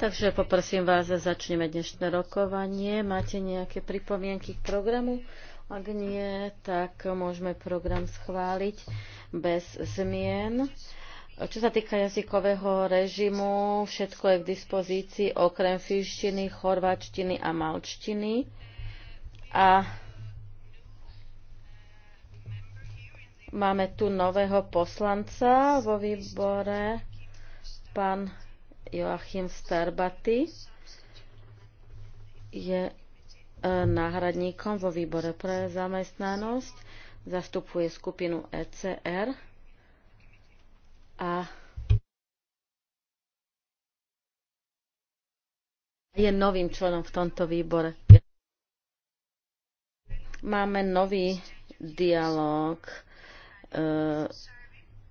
Takže poprosím vás, začneme dnešné rokovanie. Máte nejaké pripomienky k programu? Ak nie, tak môžeme program schváliť bez zmien. Čo sa týka jazykového režimu, všetko je k dispozícii okrem fíštiny, chorvačtiny a malčtiny. A máme tu nového poslanca vo výbore Pán Joachim Starbaty je e, náhradníkom vo výbore pre zamestnanosť, zastupuje skupinu ECR a je novým členom v tomto výbore. Máme nový dialog e,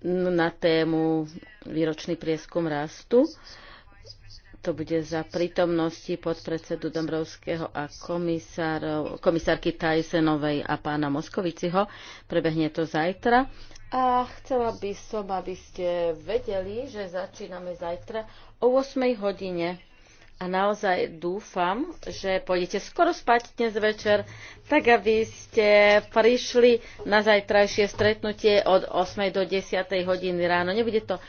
na tému výročný prieskum rastu. To bude za prítomnosti podpredsedu Dombrovského a komisárky Tajsenovej a pána Moskoviciho. Prebehne to zajtra. A chcela by som, aby ste vedeli, že začíname zajtra o 8 hodine a naozaj dúfam, že pôjdete skoro spať dnes večer, tak aby ste prišli na zajtrajšie stretnutie od 8. do 10. hodiny ráno. Nebude to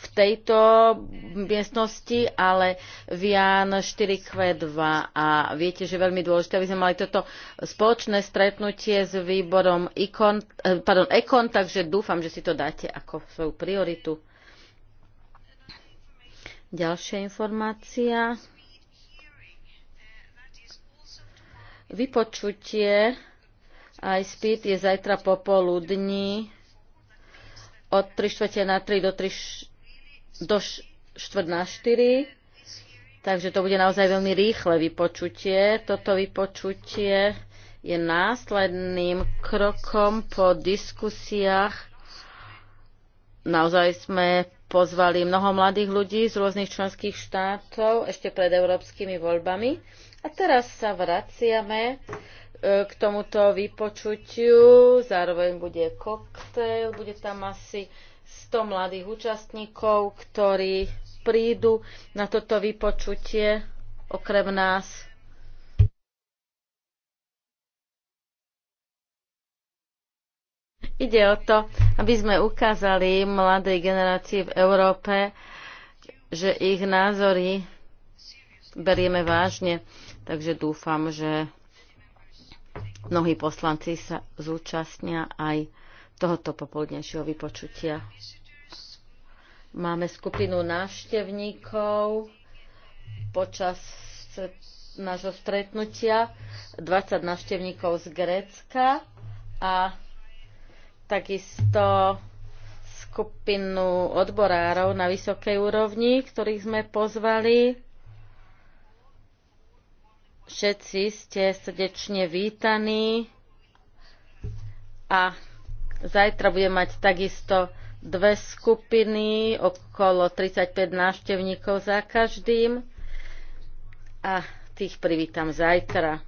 v tejto miestnosti, ale v Jan 4Q2 a viete, že veľmi dôležité, aby sme mali toto spoločné stretnutie s výborom Icon, eh, pardon, Econ, takže dúfam, že si to dáte ako svoju prioritu. Ďalšia informácia. Vypočutie aj spýt je zajtra popoludní od 3 čtvrte na 3 do 3 do 4 na 4. Takže to bude naozaj veľmi rýchle vypočutie. Toto vypočutie je následným krokom po diskusiách. Naozaj sme pozvali mnoho mladých ľudí z rôznych členských štátov ešte pred európskymi voľbami a teraz sa vraciame e, k tomuto vypočutiu. Zároveň bude koktejl, bude tam asi 100 mladých účastníkov, ktorí prídu na toto vypočutie okrem nás. Ide o to, aby sme ukázali mladej generácii v Európe, že ich názory berieme vážne takže dúfam, že mnohí poslanci sa zúčastnia aj tohoto popoludnejšieho vypočutia. Máme skupinu návštevníkov počas nášho stretnutia, 20 návštevníkov z Grécka a takisto skupinu odborárov na vysokej úrovni, ktorých sme pozvali Všetci ste srdečne vítaní a zajtra budem mať takisto dve skupiny, okolo 35 návštevníkov za každým a tých privítam zajtra.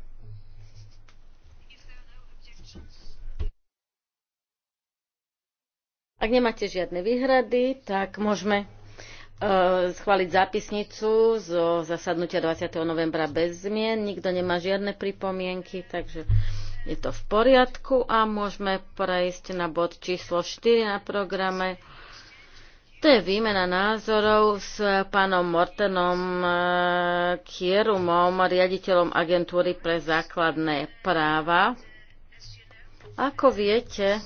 Ak nemáte žiadne výhrady, tak môžeme Eh, schváliť zápisnicu zo zasadnutia 20. novembra bez zmien. Nikto nemá žiadne pripomienky, takže je to v poriadku a môžeme prejsť na bod číslo 4 na programe. To je výmena názorov s pánom Mortenom eh, Kierumom, riaditeľom agentúry pre základné práva. Ako viete,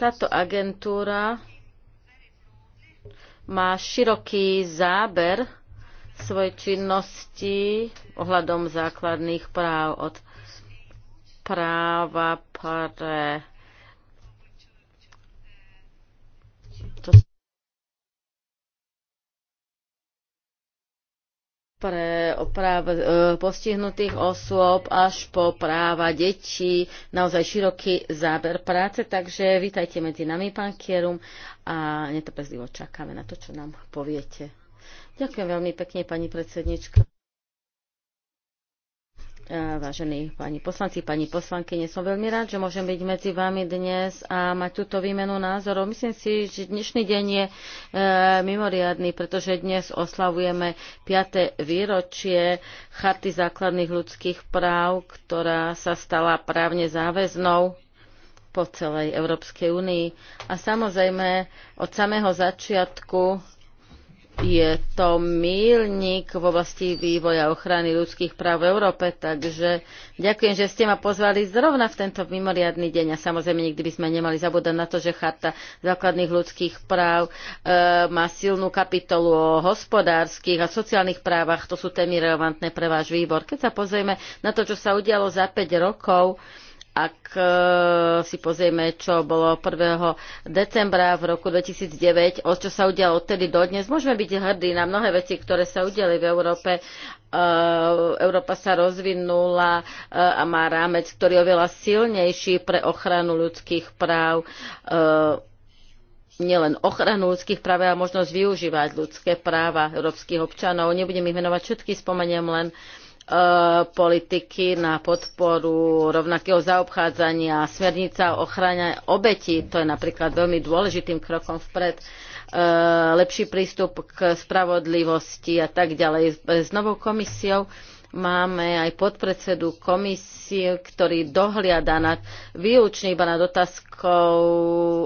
táto agentúra má široký záber svojej činnosti ohľadom základných práv od práva pre pre práv e, postihnutých osôb až po práva detí, naozaj široký záber práce, takže vítajte medzi nami, pán Kierum, a netrpezlivo čakáme na to, čo nám poviete. Ďakujem veľmi pekne, pani predsednička vážení pani poslanci, pani poslankyne, som veľmi rád, že môžem byť medzi vami dnes a mať túto výmenu názorov. Myslím si, že dnešný deň je e, mimoriadný, pretože dnes oslavujeme 5. výročie Charty základných ľudských práv, ktorá sa stala právne záväznou po celej Európskej únii. A samozrejme, od samého začiatku je to mílnik v oblasti vývoja ochrany ľudských práv v Európe, takže ďakujem, že ste ma pozvali zrovna v tento mimoriadný deň a samozrejme nikdy by sme nemali zabúdať na to, že Charta základných ľudských práv e, má silnú kapitolu o hospodárskych a sociálnych právach, to sú témy relevantné pre váš výbor. Keď sa pozrieme na to, čo sa udialo za 5 rokov, ak eh, si pozrieme, čo bolo 1. decembra v roku 2009, o čo sa udialo odtedy dodnes, môžeme byť hrdí na mnohé veci, ktoré sa udiali v Európe. Eh, Európa sa rozvinula eh, a má rámec, ktorý je oveľa silnejší pre ochranu ľudských práv nielen ochranu ľudských práv, ale možnosť využívať ľudské práva európskych občanov. Nebudem ich venovať všetky, spomeniem len uh, Eh, politiky na podporu rovnakého zaobchádzania, smernica o ochrane obetí, to je napríklad veľmi dôležitým krokom vpred, eh, lepší prístup k spravodlivosti a tak ďalej. S novou komisiou Máme aj podpredsedu komisie, ktorý dohliada na výučný iba nad otázkou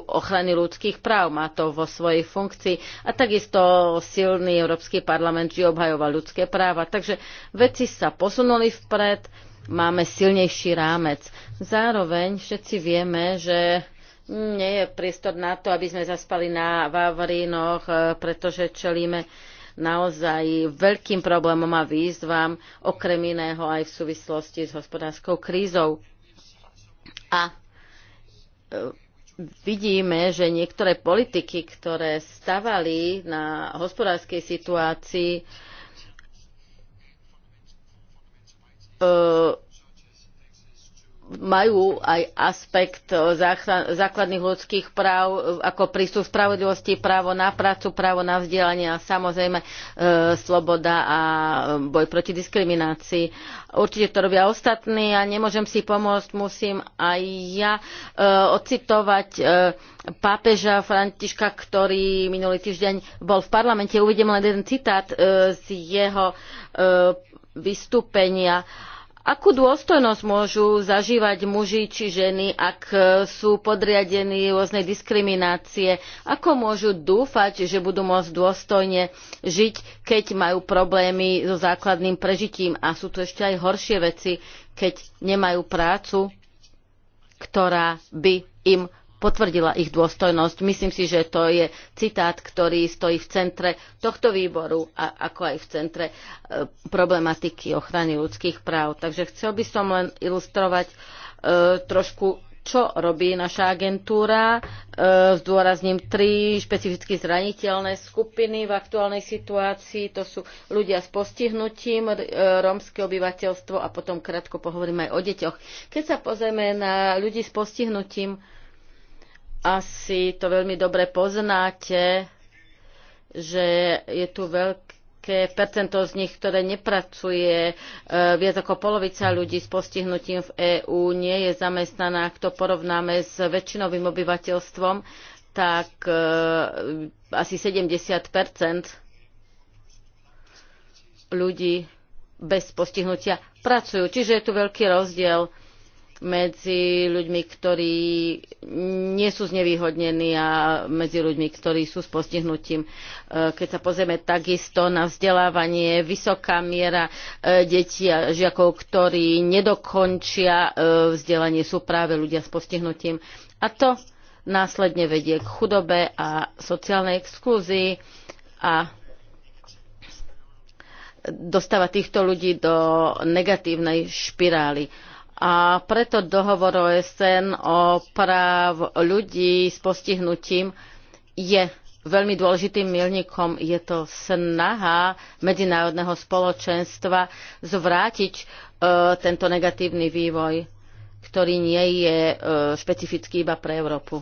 ochrany ľudských práv. Má to vo svojej funkcii. A takisto silný Európsky parlament, že obhajoval ľudské práva. Takže veci sa posunuli vpred, máme silnejší rámec. Zároveň všetci vieme, že nie je priestor na to, aby sme zaspali na Vavrinoch, pretože čelíme naozaj veľkým problémom a výzvam, okrem iného aj v súvislosti s hospodárskou krízou. A e, vidíme, že niektoré politiky, ktoré stavali na hospodárskej situácii, e, majú aj aspekt e, základných ľudských práv, e, ako prístup spravodlivosti, právo na prácu, právo na vzdelanie a samozrejme e, sloboda a e, boj proti diskriminácii. Určite to robia ostatní a nemôžem si pomôcť, musím aj ja e, ocitovať e, pápeža Františka, ktorý minulý týždeň bol v parlamente. Uvidím len jeden citát z jeho vystúpenia Akú dôstojnosť môžu zažívať muži či ženy, ak e, sú podriadení rôznej diskriminácie? Ako môžu dúfať, že budú môcť dôstojne žiť, keď majú problémy so základným prežitím? A sú to ešte aj horšie veci, keď nemajú prácu, ktorá by im potvrdila ich dôstojnosť. Myslím si, že to je citát, ktorý stojí v centre tohto výboru, a ako aj v centre e, problematiky ochrany ľudských práv. Takže chcel by som len ilustrovať e, trošku čo robí naša agentúra. E, zdôrazním tri špecificky zraniteľné skupiny v aktuálnej situácii. To sú ľudia s postihnutím, rómske obyvateľstvo a potom krátko pohovorím aj o deťoch. Keď sa pozrieme na ľudí s postihnutím, asi to veľmi dobre poznáte, že je tu veľké percento z nich, ktoré nepracuje. E, viac ako polovica ľudí s postihnutím v EÚ nie je zamestnaná. Ak to porovnáme s väčšinovým obyvateľstvom, tak e, asi 70 ľudí bez postihnutia pracujú. Čiže je tu veľký rozdiel medzi ľuďmi, ktorí nie sú znevýhodnení a medzi ľuďmi, ktorí sú s postihnutím. E, keď sa pozrieme takisto na vzdelávanie, vysoká miera e, detí a žiakov, ktorí nedokončia e, vzdelanie, sú práve ľudia s postihnutím. A to následne vedie k chudobe a sociálnej exkluzii, a dostáva týchto ľudí do negatívnej špirály a preto dohovor OSN o práv ľudí s postihnutím je veľmi dôležitým milníkom. Je to snaha medzinárodného spoločenstva zvrátiť e, tento negatívny vývoj, ktorý nie je e, špecifický iba pre Európu.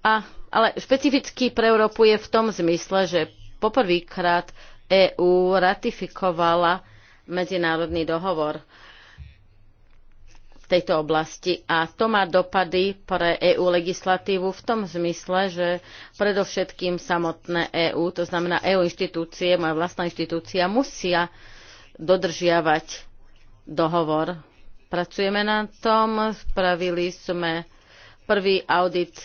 A, ale špecifický pre Európu je v tom zmysle, že poprvýkrát EÚ ratifikovala medzinárodný dohovor tejto oblasti. A to má dopady pre EU legislatívu v tom zmysle, že predovšetkým samotné EU, to znamená EU inštitúcie, moja vlastná inštitúcia, musia dodržiavať dohovor. Pracujeme na tom, spravili sme prvý audit e,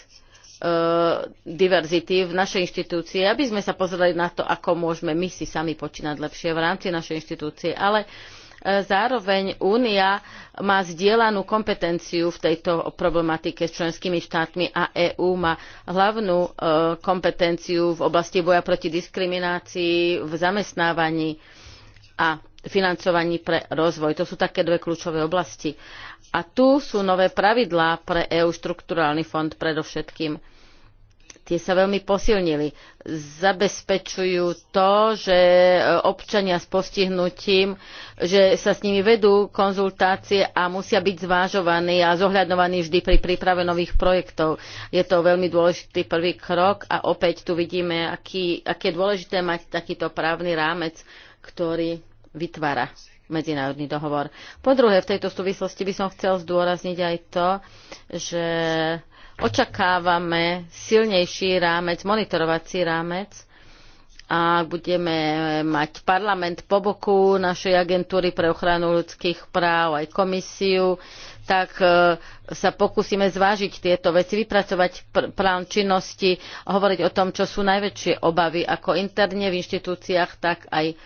diverzity v našej inštitúcii, aby sme sa pozreli na to, ako môžeme my si sami počínať lepšie v rámci našej inštitúcie. Ale Zároveň Únia má zdieľanú kompetenciu v tejto problematike s členskými štátmi a EÚ má hlavnú e, kompetenciu v oblasti boja proti diskriminácii v zamestnávaní a financovaní pre rozvoj. To sú také dve kľúčové oblasti. A tu sú nové pravidlá pre EÚ štrukturálny fond predovšetkým tie sa veľmi posilnili. Zabezpečujú to, že e, občania s postihnutím, že sa s nimi vedú konzultácie a musia byť zvážovaní a zohľadovaní vždy pri príprave nových projektov. Je to veľmi dôležitý prvý krok a opäť tu vidíme, aký, aké je dôležité mať takýto právny rámec, ktorý vytvára medzinárodný dohovor. Po druhé, v tejto súvislosti by som chcel zdôrazniť aj to, že Očakávame silnejší rámec, monitorovací rámec a budeme mať parlament po boku našej agentúry pre ochranu ľudských práv aj komisiu, tak e, sa pokúsime zvážiť tieto veci, vypracovať pr- plán činnosti, hovoriť o tom, čo sú najväčšie obavy ako interne v inštitúciách, tak aj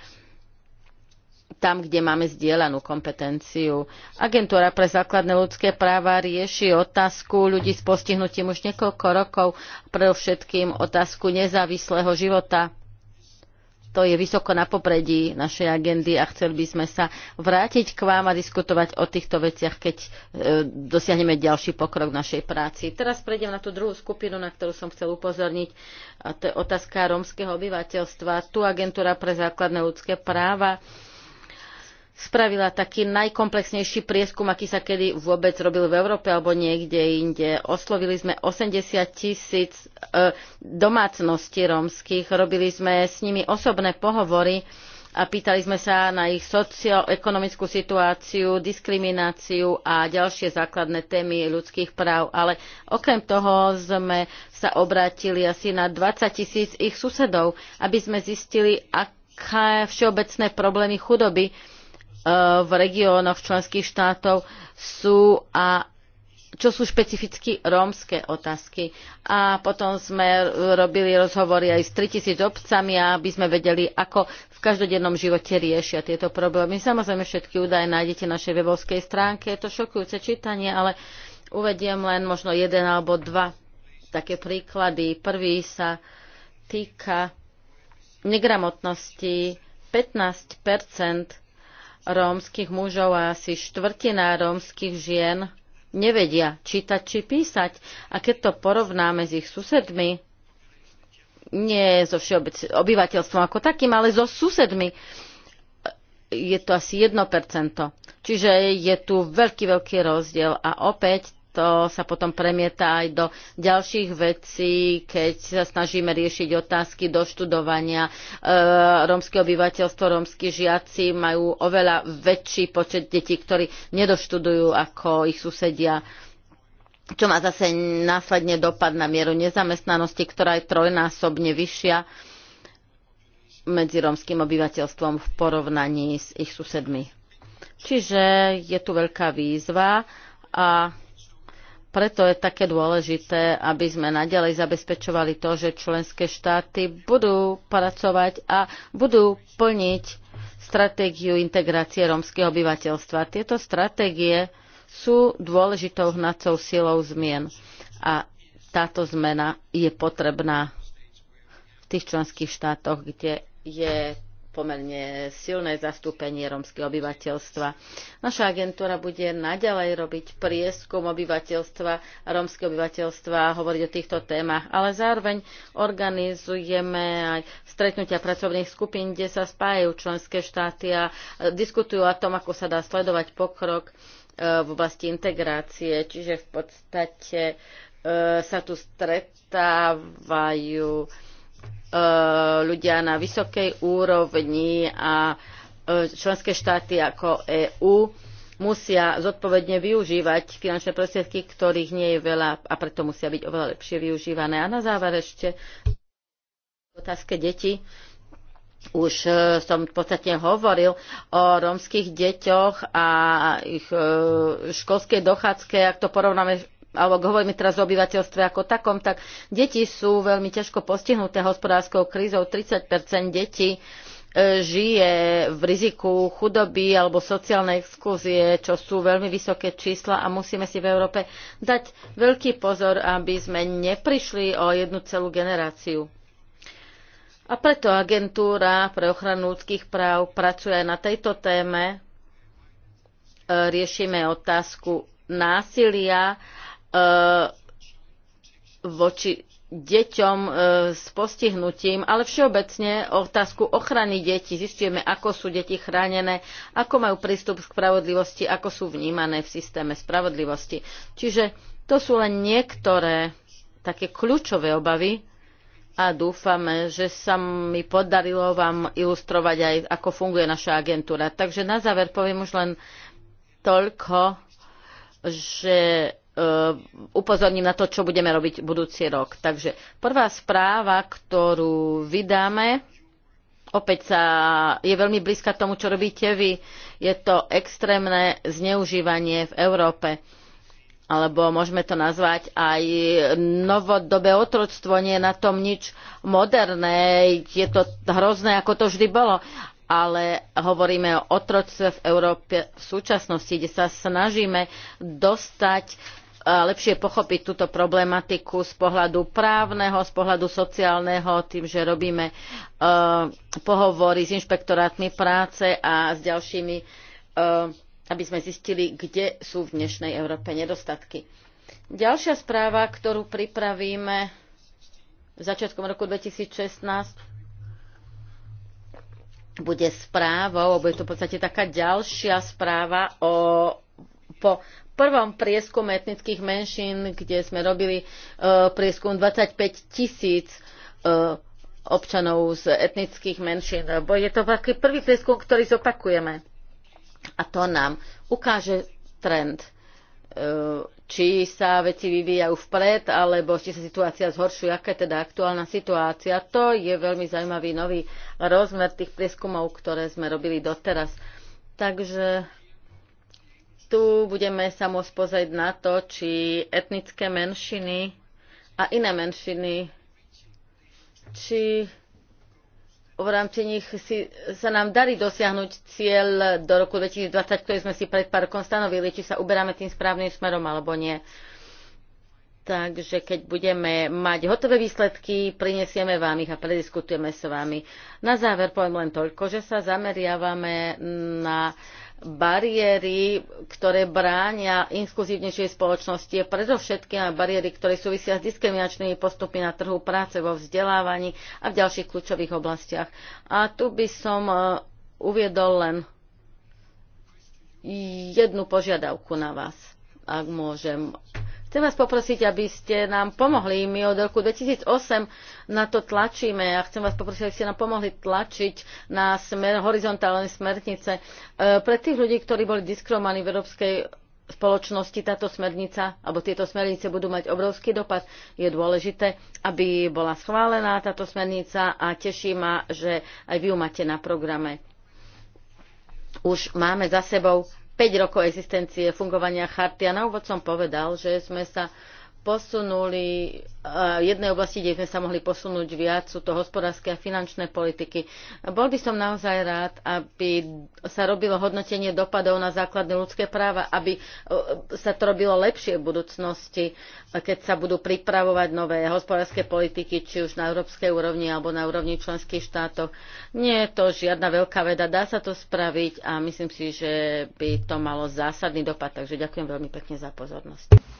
tam, kde máme zdieľanú kompetenciu. Agentúra pre základné ľudské práva rieši otázku ľudí s postihnutím už niekoľko rokov, predovšetkým otázku nezávislého života. To je vysoko na popredí našej agendy a chceli by sme sa vrátiť k vám a diskutovať o týchto veciach, keď e, dosiahneme ďalší pokrok v našej práci. Teraz prejdem na tú druhú skupinu, na ktorú som chcel upozorniť. A to je otázka rómskeho obyvateľstva. Tu agentúra pre základné ľudské práva spravila taký najkomplexnejší prieskum, aký sa kedy vôbec robil v Európe alebo niekde inde. Oslovili sme 80 tisíc e, domácností rómskych, robili sme s nimi osobné pohovory a pýtali sme sa na ich socioekonomickú situáciu, diskrimináciu a ďalšie základné témy ľudských práv. Ale okrem toho sme sa obrátili asi na 20 tisíc ich susedov, aby sme zistili, aké všeobecné problémy chudoby E, v regiónoch členských štátov sú a čo sú špecificky rómske otázky. A potom sme robili rozhovory aj s 3000 obcami, aby sme vedeli, ako v každodennom živote riešia tieto problémy. Samozrejme, všetky údaje nájdete na našej webovskej stránke. Je to šokujúce čítanie, ale uvediem len možno jeden alebo dva také príklady. Prvý sa týka negramotnosti. 15 rómskych mužov a asi štvrtina rómskych žien nevedia čítať či písať. A keď to porovnáme s ich susedmi, nie so všeobec obyvateľstvom ako takým, ale so susedmi, je to asi 1%. Čiže je tu veľký, veľký rozdiel a opäť to sa potom premieta aj do ďalších vecí, keď sa snažíme riešiť otázky doštudovania. E, rómske obyvateľstvo, rómsky žiaci majú oveľa väčší počet detí, ktorí nedoštudujú ako ich susedia čo má zase následne dopad na mieru nezamestnanosti, ktorá je trojnásobne vyššia medzi romským obyvateľstvom v porovnaní s ich susedmi. Čiže je tu veľká výzva a preto je také dôležité, aby sme nadalej zabezpečovali to, že členské štáty budú pracovať a budú plniť stratégiu integrácie rómskeho obyvateľstva. Tieto stratégie sú dôležitou hnacou silou zmien a táto zmena je potrebná v tých členských štátoch, kde je pomerne silné zastúpenie rómskeho obyvateľstva. Naša agentúra bude naďalej robiť prieskum obyvateľstva, rómskeho obyvateľstva a hovoriť o týchto témach, ale zároveň organizujeme aj stretnutia pracovných skupín, kde sa spájajú členské štáty a e, diskutujú o tom, ako sa dá sledovať pokrok e, v oblasti integrácie, čiže v podstate e, sa tu stretávajú E, ľudia na vysokej úrovni a e, členské štáty ako EÚ musia zodpovedne využívať finančné prostriedky, ktorých nie je veľa a preto musia byť oveľa lepšie využívané. A na záver ešte otázke detí. Už e, som v podstate hovoril o romských deťoch a ich školskej dochádzke, ak to porovnáme alebo hovoríme teraz o obyvateľstve ako takom, tak deti sú veľmi ťažko postihnuté hospodárskou krízou. 30 detí e, žije v riziku chudoby alebo sociálnej exkluzie, čo sú veľmi vysoké čísla a musíme si v Európe dať veľký pozor, aby sme neprišli o jednu celú generáciu. A preto agentúra pre ochranu ľudských práv pracuje aj na tejto téme. E, riešime otázku násilia E, voči deťom e, s postihnutím, ale všeobecne otázku ochrany detí. Zistujeme, ako sú deti chránené, ako majú prístup k spravodlivosti, ako sú vnímané v systéme spravodlivosti. Čiže to sú len niektoré také kľúčové obavy a dúfame, že sa mi podarilo vám ilustrovať aj, ako funguje naša agentúra. Takže na záver poviem už len toľko, že E, upozorním na to, čo budeme robiť budúci rok. Takže prvá správa, ktorú vydáme, opäť sa je veľmi blízka tomu, čo robíte vy. Je to extrémne zneužívanie v Európe alebo môžeme to nazvať aj novodobé otroctvo, nie je na tom nič moderné, je to hrozné, ako to vždy bolo ale hovoríme o otroctve v Európe v súčasnosti, kde sa snažíme dostať E, lepšie pochopiť túto problematiku z pohľadu právneho, z pohľadu sociálneho, tým, že robíme e, pohovory s inšpektorátmi práce a s ďalšími, e, aby sme zistili, kde sú v dnešnej Európe nedostatky. Ďalšia správa, ktorú pripravíme začiatkom roku 2016, bude správou, bude to v podstate taká ďalšia správa o, po prvom prieskume etnických menšín, kde sme robili e, prieskum 25 tisíc e, občanov z etnických menšín. Bo je to taký prvý prieskum, ktorý zopakujeme. A to nám ukáže trend e, či sa veci vyvíjajú vpred, alebo či sa situácia zhoršuje, aká je teda aktuálna situácia. To je veľmi zaujímavý nový rozmer tých prieskumov, ktoré sme robili doteraz. Takže tu budeme sa môcť pozrieť na to, či etnické menšiny a iné menšiny, či v rámci nich si, sa nám darí dosiahnuť cieľ do roku 2020, ktorý sme si pred pár rokom stanovili, či sa uberáme tým správnym smerom alebo nie. Takže keď budeme mať hotové výsledky, prinesieme vám ich a prediskutujeme s vami. Na záver poviem len toľko, že sa zameriavame na bariéry, ktoré bránia inkluzívnejšej spoločnosti, je predovšetkým bariéry, ktoré súvisia s diskriminačnými postupmi na trhu práce, vo vzdelávaní a v ďalších kľúčových oblastiach. A tu by som e, uviedol len jednu požiadavku na vás, ak môžem. Chcem vás poprosiť, aby ste nám pomohli. My od roku 2008 na to tlačíme a chcem vás poprosiť, aby ste nám pomohli tlačiť na smer, horizontálne smernice. E, pre tých ľudí, ktorí boli diskromani v Európskej spoločnosti táto smernica alebo tieto smernice budú mať obrovský dopad. Je dôležité, aby bola schválená táto smernica a teší ma, že aj vy ju máte na programe. Už máme za sebou Päť rokov existencie fungovania charty a na úvod som povedal, že sme sa posunuli v eh, jednej oblasti, kde sme sa mohli posunúť viac, sú to hospodárske a finančné politiky. Bol by som naozaj rád, aby sa robilo hodnotenie dopadov na základné ľudské práva, aby eh, sa to robilo lepšie v budúcnosti, keď sa budú pripravovať nové hospodárske politiky, či už na európskej úrovni alebo na úrovni členských štátov. Nie je to žiadna veľká veda, dá sa to spraviť a myslím si, že by to malo zásadný dopad. Takže ďakujem veľmi pekne za pozornosť.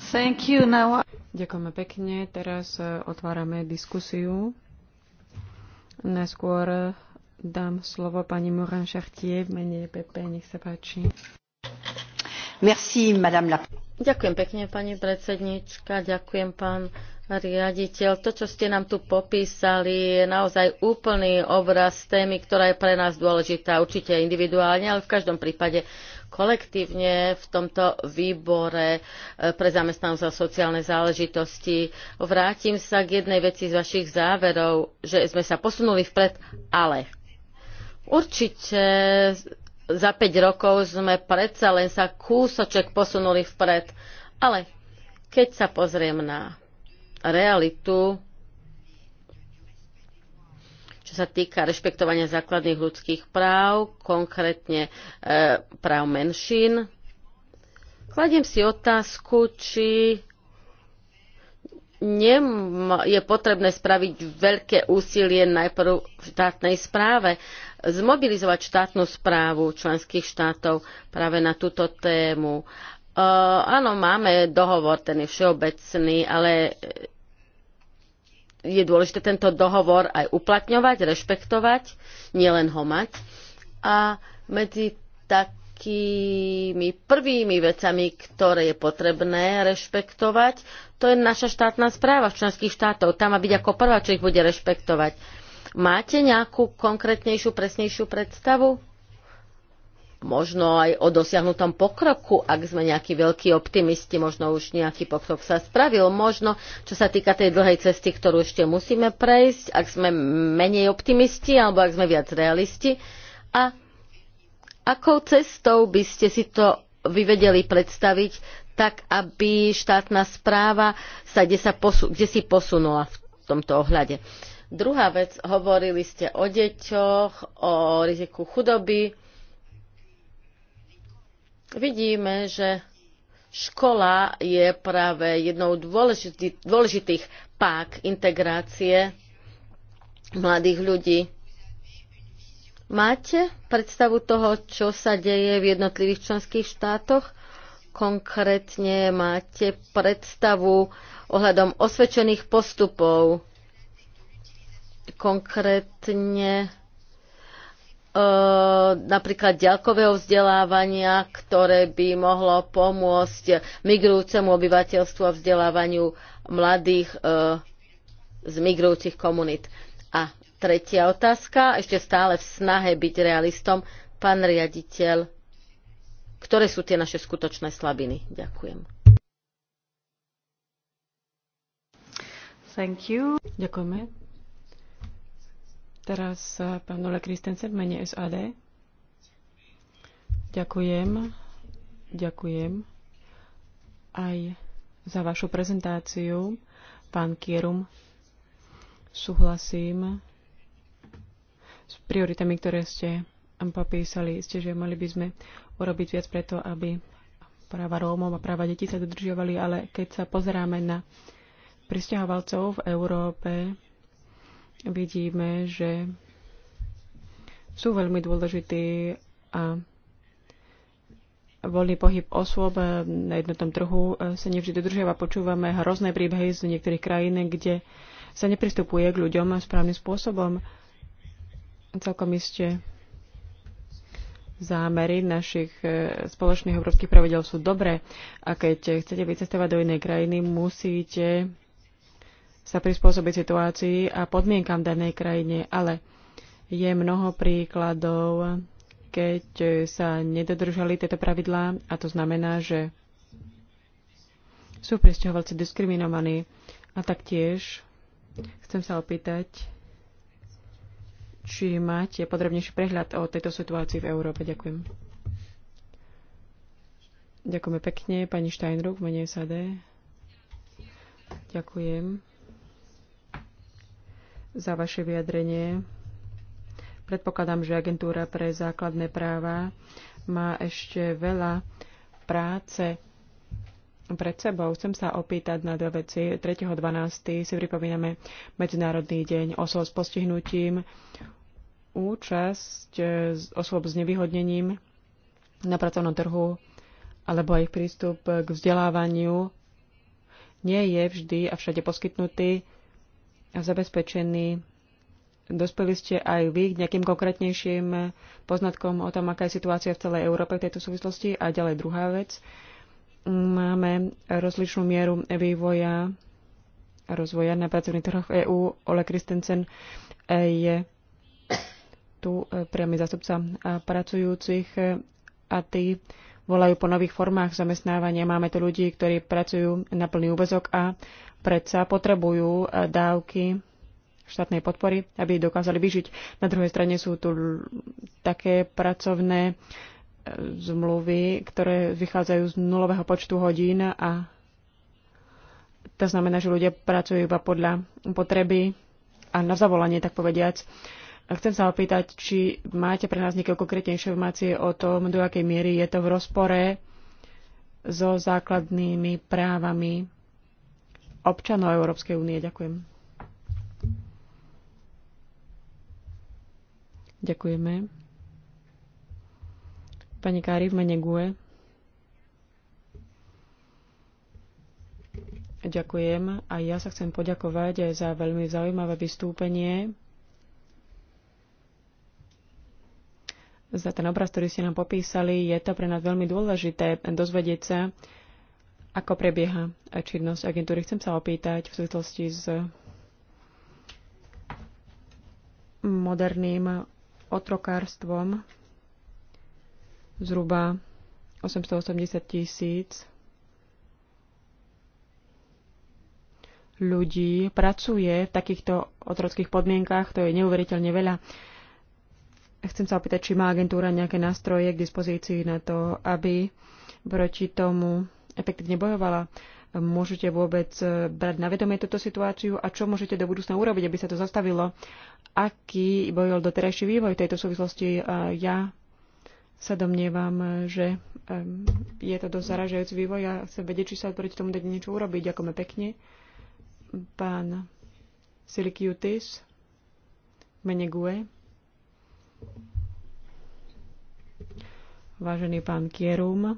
Ďakujem Ďakujeme pekne. Teraz e, otvárame diskusiu. Najskôr e, dám slovo pani Morin Chartier v mene PP. E Nech sa páči. Merci, madame la... Ďakujem pekne, pani predsednička. Ďakujem, pán riaditeľ. To, čo ste nám tu popísali, je naozaj úplný obraz témy, ktorá je pre nás dôležitá, určite individuálne, ale v každom prípade kolektívne v tomto výbore e, pre zamestnanosť a sociálne záležitosti. Vrátim sa k jednej veci z vašich záverov, že sme sa posunuli vpred, ale určite za 5 rokov sme predsa len sa kúsoček posunuli vpred, ale keď sa pozriem na realitu čo sa týka rešpektovania základných ľudských práv, konkrétne e, práv menšín. Kladiem si otázku, či je potrebné spraviť veľké úsilie najprv v štátnej správe, zmobilizovať štátnu správu členských štátov práve na túto tému. E, áno, máme dohovor, ten je všeobecný, ale je dôležité tento dohovor aj uplatňovať, rešpektovať, nielen ho mať. A medzi takými prvými vecami, ktoré je potrebné rešpektovať, to je naša štátna správa v členských štátoch. Tam má byť ako prvá, čo ich bude rešpektovať. Máte nejakú konkrétnejšiu, presnejšiu predstavu? možno aj o dosiahnutom pokroku, ak sme nejakí veľkí optimisti, možno už nejaký pokrok sa spravil. Možno, čo sa týka tej dlhej cesty, ktorú ešte musíme prejsť, ak sme menej optimisti alebo ak sme viac realisti. A akou cestou by ste si to vyvedeli predstaviť, tak aby štátna správa sa kde, sa posu- kde si posunula v tomto ohľade. Druhá vec, hovorili ste o deťoch, o riziku chudoby vidíme, že škola je práve jednou dôležitý, dôležitých pák integrácie mladých ľudí. Máte predstavu toho, čo sa deje v jednotlivých členských štátoch? Konkrétne máte predstavu ohľadom osvedčených postupov, konkrétne E, napríklad ďalkového vzdelávania, ktoré by mohlo pomôcť migrujúcemu obyvateľstvu a vzdelávaniu mladých e, z migrujúcich komunít. A tretia otázka, ešte stále v snahe byť realistom, pán riaditeľ, ktoré sú tie naše skutočné slabiny? Ďakujem. Thank you. Ďakujeme. Teraz e, pán Ole Kristence v mene SAD. Ďakujem. Ďakujem aj za vašu prezentáciu. Pán Kierum, súhlasím s prioritami, ktoré ste popísali. Ste, že mali by sme urobiť viac preto, aby práva Rómov a práva detí sa dodržiavali, ale keď sa pozeráme na pristahovalcov v Európe, vidíme, že sú veľmi dôležití a voľný pohyb osôb na jednotnom trhu e, sa nevždy dodržiava. Počúvame hrozné príbehy z niektorých krajín, kde sa nepristupuje k ľuďom správnym spôsobom. Celkom iste zámery našich e, spoločných európskych pravidel sú dobré a keď chcete vycestovať do inej krajiny, musíte sa prispôsobiť situácii a podmienkam v danej krajine, ale je mnoho príkladov, keď sa nedodržali tieto pravidlá a to znamená, že sú presťahovalci diskriminovaní. A taktiež chcem sa opýtať, či máte podrobnejší prehľad o tejto situácii v Európe. Ďakujem. Ďakujeme pekne, pani Steinruck, v sa SAD. Ďakujem za vaše vyjadrenie. Predpokladám, že agentúra pre základné práva má ešte veľa práce pred sebou. Chcem sa opýtať na dve veci. 3.12. si pripomíname Medzinárodný deň osôb s postihnutím, účasť e, osôb s nevyhodnením na pracovnom trhu alebo ich prístup k vzdelávaniu nie je vždy a všade poskytnutý zabezpečení. Dospeli ste aj vy k nejakým konkrétnejším poznatkom o tom, aká je situácia v celej Európe v tejto súvislosti. A ďalej druhá vec. Máme rozličnú mieru vývoja a rozvoja na pracovných trhoch EÚ. Ole Kristensen je tu priamy zástupca pracujúcich a tí volajú po nových formách zamestnávania. Máme tu ľudí, ktorí pracujú na plný úvezok a predsa potrebujú e, dávky štátnej podpory, aby dokázali vyžiť. Na druhej strane sú tu také pracovné e, zmluvy, ktoré vychádzajú z nulového počtu hodín a to znamená, že ľudia pracujú iba podľa potreby a na zavolanie, tak povediac. Chcem sa opýtať, či máte pre nás nejaké konkrétne informácie o tom, do akej miery je to v rozpore so základnými právami občanov Európskej únie. Ďakujem. Ďakujeme. Pani Kári v mene GUE. Ďakujem a ja sa chcem poďakovať za veľmi zaujímavé vystúpenie. za ten obraz, ktorý ste nám popísali. Je to pre nás veľmi dôležité dozvedieť sa, ako prebieha činnosť agentúry. Chcem sa opýtať v súvislosti s moderným otrokárstvom zhruba 880 tisíc ľudí pracuje v takýchto otrockých podmienkach, to je neuveriteľne veľa. Chcem sa opýtať, či má agentúra nejaké nástroje k dispozícii na to, aby proti tomu efektívne bojovala. Môžete vôbec eh, brať na vedomie túto situáciu a čo môžete do budúcna urobiť, aby sa to zastavilo? Aký bojol doterajší vývoj tejto súvislosti? Eh, ja sa domnievam, že eh, je to dosť zaražajúci vývoj a chcem vedieť, či sa proti tomu dať niečo urobiť. Ďakujeme pekne. Pán Silikiutis, mene GUE. Vážený pán Kierum,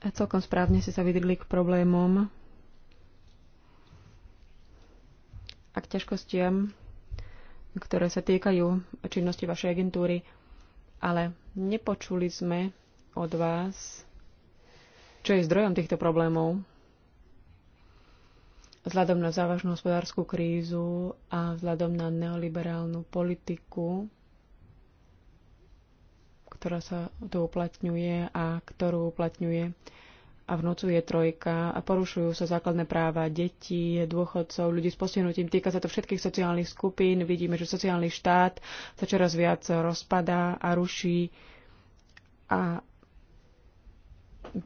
celkom správne ste sa vydrili k problémom a k ťažkostiam, ktoré sa týkajú činnosti vašej agentúry, ale nepočuli sme od vás, čo je zdrojom týchto problémov vzhľadom na závažnú hospodárskú krízu a vzhľadom na neoliberálnu politiku, ktorá sa tu uplatňuje a ktorú uplatňuje a vnúcuje trojka a porušujú sa základné práva detí, dôchodcov, ľudí s postihnutím. Týka sa to všetkých sociálnych skupín. Vidíme, že sociálny štát sa čoraz viac rozpadá a ruší a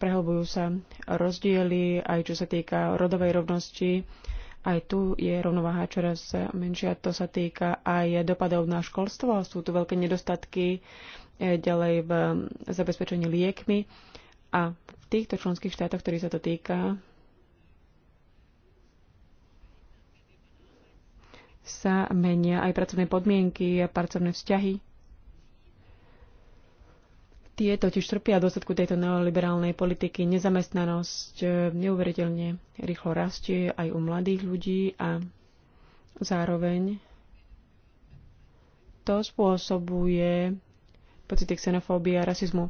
prehlbujú sa rozdiely aj čo sa týka rodovej rovnosti. Aj tu je rovnováha čoraz menšia. To sa týka aj dopadov na školstvo. Sú tu veľké nedostatky eh, ďalej v zabezpečení liekmi. A v týchto členských štátoch, ktorých sa to týka, sa menia aj pracovné podmienky, pracovné vzťahy Tie totiž trpia dôsledku tejto neoliberálnej politiky. Nezamestnanosť e, neuveriteľne rýchlo rastie aj u mladých ľudí a zároveň to spôsobuje pocity xenofóbie a rasizmu.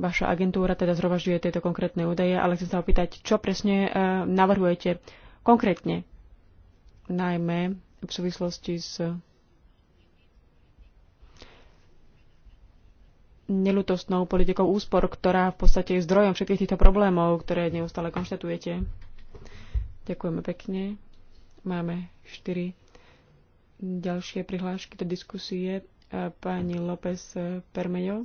Vaša agentúra teda zhromažďuje tieto konkrétne údaje, ale chcem sa opýtať, čo presne e, navrhujete konkrétne, najmä v súvislosti s nelutostnou politikou úspor, ktorá v podstate je zdrojom všetkých týchto problémov, ktoré neustále konštatujete. Ďakujeme pekne. Máme štyri ďalšie prihlášky do diskusie. Pani López Permejo.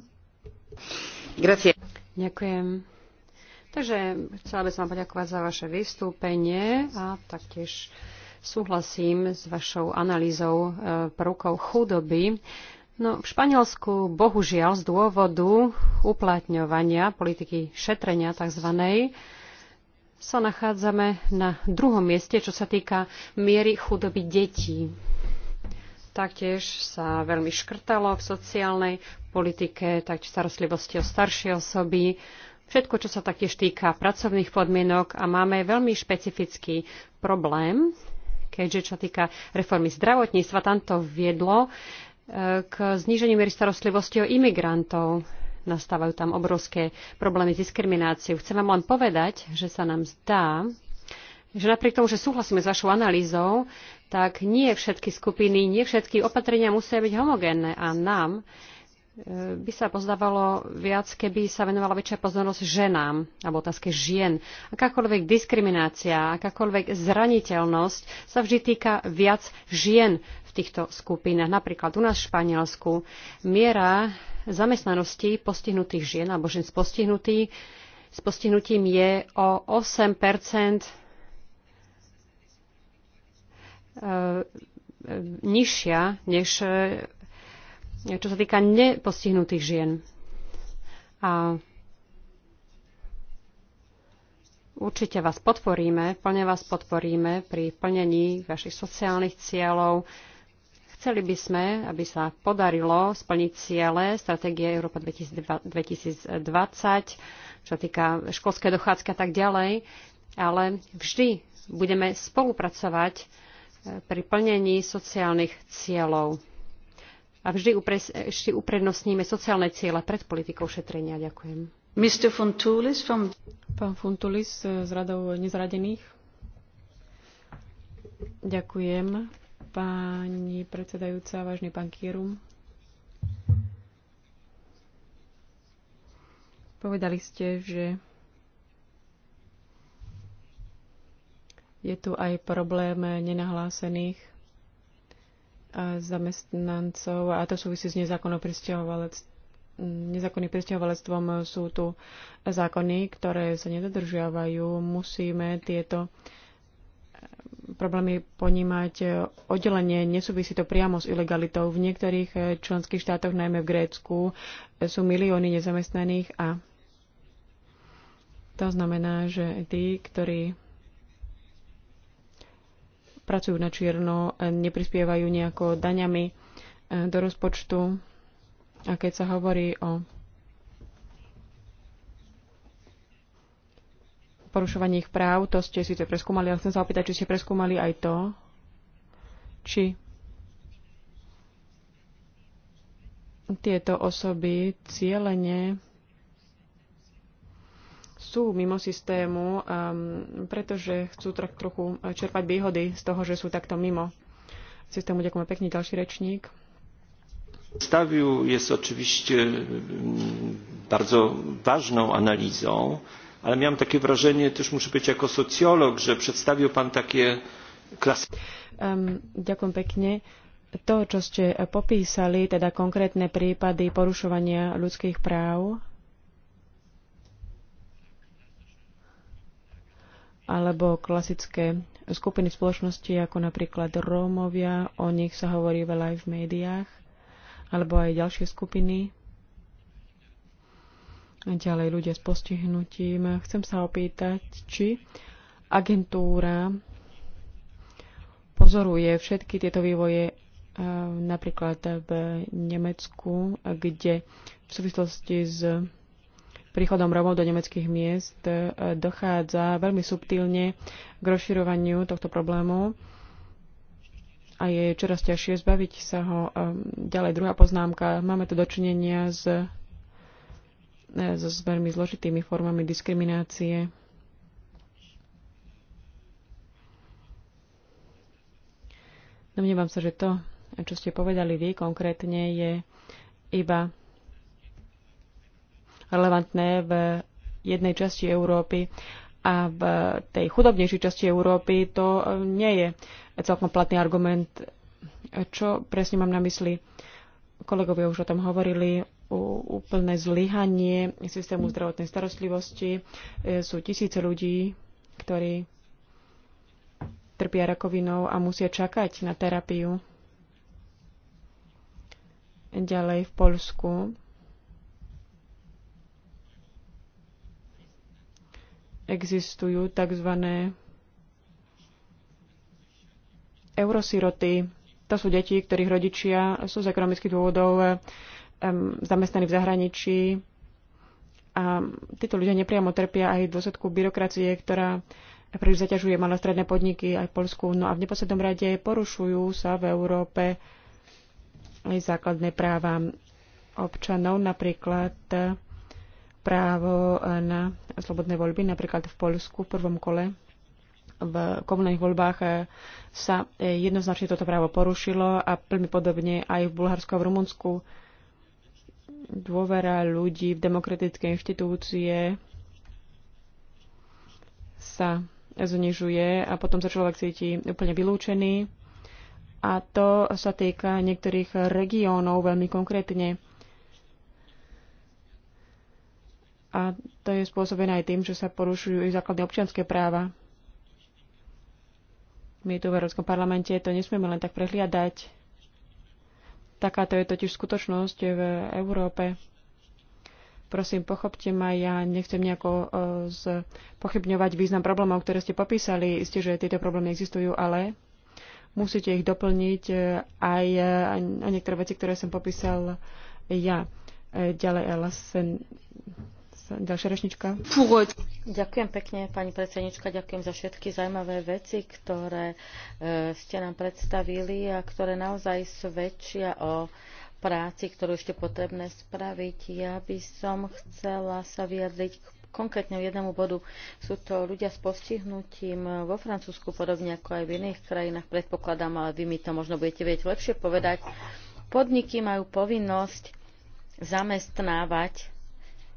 Grazie. Ďakujem. Takže chcela by som vám poďakovať za vaše vystúpenie a taktiež súhlasím s vašou analýzou e, prvkov chudoby. No, v Španielsku bohužiaľ z dôvodu uplatňovania politiky šetrenia tzv. sa nachádzame na druhom mieste, čo sa týka miery chudoby detí. Taktiež sa veľmi škrtalo v sociálnej politike, tak starostlivosti o staršie osoby, všetko, čo sa taktiež týka pracovných podmienok a máme veľmi špecifický problém, keďže čo týka reformy zdravotníctva, tam to viedlo k zníženiu miery starostlivosti o imigrantov. Nastávajú tam obrovské problémy s diskrimináciou. Chcem vám len povedať, že sa nám zdá, že napriek tomu, že súhlasíme s vašou analýzou, tak nie všetky skupiny, nie všetky opatrenia musia byť homogénne a nám by sa pozdávalo viac, keby sa venovala väčšia pozornosť ženám alebo otázke žien. Akákoľvek diskriminácia, akákoľvek zraniteľnosť sa vždy týka viac žien v týchto skupinách. Napríklad u nás v Španielsku miera zamestnanosti postihnutých žien alebo žien s, postihnutých, s postihnutím je o 8 e, e, nižšia než e, čo sa týka nepostihnutých žien. A určite vás podporíme, plne vás podporíme pri plnení vašich sociálnych cieľov. Chceli by sme, aby sa podarilo splniť ciele stratégie Európa 2020, čo sa týka školské dochádzky a tak ďalej, ale vždy budeme spolupracovať pri plnení sociálnych cieľov a vždy upres, ešte uprednostníme sociálne ciele pred politikou šetrenia. Ďakujem. Mr. Funtulis from... Pán Funtulis eh, z radov nezradených. Ďakujem. Pani predsedajúca, vážny pán Kierum. Povedali ste, že je tu aj problém nenahlásených zamestnancov a to súvisí s nezákonným pristahovalectvom e, sú tu zákony, ktoré sa nedodržiavajú. Musíme tieto e, problémy ponímať e, oddelenie. Nesúvisí to priamo s ilegalitou. V niektorých členských štátoch, najmä v Grécku, sú milióny nezamestnaných a to znamená, že tí, ktorí pracujú na čierno, e, neprispievajú nejako daňami e, do rozpočtu. A keď sa hovorí o porušovaní ich práv, to ste síce preskúmali, ale chcem sa opýtať, či ste preskúmali aj to, či tieto osoby cieľene sú mimo systému, um, pretože chcú tak trochu eh, čerpať výhody z toho, že sú takto mimo systému. Ďakujem pekne. Ďalší rečník. Stawiu je oczywiście mm, bardzo ważną analizą, ale miałem takie wrażenie, też muszę powiedzieć jako socjolog, że przedstawił Pan takie klasy. Um, ďakujem pekne to, čo ste popísali, teda konkrétne prípady porušovania ľudských práv alebo klasické skupiny spoločnosti, ako napríklad Rómovia, o nich sa hovorí veľa aj v médiách, alebo aj ďalšie skupiny. Ďalej ľudia s postihnutím. Chcem sa opýtať, či agentúra pozoruje všetky tieto vývoje eh, napríklad v Nemecku, kde v súvislosti s príchodom Romov do nemeckých miest e, dochádza veľmi subtilne k rozširovaniu tohto problému a je čoraz ťažšie zbaviť sa ho. E, ďalej druhá poznámka. Máme tu dočinenia s, e, s veľmi zložitými formami diskriminácie. Domnievam sa, že to, čo ste povedali vy konkrétne, je iba relevantné v jednej časti Európy a v tej chudobnejšej časti Európy to e, nie je celkom platný argument. Čo presne mám na mysli? Kolegovia už o tom hovorili, úplné zlyhanie systému zdravotnej starostlivosti. E, sú tisíce ľudí, ktorí trpia rakovinou a musia čakať na terapiu. Ďalej v Polsku existujú tzv. eurosiroty. To sú deti, ktorých rodičia sú z ekonomických dôvodov zamestnaní v zahraničí. A títo ľudia nepriamo trpia aj v dôsledku byrokracie, ktorá príliš zaťažuje malé stredné podniky aj v Polsku. No a v neposlednom rade porušujú sa v Európe aj základné práva občanov, napríklad právo e, na slobodné voľby. Napríklad v Polsku v prvom kole v komunálnych voľbách e, sa e, jednoznačne toto právo porušilo a veľmi podobne aj v Bulharsku a v Rumunsku dôvera ľudí v demokratické inštitúcie sa znižuje a potom sa človek cíti úplne vylúčený. A to sa týka niektorých regiónov veľmi konkrétne. A to je spôsobené aj tým, že sa porušujú ich základné občianské práva. My tu v Európskom parlamente to nesmieme len tak prehliadať. Takáto je totiž skutočnosť v Európe. Prosím, pochopte ma, ja nechcem nejako z, e, pochybňovať význam problémov, ktoré ste popísali. Isté, že tieto problémy existujú, ale musíte ich doplniť e, aj o e, niektoré veci, ktoré som popísal ja. Ďalej, Ela, sen, Ďalšia rečnička. Ďakujem pekne, pani predsednička. Ďakujem za všetky zaujímavé veci, ktoré e, ste nám predstavili a ktoré naozaj svedčia o práci, ktorú ešte potrebné spraviť. Ja by som chcela sa vyjadriť k konkrétne jednému bodu. Sú to ľudia s postihnutím vo Francúzsku, podobne ako aj v iných krajinách, predpokladám, ale vy mi to možno budete vieť lepšie povedať. Podniky majú povinnosť zamestnávať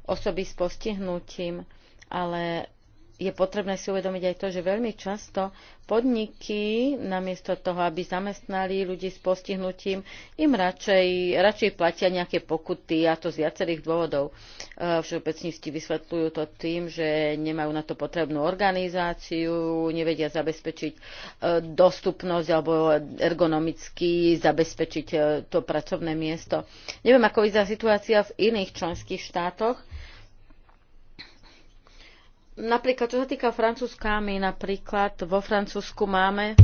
osoby s postihnutím, ale je potrebné si uvedomiť aj to, že veľmi často podniky namiesto toho, aby zamestnali ľudí s postihnutím, im radšej, radšej platia nejaké pokuty a to z viacerých dôvodov. E, všeobecnosti vysvetľujú to tým, že nemajú na to potrebnú organizáciu, nevedia zabezpečiť e, dostupnosť alebo ergonomicky zabezpečiť e, to pracovné miesto. Neviem, ako vyzerá situácia v iných členských štátoch, Napríklad, čo sa týka Francúzska, my napríklad vo Francúzsku máme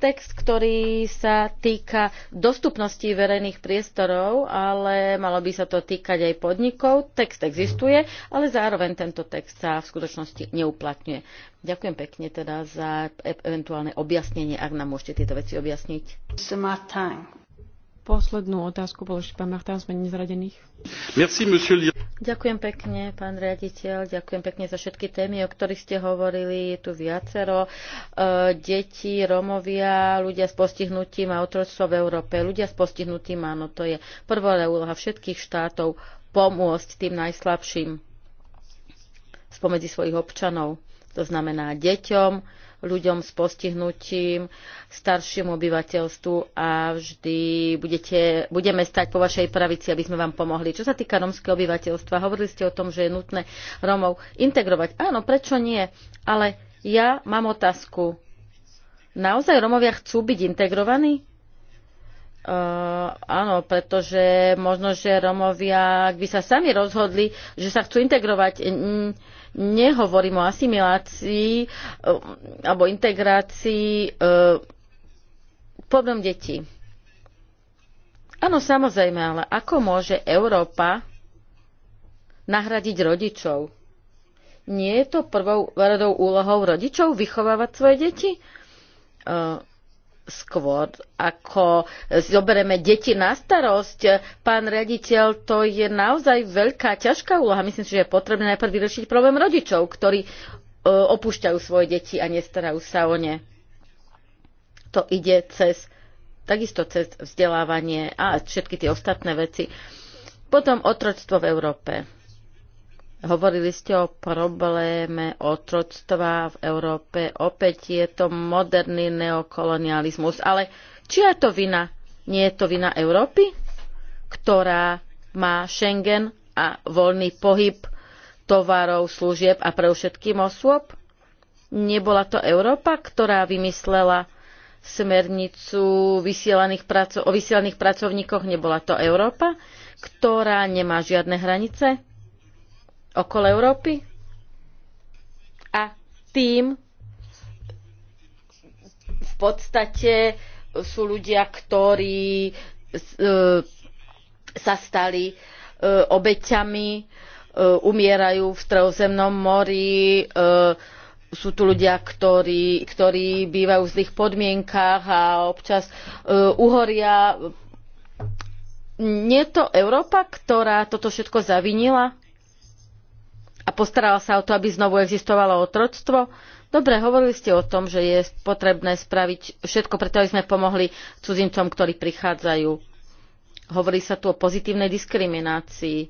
text, ktorý sa týka dostupnosti verejných priestorov, ale malo by sa to týkať aj podnikov. Text existuje, ale zároveň tento text sa v skutočnosti neuplatňuje. Ďakujem pekne teda za eventuálne objasnenie, ak nám môžete tieto veci objasniť poslednú otázku položí pán Machtán z nezradených. Ďakujem pekne, pán riaditeľ. Ďakujem pekne za všetky témy, o ktorých ste hovorili. Je tu viacero. E, deti, Romovia, ľudia s postihnutím a otroctvo v Európe. Ľudia s postihnutím, áno, to je prvá úloha všetkých štátov pomôcť tým najslabším spomedzi svojich občanov. To znamená deťom, ľuďom s postihnutím, staršiemu obyvateľstvu a vždy budete, budeme stať po vašej pravici, aby sme vám pomohli. Čo sa týka romského obyvateľstva, hovorili ste o tom, že je nutné Romov integrovať. Áno, prečo nie? Ale ja mám otázku. Naozaj Romovia chcú byť integrovaní? Uh, áno, pretože možno, že Romovia, ak by sa sami rozhodli, že sa chcú integrovať, mm, nehovorím o asimilácii e, alebo integrácii e, problém detí. Áno, samozrejme, ale ako môže Európa nahradiť rodičov? Nie je to prvou radou úlohou rodičov vychovávať svoje deti? E, skôr, ako zoberieme deti na starosť. Pán riaditeľ, to je naozaj veľká, ťažká úloha. Myslím si, že je potrebné najprv vyriešiť problém rodičov, ktorí e, opúšťajú svoje deti a nestarajú sa o ne. To ide cez, takisto cez vzdelávanie a všetky tie ostatné veci. Potom otroctvo v Európe Hovorili ste o probléme otroctva v Európe. Opäť je to moderný neokolonializmus. Ale či je to vina? Nie je to vina Európy, ktorá má Schengen a voľný pohyb tovarov, služieb a pre všetkým osôb? Nebola to Európa, ktorá vymyslela smernicu vysielaných praco- o vysielaných pracovníkoch? Nebola to Európa, ktorá nemá žiadne hranice? okolo Európy a tým v podstate sú ľudia, ktorí e, sa stali e, obeťami, e, umierajú v Stredozemnom mori, sú tu ľudia, ktorí, ktorí bývajú v zlých podmienkách a občas uhoria. Nie je to Európa, ktorá toto všetko zavinila? a postarala sa o to, aby znovu existovalo otroctvo? Dobre, hovorili ste o tom, že je potrebné spraviť všetko, preto aby sme pomohli cudzincom, ktorí prichádzajú. Hovorí sa tu o pozitívnej diskriminácii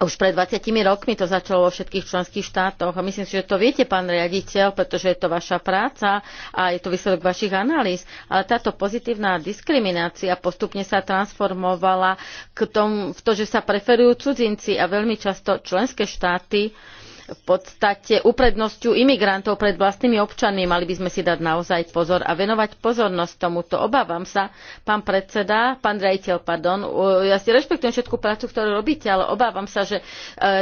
už pred 20 rokmi to začalo vo všetkých členských štátoch a myslím si, že to viete, pán riaditeľ, pretože je to vaša práca a je to výsledok vašich analýz. Ale táto pozitívna diskriminácia postupne sa transformovala k tomu, v to, že sa preferujú cudzinci a veľmi často členské štáty uh, v podstate uprednosťujú imigrantov pred vlastnými občanmi. Mali by sme si dať naozaj pozor a venovať pozornosť tomuto. Obávam sa, pán predseda, pán rejiteľ, pardon, ja si rešpektujem všetku prácu, ktorú robíte, ale obávam sa, že e,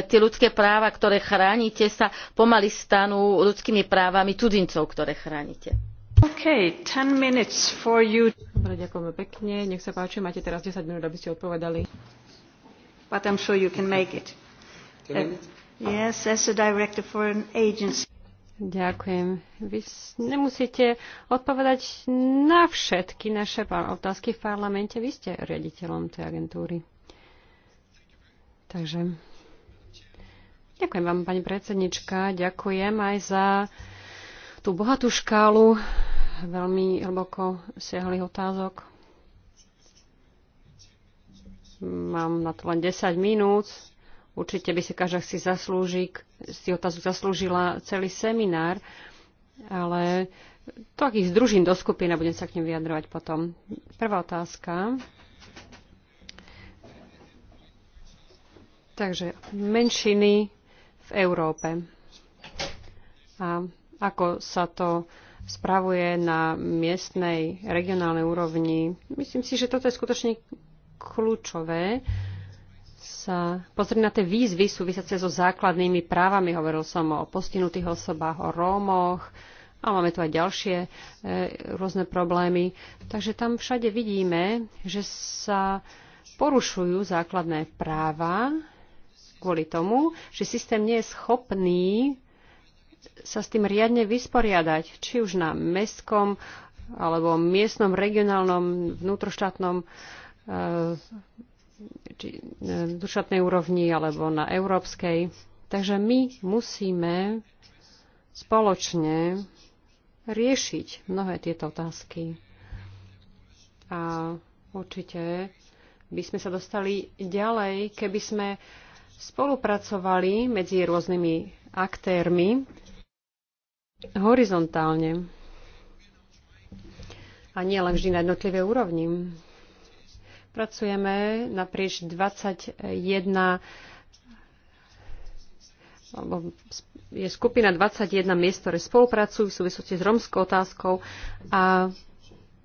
tie ľudské práva, ktoré chránite, sa pomaly stanú ľudskými právami cudzincov, ktoré chránite. Dobre, ďakujeme pekne. Nech sa páči, máte teraz 10 minút, aby ste odpovedali. But I'm sure you can make it. 10 minutes? Yes, as a director for an agency. Ďakujem. Vy nemusíte odpovedať na všetky naše otázky v parlamente. Vy ste riaditeľom tej agentúry. Takže ďakujem vám, pani predsednička. Ďakujem aj za tú bohatú škálu veľmi hlboko siahlých otázok. Mám na to len 10 minút, Určite by si každá si zaslúži, si otázku zaslúžila celý seminár, ale to, ak ich združím do skupiny a budem sa k nim vyjadrovať potom. Prvá otázka. Takže menšiny v Európe. A ako sa to spravuje na miestnej, regionálnej úrovni. Myslím si, že toto je skutočne kľúčové sa pozrieť na tie výzvy súvisiace so základnými právami. Hovoril som o postihnutých osobách, o Rómoch a máme tu aj ďalšie e, rôzne problémy. Takže tam všade vidíme, že sa porušujú základné práva kvôli tomu, že systém nie je schopný sa s tým riadne vysporiadať, či už na mestskom alebo miestnom, regionálnom, vnútroštátnom e, či e, dušatnej úrovni alebo na európskej. Takže my musíme spoločne riešiť mnohé tieto otázky. A určite by sme sa dostali ďalej, keby sme spolupracovali medzi rôznymi aktérmi horizontálne a nie len vždy na jednotlivé úrovni. Pracujeme naprieč 21 je skupina 21 miest, ktoré spolupracujú v súvislosti s romskou otázkou a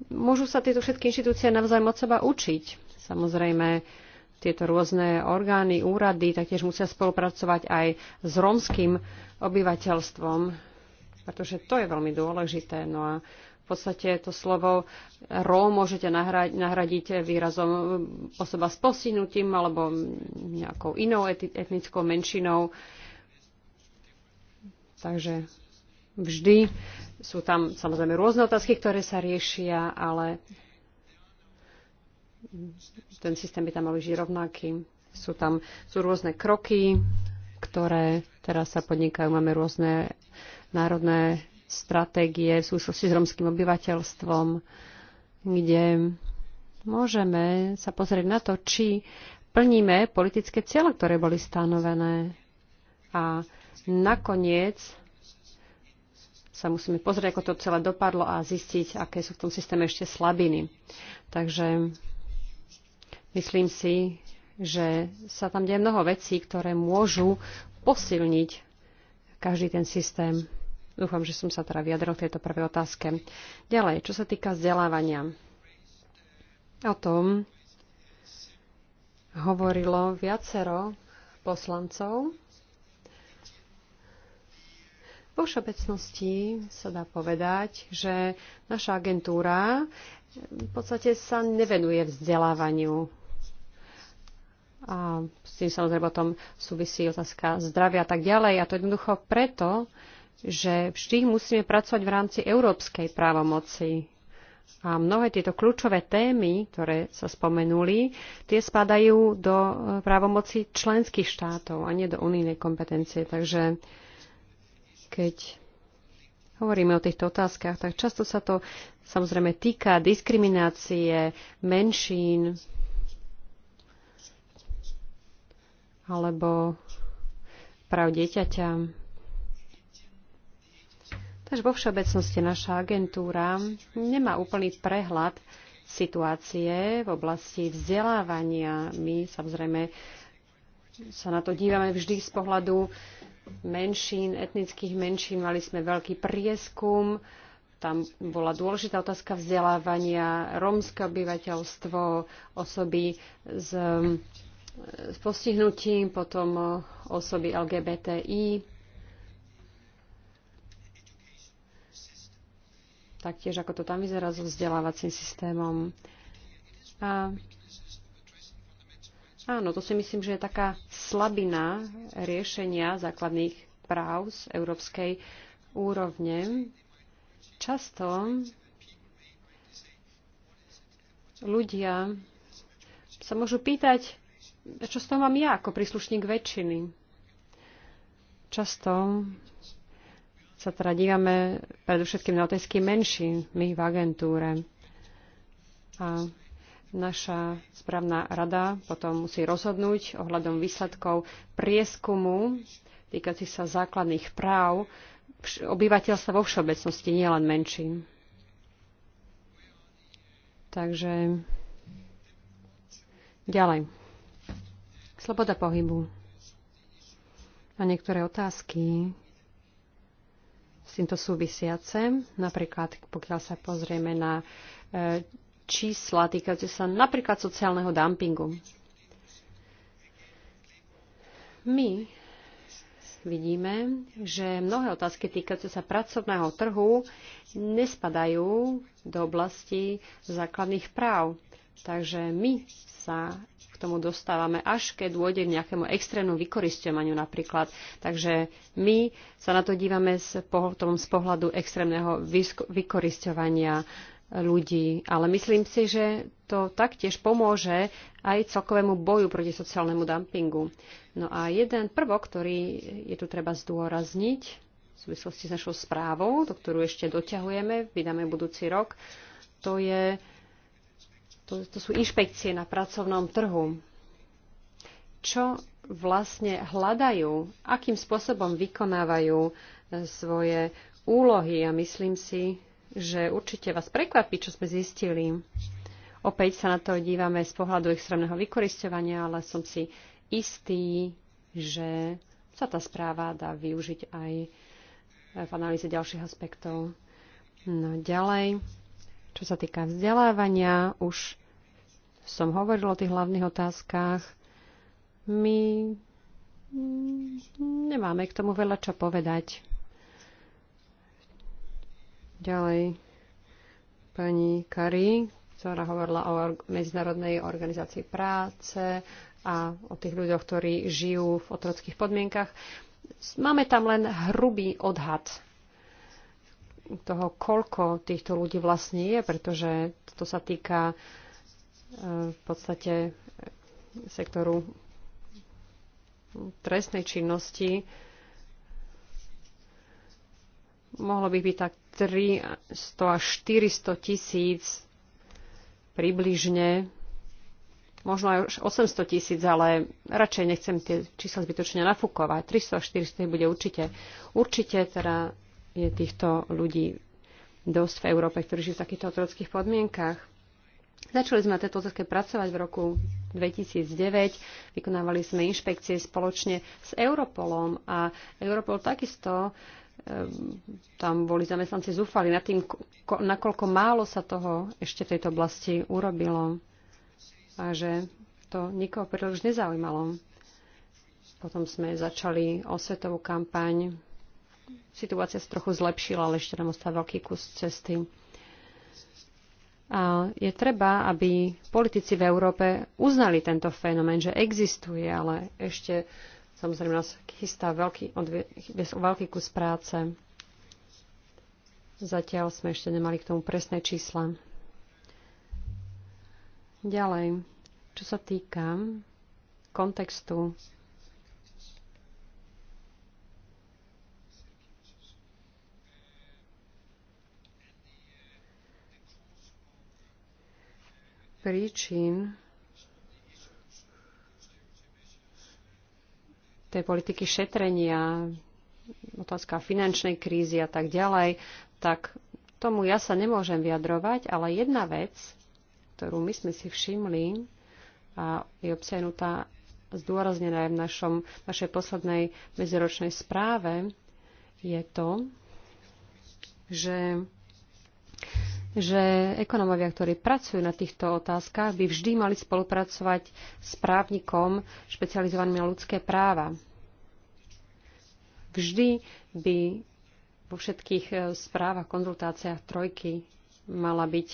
môžu sa tieto všetky inštitúcie navzájom od seba učiť. Samozrejme, tieto rôzne orgány, úrady taktiež musia spolupracovať aj s romským obyvateľstvom, pretože to je veľmi dôležité. No a v podstate to slovo ro môžete nahradiť výrazom osoba s postihnutím alebo nejakou inou etnickou menšinou. Takže vždy sú tam samozrejme rôzne otázky, ktoré sa riešia, ale ten systém by tam mal byť rovnaký. Sú tam sú rôzne kroky, ktoré teraz sa podnikajú. Máme rôzne národné stratégie v súvislosti s romským obyvateľstvom, kde môžeme sa pozrieť na to, či plníme politické ciele, ktoré boli stanovené. A nakoniec sa musíme pozrieť, ako to celé dopadlo a zistiť, aké sú v tom systéme ešte slabiny. Takže myslím si, že sa tam deje mnoho vecí, ktoré môžu posilniť každý ten systém. Dúfam, že som sa teda vyjadril v tejto prvej otázke. Ďalej, čo sa týka vzdelávania. O tom hovorilo viacero poslancov. Vo všeobecnosti sa dá povedať, že naša agentúra v podstate sa nevenuje vzdelávaniu. A s tým samozrejme potom súvisí otázka zdravia a tak ďalej. A to jednoducho preto, že vždy musíme pracovať v rámci európskej právomoci. A mnohé tieto kľúčové témy, ktoré sa spomenuli, tie spadajú do e, právomoci členských štátov a nie do unijnej kompetencie. Takže keď hovoríme o týchto otázkach, tak často sa to samozrejme týka diskriminácie menšín alebo práv dieťaťa. Až vo všeobecnosti naša agentúra nemá úplný prehľad situácie v oblasti vzdelávania. My samozrejme sa na to dívame vždy z pohľadu menšín, etnických menšín. Mali sme veľký prieskum, tam bola dôležitá otázka vzdelávania, rómske obyvateľstvo, osoby s, s postihnutím, potom osoby LGBTI taktiež ako to tam vyzerá so vzdelávacím systémom. A Áno, to si myslím, že je taká slabina riešenia základných práv z európskej úrovne. Často ľudia sa môžu pýtať, čo s tom mám ja ako príslušník väčšiny. Často sa teda dívame predovšetkým na otázky menšín my v agentúre. A naša správna rada potom musí rozhodnúť ohľadom výsledkov prieskumu týkajúcich sa základných práv obyvateľstva vo všeobecnosti, nielen menšín. Takže ďalej. Sloboda pohybu. A niektoré otázky, s týmto súvisiace. Napríklad, pokiaľ sa pozrieme na e, čísla týkajúce sa napríklad sociálneho dumpingu. My vidíme, že mnohé otázky týkajúce sa pracovného trhu nespadajú do oblasti základných práv. Takže my sa tomu dostávame, až keď dôjde k nejakému extrémnu vykoristovaniu napríklad. Takže my sa na to dívame z, tom, z pohľadu extrémneho vykoristovania ľudí. Ale myslím si, že to taktiež pomôže aj celkovému boju proti sociálnemu dumpingu. No a jeden prvok, ktorý je tu treba zdôrazniť v súvislosti s našou správou, do ktorú ešte doťahujeme, vydáme budúci rok, to je to, to sú inšpekcie na pracovnom trhu. Čo vlastne hľadajú, akým spôsobom vykonávajú e, svoje úlohy a myslím si, že určite vás prekvapí, čo sme zistili. Opäť sa na to dívame z pohľadu extrémneho vykoristovania, ale som si istý, že sa tá správa dá využiť aj v analýze ďalších aspektov. No ďalej, čo sa týka vzdelávania, už som hovoril o tých hlavných otázkach. My mm, nemáme k tomu veľa čo povedať. Ďalej pani Kari, ktorá hovorila o Medzinárodnej organizácii práce a o tých ľuďoch, ktorí žijú v otrockých podmienkach. Máme tam len hrubý odhad toho, koľko týchto ľudí vlastne je, pretože to sa týka e, v podstate e, sektoru trestnej činnosti. Mohlo by byť tak 300 až 400 tisíc približne, možno aj už 800 tisíc, ale radšej nechcem tie čísla zbytočne nafúkovať. 300 až 400 bude určite. Určite teda je týchto ľudí dosť v Európe, ktorí žijú v takýchto otrockých podmienkach. Začali sme na tejto otázke pracovať v roku 2009. Vykonávali sme inšpekcie spoločne s Europolom a Europol takisto ehm, tam boli zamestnanci zúfali nad tým, nakoľko málo sa toho ešte v tejto oblasti urobilo a že to nikoho príliš nezaujímalo. Potom sme začali osvetovú kampaň situácia sa trochu zlepšila, ale ešte nám ostáva veľký kus cesty. A je treba, aby politici v Európe uznali tento fenomén, že existuje, ale ešte samozrejme nás chystá veľký, odvie, veľký kus práce. Zatiaľ sme ešte nemali k tomu presné čísla. Ďalej, čo sa týka kontextu príčin tej politiky šetrenia, otázka finančnej krízy a tak ďalej, tak tomu ja sa nemôžem vyjadrovať, ale jedna vec, ktorú my sme si všimli a je obsiahnutá zdôraznená aj v našom, našej poslednej medziročnej správe, je to, že že ekonomovia, ktorí pracujú na týchto otázkach, by vždy mali spolupracovať s právnikom špecializovaným na ľudské práva. Vždy by vo všetkých e, správach, konzultáciách trojky mala byť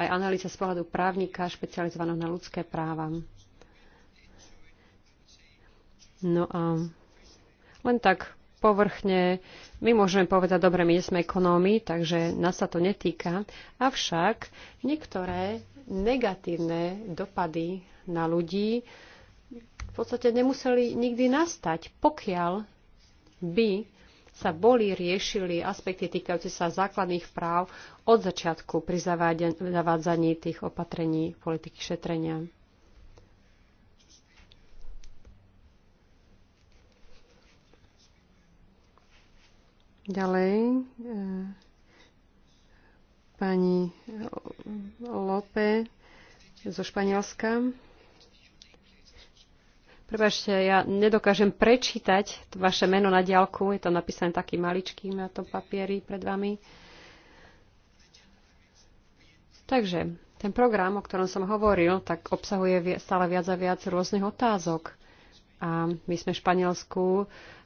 aj analýza z pohľadu právnika špecializovaného na ľudské práva. No a len tak povrchne. My môžeme povedať, dobre, my nie sme ekonómi, takže nás sa to netýka. Avšak niektoré negatívne dopady na ľudí v podstate nemuseli nikdy nastať, pokiaľ by sa boli riešili aspekty týkajúce sa základných práv od začiatku pri zavádzaní tých opatrení politiky šetrenia. Ďalej e, pani Lope zo Španielska. Prebažte, ja nedokážem prečítať vaše meno na diálku. Je to napísané takým maličkým na tom papieri pred vami. Takže ten program, o ktorom som hovoril, tak obsahuje stále viac a viac rôznych otázok. A my sme v Španielsku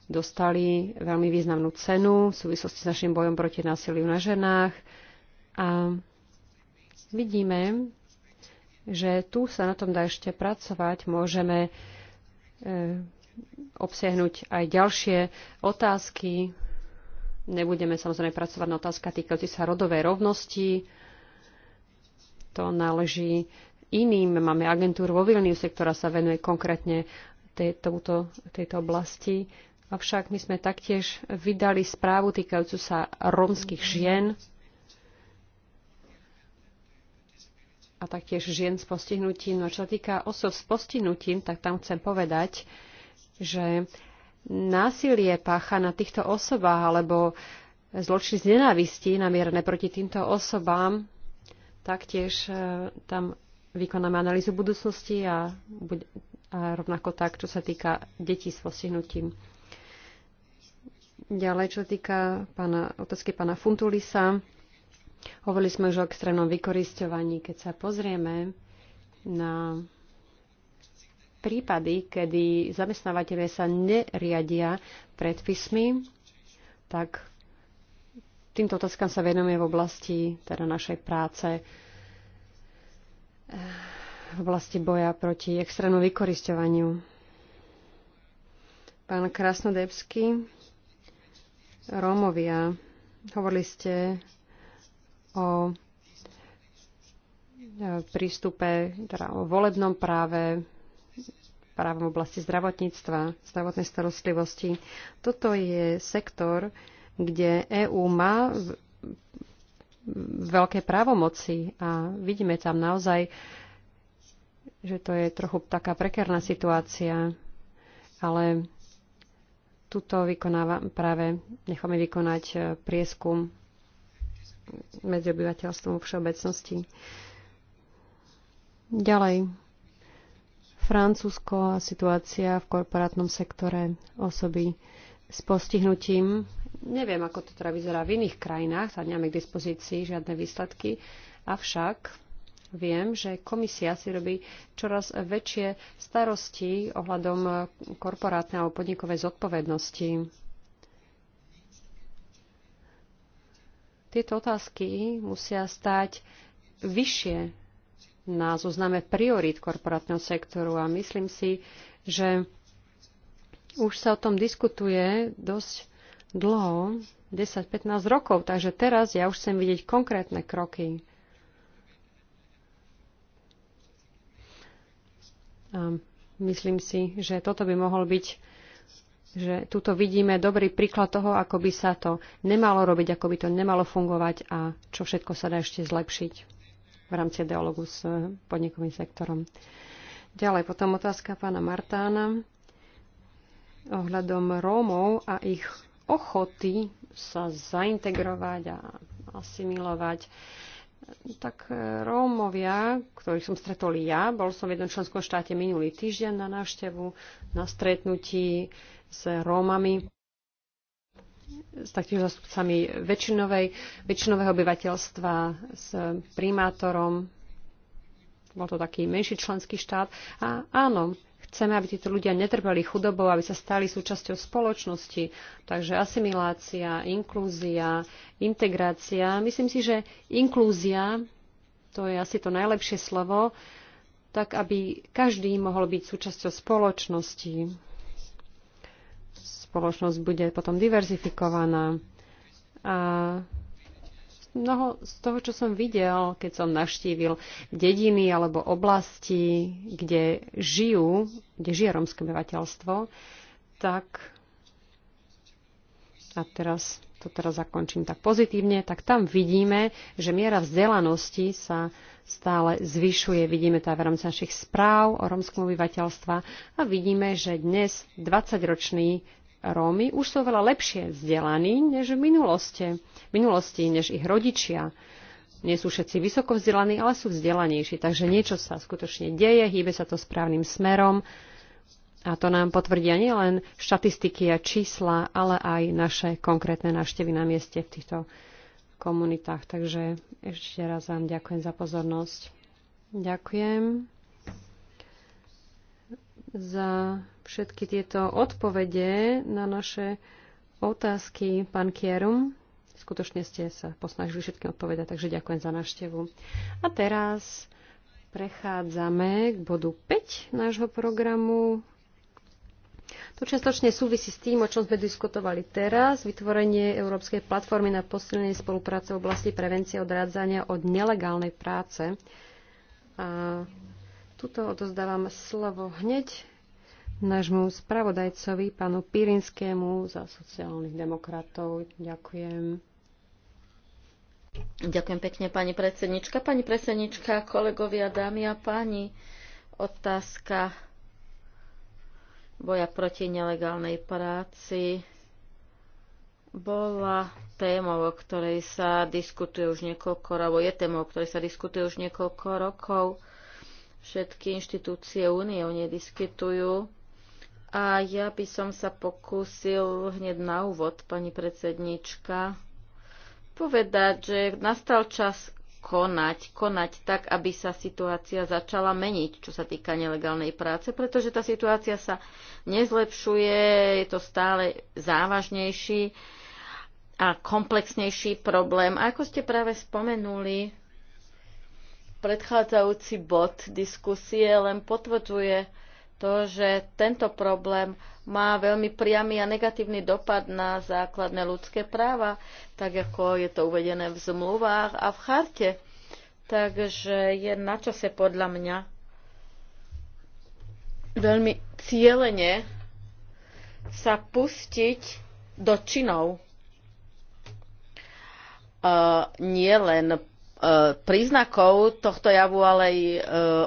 dostali veľmi významnú cenu v súvislosti s našim bojom proti násiliu na ženách. A vidíme, že tu sa na tom dá ešte pracovať. Môžeme e, obsiahnuť aj ďalšie otázky. Nebudeme samozrejme pracovať na otázka týkajúci sa rodovej rovnosti. To náleží iným. Máme agentúru vo Vilniuse, ktorá sa venuje konkrétne tejto, tejto oblasti. Avšak my sme taktiež vydali správu týkajúcu sa rómskych žien a taktiež žien s postihnutím. No čo sa týka osob s postihnutím, tak tam chcem povedať, že násilie pácha na týchto osobách alebo zločiny z nenávisti namierené proti týmto osobám, taktiež e, tam vykonáme analýzu budúcnosti a, a rovnako tak, čo sa týka detí s postihnutím. Ďalej, čo týka pána, otázky pána Funtulisa, hovorili sme už o extrémnom vykoristovaní. Keď sa pozrieme na prípady, kedy zamestnávateľe sa neriadia predpismi, tak týmto otázkam sa venujeme v oblasti teda našej práce v oblasti boja proti extrémnu vykoristovaniu. Pán Krasnodebský Rómovia. Hovorili ste o e, prístupe, teda o volebnom práve, právom oblasti zdravotníctva, zdravotnej starostlivosti. Toto je sektor, kde EÚ má veľké právomoci a vidíme tam naozaj, že to je trochu taká prekerná situácia, ale Tuto vykonáva, práve necháme vykonať e, prieskum medzi obyvateľstvom v všeobecnosti. Ďalej. Francúzsko a situácia v korporátnom sektore osoby s postihnutím. Neviem, ako to teda vyzerá v iných krajinách, sa nemáme k dispozícii žiadne výsledky, avšak Viem, že komisia si robí čoraz väčšie starosti ohľadom korporátnej alebo podnikovej zodpovednosti. Tieto otázky musia stať vyššie na zozname priorít korporátneho sektoru a myslím si, že už sa o tom diskutuje dosť dlho, 10-15 rokov, takže teraz ja už chcem vidieť konkrétne kroky. A myslím si, že toto by mohol byť, že tuto vidíme dobrý príklad toho, ako by sa to nemalo robiť, ako by to nemalo fungovať a čo všetko sa dá ešte zlepšiť v rámci dialogu s podnikovým sektorom. Ďalej potom otázka pána Martána ohľadom Rómov a ich ochoty sa zaintegrovať a asimilovať tak e, Rómovia, ktorých som stretol ja, bol som v jednom členskom štáte minulý týždeň na návštevu, na stretnutí s Rómami, s taktiež zastupcami väčšinovej, väčšinového obyvateľstva, s primátorom. Bol to taký menší členský štát. A áno, Chceme, aby títo ľudia netrpeli chudobou, aby sa stali súčasťou spoločnosti. Takže asimilácia, inklúzia, integrácia. Myslím si, že inklúzia, to je asi to najlepšie slovo, tak aby každý mohol byť súčasťou spoločnosti. Spoločnosť bude potom diverzifikovaná. A Mnoho z toho, čo som videl, keď som navštívil dediny alebo oblasti, kde žijú, kde žije romské obyvateľstvo, tak a teraz to teraz zakončím tak pozitívne, tak tam vidíme, že miera vzdelanosti sa stále zvyšuje. Vidíme to aj v rámci našich správ o romskom obyvateľstva a vidíme, že dnes 20 ročný Rómy už sú veľa lepšie vzdelaní než v minulosti, v minulosti než ich rodičia. Nie sú všetci vysoko vzdelaní, ale sú vzdelanejší. Takže niečo sa skutočne deje, hýbe sa to správnym smerom. A to nám potvrdia nielen štatistiky a čísla, ale aj naše konkrétne návštevy na mieste v týchto komunitách. Takže ešte raz vám ďakujem za pozornosť. Ďakujem za všetky tieto odpovede na naše otázky, pán Kierum. Skutočne ste sa posnažili všetkým odpovedať, takže ďakujem za návštevu. A teraz prechádzame k bodu 5 nášho programu. To čiastočne súvisí s tým, o čom sme diskutovali teraz, vytvorenie Európskej platformy na posilnenie spolupráce v oblasti prevencie odrádzania od nelegálnej práce. A Tuto odozdávam slovo hneď nášmu spravodajcovi, pánu Pirinskému za sociálnych demokratov. Ďakujem. Ďakujem pekne, pani predsednička. Pani predsednička, kolegovia, dámy a páni, otázka boja proti nelegálnej práci bola témou, o ktorej sa diskutuje už niekoľko rokov, je témou, o ktorej sa diskutuje už niekoľko rokov všetky inštitúcie únie o nej diskutujú. A ja by som sa pokúsil hneď na úvod, pani predsednička, povedať, že nastal čas konať, konať tak, aby sa situácia začala meniť, čo sa týka nelegálnej práce, pretože tá situácia sa nezlepšuje, je to stále závažnejší a komplexnejší problém. A ako ste práve spomenuli, predchádzajúci bod diskusie len potvrdzuje to, že tento problém má veľmi priamy a negatívny dopad na základné ľudské práva, tak ako je to uvedené v zmluvách a v charte. Takže je na čase podľa mňa veľmi cieľene sa pustiť do činov. Uh, nie len E, príznakov tohto javu, ale aj e,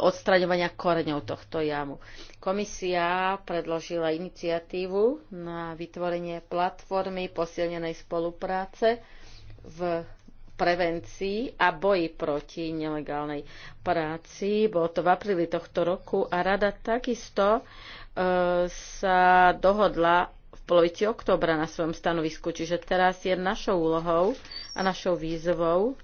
odstraňovania koreňov tohto javu. Komisia predložila iniciatívu na vytvorenie platformy posilnenej spolupráce v prevencii a boji proti nelegálnej práci. Bolo to v apríli tohto roku a rada takisto e, sa dohodla v polovici oktobra na svojom stanovisku, čiže teraz je našou úlohou a našou výzvou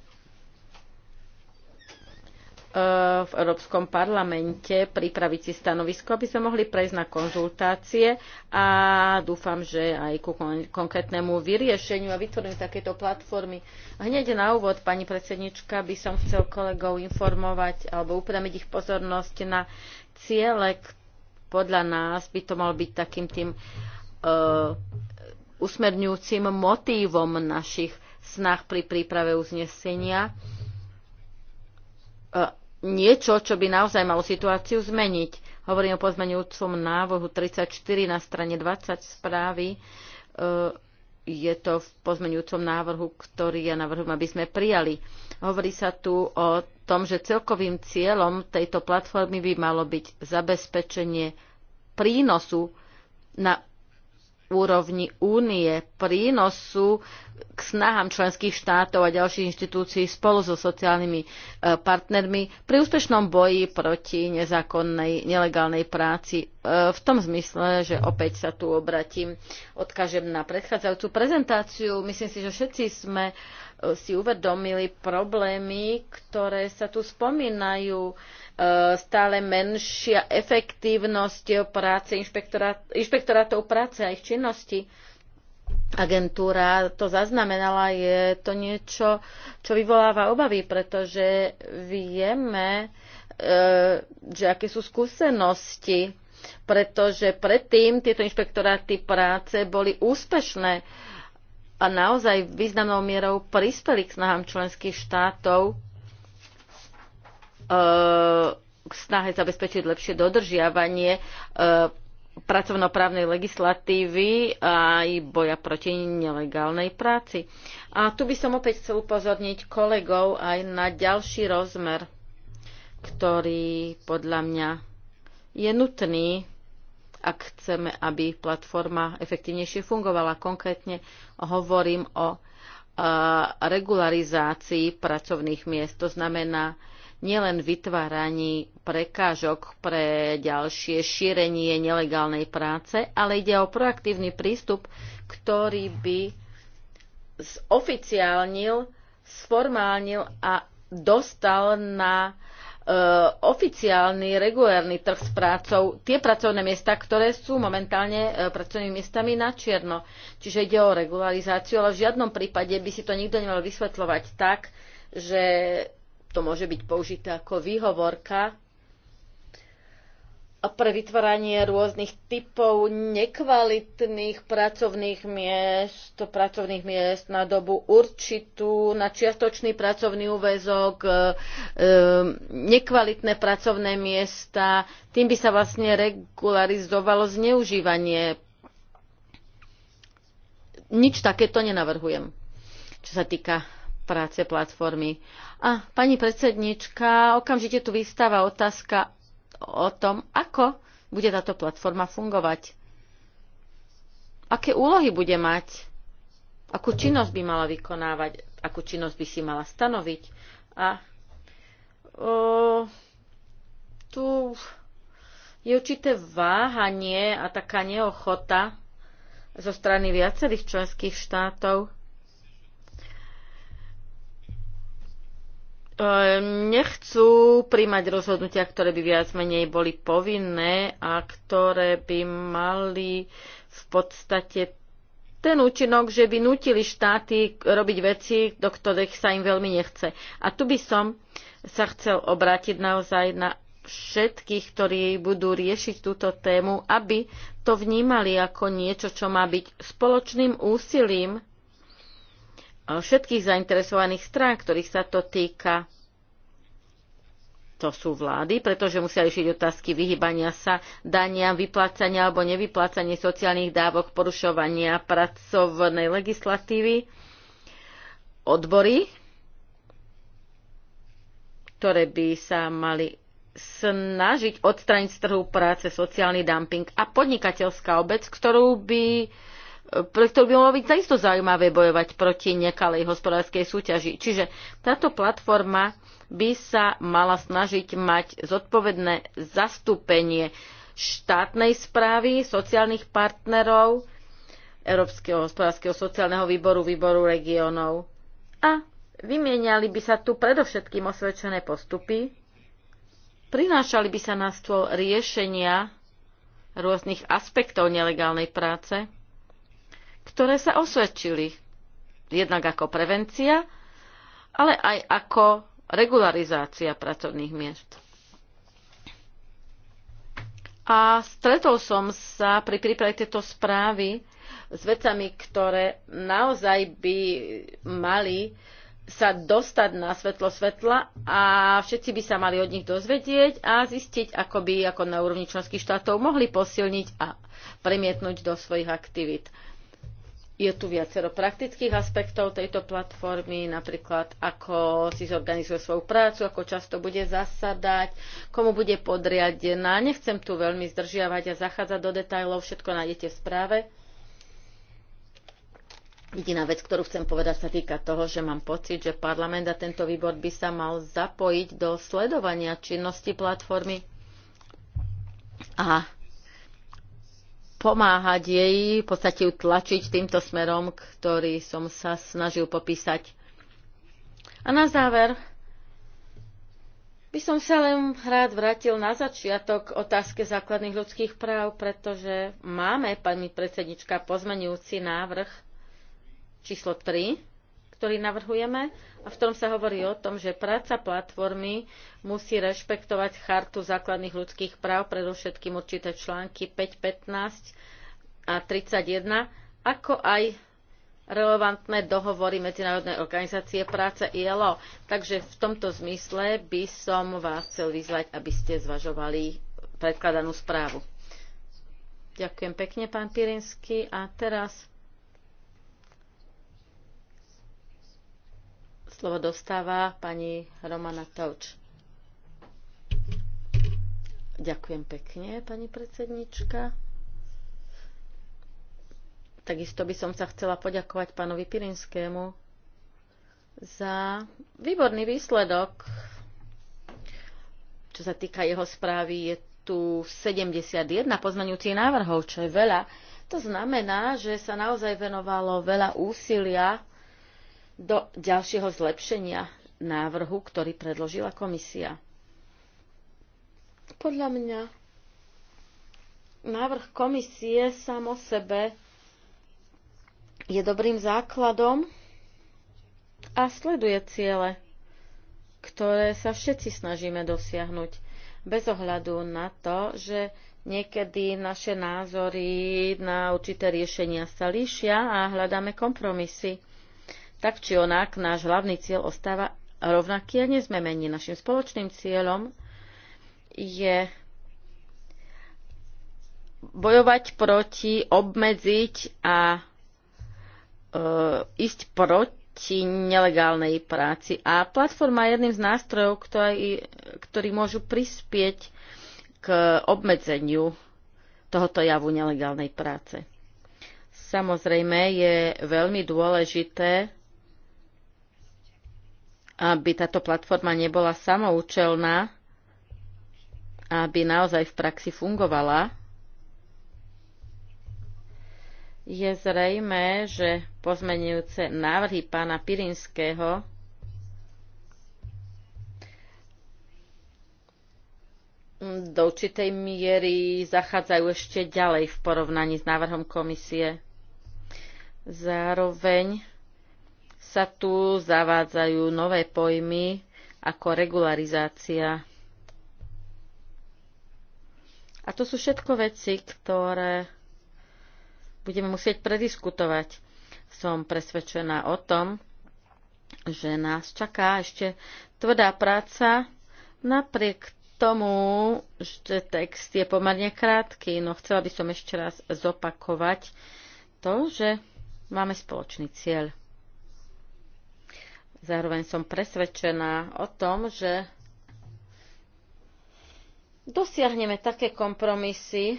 E, v Európskom parlamente pripraviť si stanovisko, aby sme mohli prejsť na konzultácie a dúfam, že aj ku konkrétnemu vyriešeniu a vytvoreniu takéto platformy. Hneď na úvod, pani predsednička, by som chcel kolegov informovať alebo upriamiť ich pozornosť na ciele, podľa nás by to mal byť takým tým uh, usmerňujúcim motívom našich snah pri príprave uznesenia. Uh, niečo, čo by naozaj malo situáciu zmeniť. Hovorím o pozmeňujúcom návrhu 34 na strane 20 správy. E, je to v pozmeňujúcom návrhu, ktorý ja navrhujem, aby sme prijali. Hovorí sa tu o tom, že celkovým cieľom tejto platformy by malo byť zabezpečenie prínosu na úrovni únie prínosu k snahám členských štátov a ďalších inštitúcií spolu so sociálnymi e, partnermi pri úspešnom boji proti nezákonnej, nelegálnej práci. E, v tom zmysle, že opäť sa tu obratím, odkážem na predchádzajúcu prezentáciu. Myslím si, že všetci sme e, si uvedomili problémy, ktoré sa tu spomínajú stále menšia efektívnosť práce inšpektorát, inšpektorátov práce a ich činnosti. Agentúra to zaznamenala, je to niečo, čo vyvoláva obavy, pretože vieme, e, že aké sú skúsenosti pretože predtým tieto inšpektoráty práce boli úspešné a naozaj významnou mierou prispeli k snahám členských štátov Eh, k snahe zabezpečiť lepšie dodržiavanie eh, pracovnoprávnej legislatívy a aj boja proti nelegálnej práci. A tu by som opäť chcel upozorniť kolegov aj na ďalší rozmer, ktorý podľa mňa je nutný, ak chceme, aby platforma efektívnejšie fungovala. Konkrétne hovorím o eh, regularizácii pracovných miest. To znamená, nielen vytváraní prekážok pre ďalšie šírenie nelegálnej práce, ale ide o proaktívny prístup, ktorý by oficiálnil, sformálnil a dostal na e, oficiálny, regulárny trh s prácou tie pracovné miesta, ktoré sú momentálne e, pracovnými miestami na čierno. Čiže ide o regularizáciu, ale v žiadnom prípade by si to nikto nemal vysvetľovať tak, že to môže byť použité ako výhovorka pre vytváranie rôznych typov nekvalitných pracovných miest, pracovných miest na dobu určitú, na čiastočný pracovný úväzok, e, e, nekvalitné pracovné miesta. Tým by sa vlastne regularizovalo zneužívanie. Nič takéto nenavrhujem, čo sa týka práce platformy. A pani predsednička, okamžite tu vystáva otázka o tom, ako bude táto platforma fungovať. Aké úlohy bude mať? Akú činnosť by mala vykonávať? Akú činnosť by si mala stanoviť? A o, tu je určité váhanie a taká neochota zo strany viacerých členských štátov Ehm, nechcú príjmať rozhodnutia, ktoré by viac menej boli povinné a ktoré by mali v podstate ten účinok, že by nutili štáty robiť veci, do ktorých sa im veľmi nechce. A tu by som sa chcel obrátiť naozaj na všetkých, ktorí budú riešiť túto tému, aby to vnímali ako niečo, čo má byť spoločným úsilím všetkých zainteresovaných strán, ktorých sa to týka. To sú vlády, pretože musia riešiť otázky vyhybania sa dania, vyplácania alebo nevyplácania sociálnych dávok, porušovania pracovnej legislatívy, odbory, ktoré by sa mali snažiť odstrániť z trhu práce sociálny dumping a podnikateľská obec, ktorú by pre ktorú by mohlo byť zaisto zaujímavé bojovať proti nekalej hospodárskej súťaži. Čiže táto platforma by sa mala snažiť mať zodpovedné zastúpenie štátnej správy, sociálnych partnerov, Európskeho hospodárskeho sociálneho výboru, výboru regiónov. A vymieniali by sa tu predovšetkým osvedčené postupy, prinášali by sa na stôl riešenia rôznych aspektov nelegálnej práce, ktoré sa osvedčili. Jednak ako prevencia, ale aj ako regularizácia pracovných miest. A stretol som sa pri príprave tejto správy s vecami, ktoré naozaj by mali sa dostať na svetlo svetla a všetci by sa mali od nich dozvedieť a zistiť, ako by ako na úrovni členských štátov mohli posilniť a premietnúť do svojich aktivít. Je tu viacero praktických aspektov tejto platformy, napríklad ako si zorganizuje svoju prácu, ako často bude zasadať, komu bude podriadená. Nechcem tu veľmi zdržiavať a zachádzať do detajlov, všetko nájdete v správe. Jediná vec, ktorú chcem povedať, sa týka toho, že mám pocit, že parlament a tento výbor by sa mal zapojiť do sledovania činnosti platformy a pomáhať jej, v podstate ju tlačiť týmto smerom, ktorý som sa snažil popísať. A na záver by som sa len rád vrátil na začiatok otázke základných ľudských práv, pretože máme, pani predsednička, pozmenujúci návrh číslo 3, ktorý navrhujeme a v ktorom sa hovorí o tom, že práca platformy musí rešpektovať chartu základných ľudských práv, predovšetkým určité články 5, 15 a 31, ako aj relevantné dohovory Medzinárodnej organizácie práce ILO. Takže v tomto zmysle by som vás chcel vyzvať, aby ste zvažovali predkladanú správu. Ďakujem pekne, pán Pirinsky. A teraz Slovo dostáva pani Romana Toč. Ďakujem pekne, pani predsednička. Takisto by som sa chcela poďakovať pánovi Pirinskému za výborný výsledok. Čo sa týka jeho správy, je tu 71 poznaňujúcich návrhov, čo je veľa. To znamená, že sa naozaj venovalo veľa úsilia do ďalšieho zlepšenia návrhu, ktorý predložila komisia. Podľa mňa návrh komisie sám o sebe je dobrým základom a sleduje ciele, ktoré sa všetci snažíme dosiahnuť, bez ohľadu na to, že niekedy naše názory na určité riešenia sa líšia a hľadáme kompromisy. Tak či onak, náš hlavný cieľ ostáva rovnaký a nezmemení. Našim spoločným cieľom je bojovať proti, obmedziť a e, ísť proti nelegálnej práci. A platforma je jedným z nástrojov, ktorý, ktorý môžu prispieť k obmedzeniu tohoto javu nelegálnej práce. Samozrejme je veľmi dôležité aby táto platforma nebola samoučelná, aby naozaj v praxi fungovala, je zrejme, že pozmenujúce návrhy pána Pirinského do určitej miery zachádzajú ešte ďalej v porovnaní s návrhom komisie. Zároveň sa tu zavádzajú nové pojmy ako regularizácia. A to sú všetko veci, ktoré budeme musieť prediskutovať. Som presvedčená o tom, že nás čaká ešte tvrdá práca, napriek tomu, že text je pomerne krátky, no chcela by som ešte raz zopakovať to, že máme spoločný cieľ. Zároveň som presvedčená o tom, že dosiahneme také kompromisy,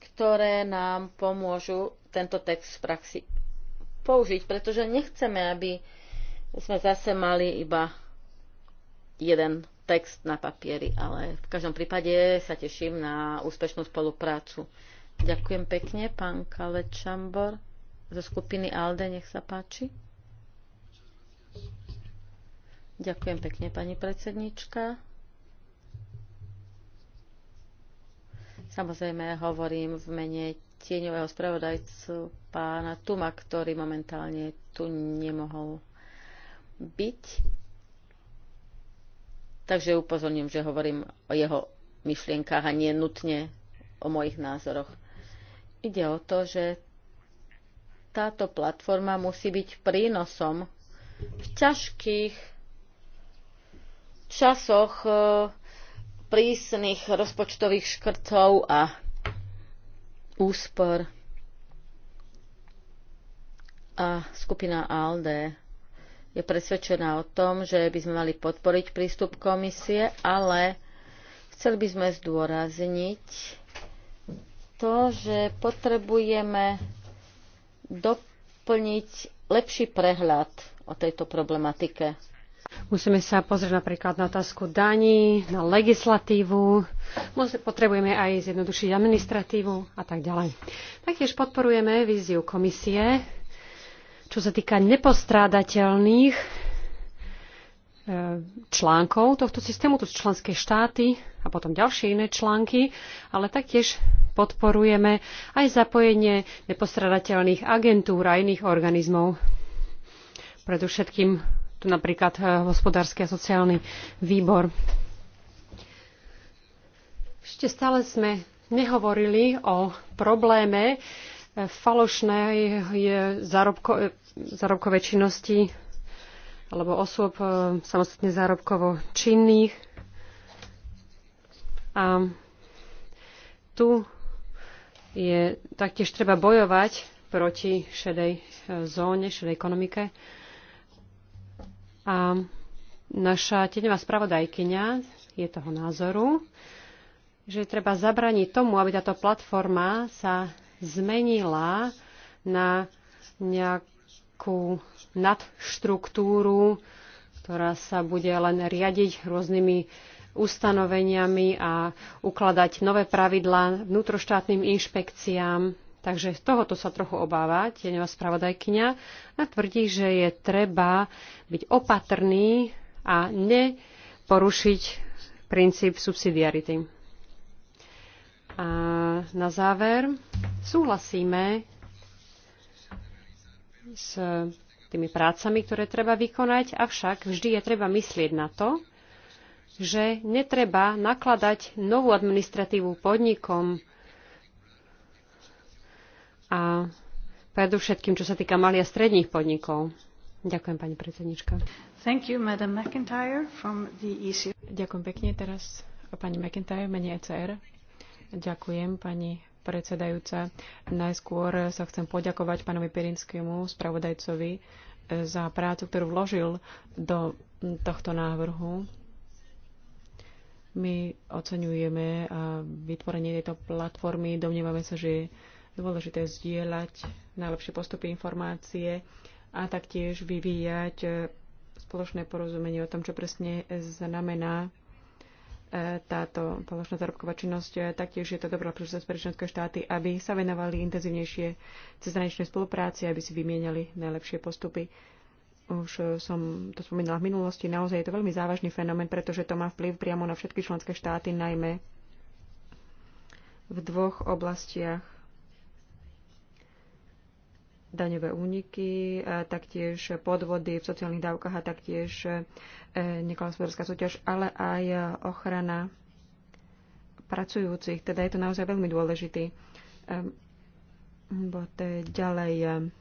ktoré nám pomôžu tento text v praxi použiť, pretože nechceme, aby sme zase mali iba jeden text na papieri, ale v každom prípade sa teším na úspešnú spoluprácu. Ďakujem pekne, pán Kalečambor zo skupiny ALDE, nech sa páči. Ďakujem pekne, pani predsednička. Samozrejme, hovorím v mene tieňového spravodajcu pána Tuma, ktorý momentálne tu nemohol byť. Takže upozorním, že hovorím o jeho myšlienkách a nie nutne o mojich názoroch. Ide o to, že táto platforma musí byť prínosom v ťažkých časoch e, prísnych rozpočtových škrtov a úspor. A skupina ALDE je presvedčená o tom, že by sme mali podporiť prístup komisie, ale chceli by sme zdôrazniť to, že potrebujeme doplniť lepší prehľad o tejto problematike Musíme sa pozrieť napríklad na otázku daní, na legislatívu, potrebujeme aj zjednodušiť administratívu a tak ďalej. Taktiež podporujeme víziu komisie, čo sa týka nepostrádateľných e, článkov tohto systému, to sú členské štáty a potom ďalšie iné články, ale taktiež podporujeme aj zapojenie nepostradateľných agentúr a iných organizmov, predovšetkým tu napríklad eh, hospodársky a sociálny výbor. Ešte stále sme nehovorili o probléme eh, falošnej eh, zárobko, zárobkovej činnosti alebo osôb samostatne zárobkovo činných. A tu je taktiež treba bojovať proti šedej zóne, šedej ekonomike. A naša teňová spravodajkyňa je toho názoru, že treba zabraniť tomu, aby táto platforma sa zmenila na nejakú nadštruktúru, ktorá sa bude len riadiť rôznymi ustanoveniami a ukladať nové pravidlá vnútroštátnym inšpekciám Takže z tohoto sa trochu obáva tieňová spravodajkyňa a tvrdí, že je treba byť opatrný a neporušiť princíp subsidiarity. A na záver súhlasíme s tými prácami, ktoré treba vykonať, avšak vždy je treba myslieť na to, že netreba nakladať novú administratívu podnikom, a predovšetkým, čo sa týka malých a stredných podnikov. Ďakujem, pani predsednička. Thank you, Madam McIntyre from the ECR. Ďakujem pekne teraz pani McIntyre, menej ECR. Ďakujem, pani predsedajúca. Najskôr sa chcem poďakovať pánovi Pirinskému spravodajcovi, za prácu, ktorú vložil do tohto návrhu. My oceňujeme vytvorenie tejto platformy. Domnievame sa, že je dôležité zdieľať najlepšie postupy informácie a taktiež vyvíjať e, spoločné porozumenie o tom, čo presne znamená e, táto spoločná zárobková činnosť. E, taktiež je to dobrá príležitosť pre členské štáty, aby sa venovali intenzívnejšie cezhraničnej spolupráci, aby si vymienali najlepšie postupy. Už som to spomínala v minulosti, naozaj je to veľmi závažný fenomén, pretože to má vplyv priamo na všetky členské štáty, najmä v dvoch oblastiach daňové úniky, taktiež podvody v sociálnych dávkach a taktiež e, nekonospodárska súťaž, ale aj ochrana pracujúcich. Teda je to naozaj veľmi dôležitý e, bod ďalej. E,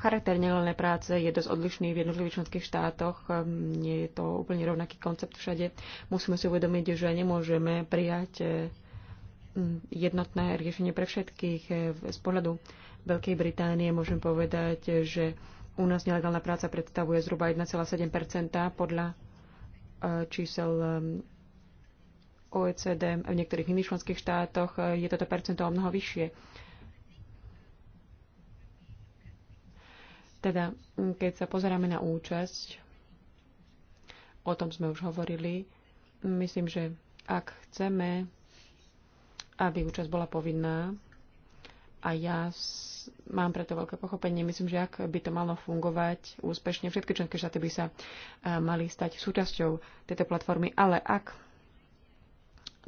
charakter nelené práce je dosť odlišný v jednotlivých členských štátoch. Nie je to úplne rovnaký koncept všade. Musíme si uvedomiť, že nemôžeme prijať jednotné riešenie pre všetkých. E, z pohľadu Veľkej Británie môžem povedať, že u nás nelegálna práca predstavuje zhruba 1,7 podľa e, čísel e, OECD. V niektorých iných členských štátoch je toto percento o mnoho vyššie. Teda, keď sa pozeráme na účasť, o tom sme už hovorili, myslím, že ak chceme aby účasť bola povinná. A ja mám preto veľké pochopenie. Myslím, že ak by to malo fungovať úspešne, všetky členské štáty by sa e, mali stať súčasťou tejto platformy. Ale ak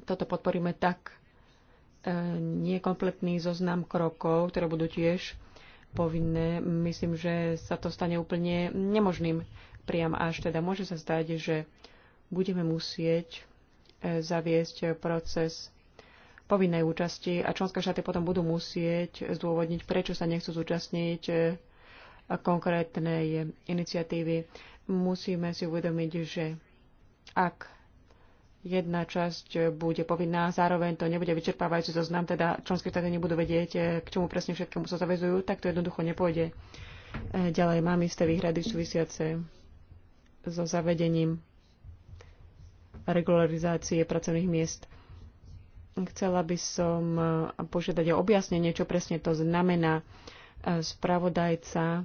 toto podporíme tak, e, kompletný zoznam krokov, ktoré budú tiež povinné, myslím, že sa to stane úplne nemožným priam až. Teda môže sa zdať, že budeme musieť e, zaviesť proces povinnej účasti a členské štáty potom budú musieť zdôvodniť, prečo sa nechcú zúčastniť e, konkrétnej iniciatívy. Musíme si uvedomiť, že ak jedna časť bude povinná, zároveň to nebude vyčerpávajúci zoznam, teda členské štáty nebudú vedieť, e, k čomu presne všetkému sa zavezujú, tak to jednoducho nepôjde. E, ďalej mám isté výhrady súvisiace so zavedením regularizácie pracovných miest. Chcela by som e, požiadať o objasnenie, čo presne to znamená. E, spravodajca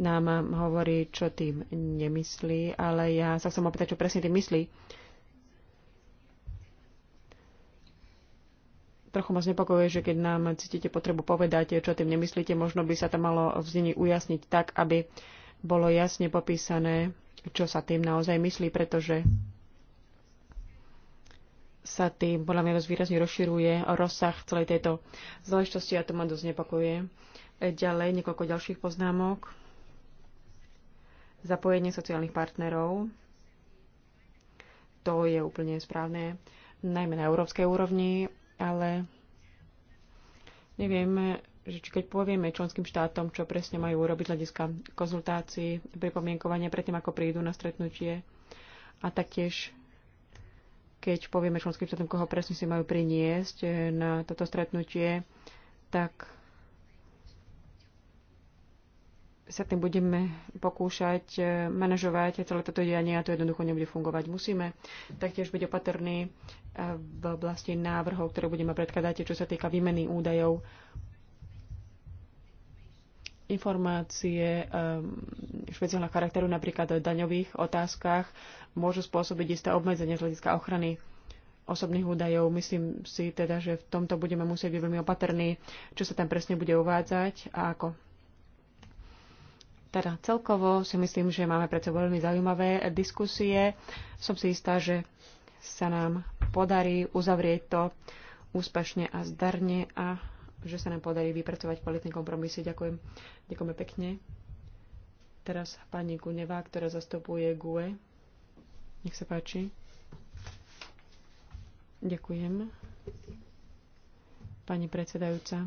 nám hovorí, čo tým nemyslí, ale ja sa chcem opýtať, čo presne tým myslí. Trochu ma znepokojuje, že keď nám cítite potrebu povedať, čo tým nemyslíte, možno by sa to malo v znení ujasniť tak, aby bolo jasne popísané, čo sa tým naozaj myslí, pretože sa tým podľa mňa dosť výrazne rozširuje rozsah celej tejto záležitosti a to ma dosť nepakuje. E, ďalej niekoľko ďalších poznámok. Zapojenie sociálnych partnerov. To je úplne správne, najmä na európskej úrovni, ale neviem, že či keď povieme členským štátom, čo presne majú urobiť hľadiska konzultácií, pripomienkovania predtým, ako prídu na stretnutie a taktiež keď povieme členským štátom, koho presne si majú priniesť eh, na toto stretnutie, tak sa tým budeme pokúšať eh, manažovať celé toto dianie a to jednoducho nebude fungovať. Musíme taktiež byť opatrní eh, v oblasti návrhov, ktoré budeme predkladať, čo sa týka výmeny údajov informácie ehm, špeciálneho charakteru, napríklad o daňových otázkach, môžu spôsobiť isté obmedzenie z hľadiska ochrany osobných údajov. Myslím si teda, že v tomto budeme musieť byť veľmi opatrní, čo sa tam presne bude uvádzať a ako. Teda celkovo si myslím, že máme pred sebou veľmi zaujímavé diskusie. Som si istá, že sa nám podarí uzavrieť to úspešne a zdarne a že sa nám podarí vypracovať kvalitné kompromisy. Ďakujem. Ďakujeme pekne. Teraz pani Guneva, ktorá zastupuje GUE. Nech sa páči. Ďakujem. Pani predsedajúca,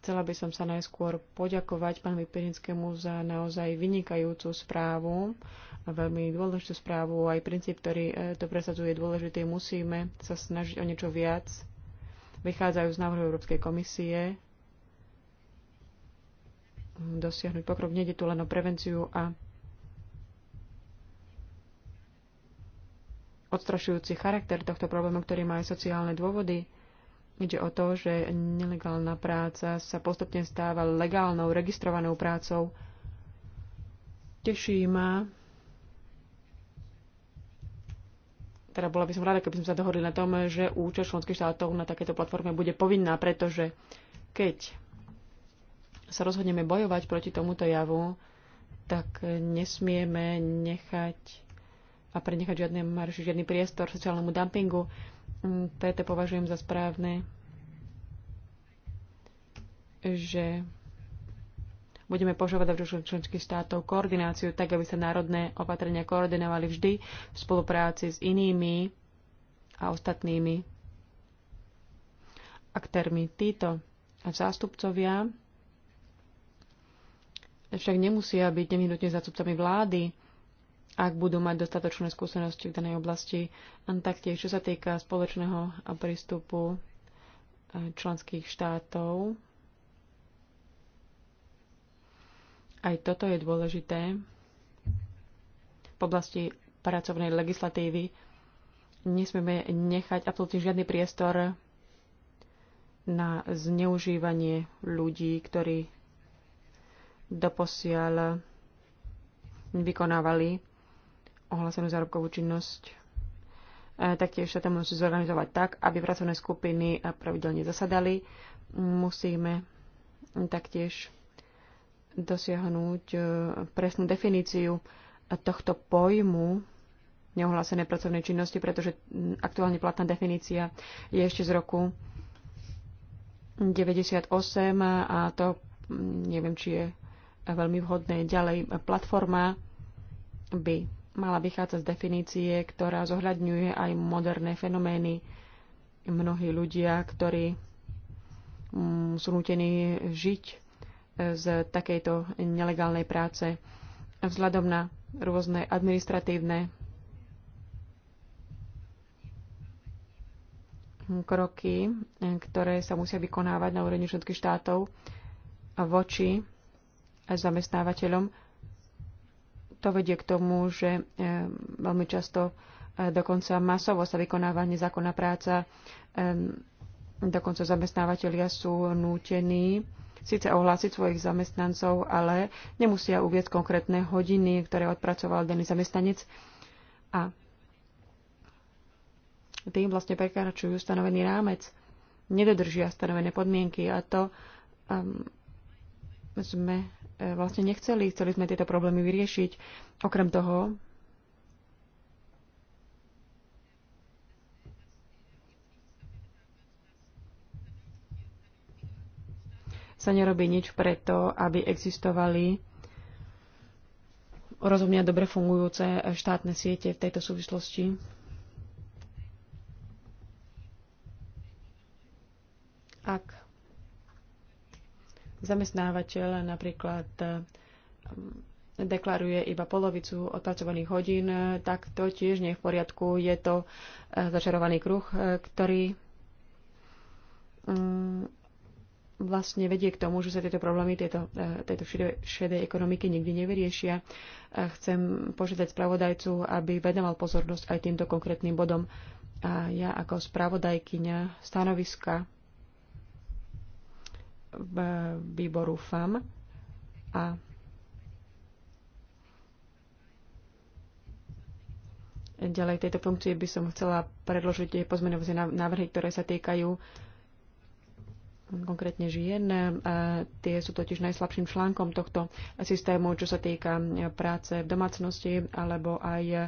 chcela by som sa najskôr poďakovať pánovi Pirinskému za naozaj vynikajúcu správu, veľmi dôležitú správu. Aj princíp, ktorý eh, to presadzuje, je dôležitý. Musíme sa snažiť o niečo viac vychádzajú z návrhu Európskej komisie dosiahnuť pokrok. Nede tu len o prevenciu a odstrašujúci charakter tohto problému, ktorý má aj sociálne dôvody. Ide o to, že nelegálna práca sa postupne stáva legálnou, registrovanou prácou. Teší ma, teda bola by som rada, keby sme sa dohodli na tom, že účasť členských štátov na takéto platforme bude povinná, pretože keď sa rozhodneme bojovať proti tomuto javu, tak nesmieme nechať a prenechať žiadne žiadny priestor sociálnemu dumpingu. Mm, preto považujem za správne, že Budeme požadovať od členských štátov koordináciu tak, aby sa národné opatrenia koordinovali vždy v spolupráci s inými a ostatnými aktérmi. Títo zástupcovia však nemusia byť nevyhnutne zástupcami vlády, ak budú mať dostatočné skúsenosti v danej oblasti. A taktiež, čo sa týka spoločného prístupu eh, členských štátov Aj toto je dôležité v oblasti pracovnej legislatívy. Nesmieme nechať absolútne žiadny priestor na zneužívanie ľudí, ktorí doposiaľ vykonávali ohlásenú zárobkovú činnosť. E, taktiež sa to musí zorganizovať tak, aby pracovné skupiny pravidelne zasadali. Musíme taktiež dosiahnuť e, presnú definíciu tohto pojmu neohlásené pracovnej činnosti, pretože aktuálne platná definícia je ešte z roku 98 a to neviem, či je veľmi vhodné. Ďalej, platforma by mala vychádzať z definície, ktorá zohľadňuje aj moderné fenomény. Mnohí ľudia, ktorí sú nutení žiť z takejto nelegálnej práce vzhľadom na rôzne administratívne kroky, ktoré sa musia vykonávať na úrovni všetkých štátov voči zamestnávateľom. To vedie k tomu, že eh, veľmi často eh, dokonca masovo sa vykonáva nezákonná práca. Dokonca zamestnávateľia sú nútení síce ohlásiť svojich zamestnancov, ale nemusia uvieť konkrétne hodiny, ktoré odpracoval daný zamestnanec. A tým vlastne prekračujú stanovený rámec, nedodržia stanovené podmienky a to um, sme e, vlastne nechceli, chceli sme tieto problémy vyriešiť. Okrem toho, sa nerobí nič preto, aby existovali rozumne dobre fungujúce štátne siete v tejto súvislosti. Ak zamestnávateľ napríklad um, deklaruje iba polovicu odpracovaných hodín, tak to tiež nie je v poriadku. Je to eh, začarovaný kruh, eh, ktorý mm, vlastne vedie k tomu, že sa tieto problémy tieto, e, tejto šedej ekonomiky nikdy nevyriešia. E, chcem požiadať spravodajcu, aby vedomal pozornosť aj týmto konkrétnym bodom. A ja ako spravodajkyňa stanoviska v výboru FAM a ďalej tejto funkcie by som chcela predložiť pozmeňovacie návrhy, ktoré sa týkajú konkrétne žien. Tie sú totiž najslabším článkom tohto systému, čo sa týka práce v domácnosti alebo aj e,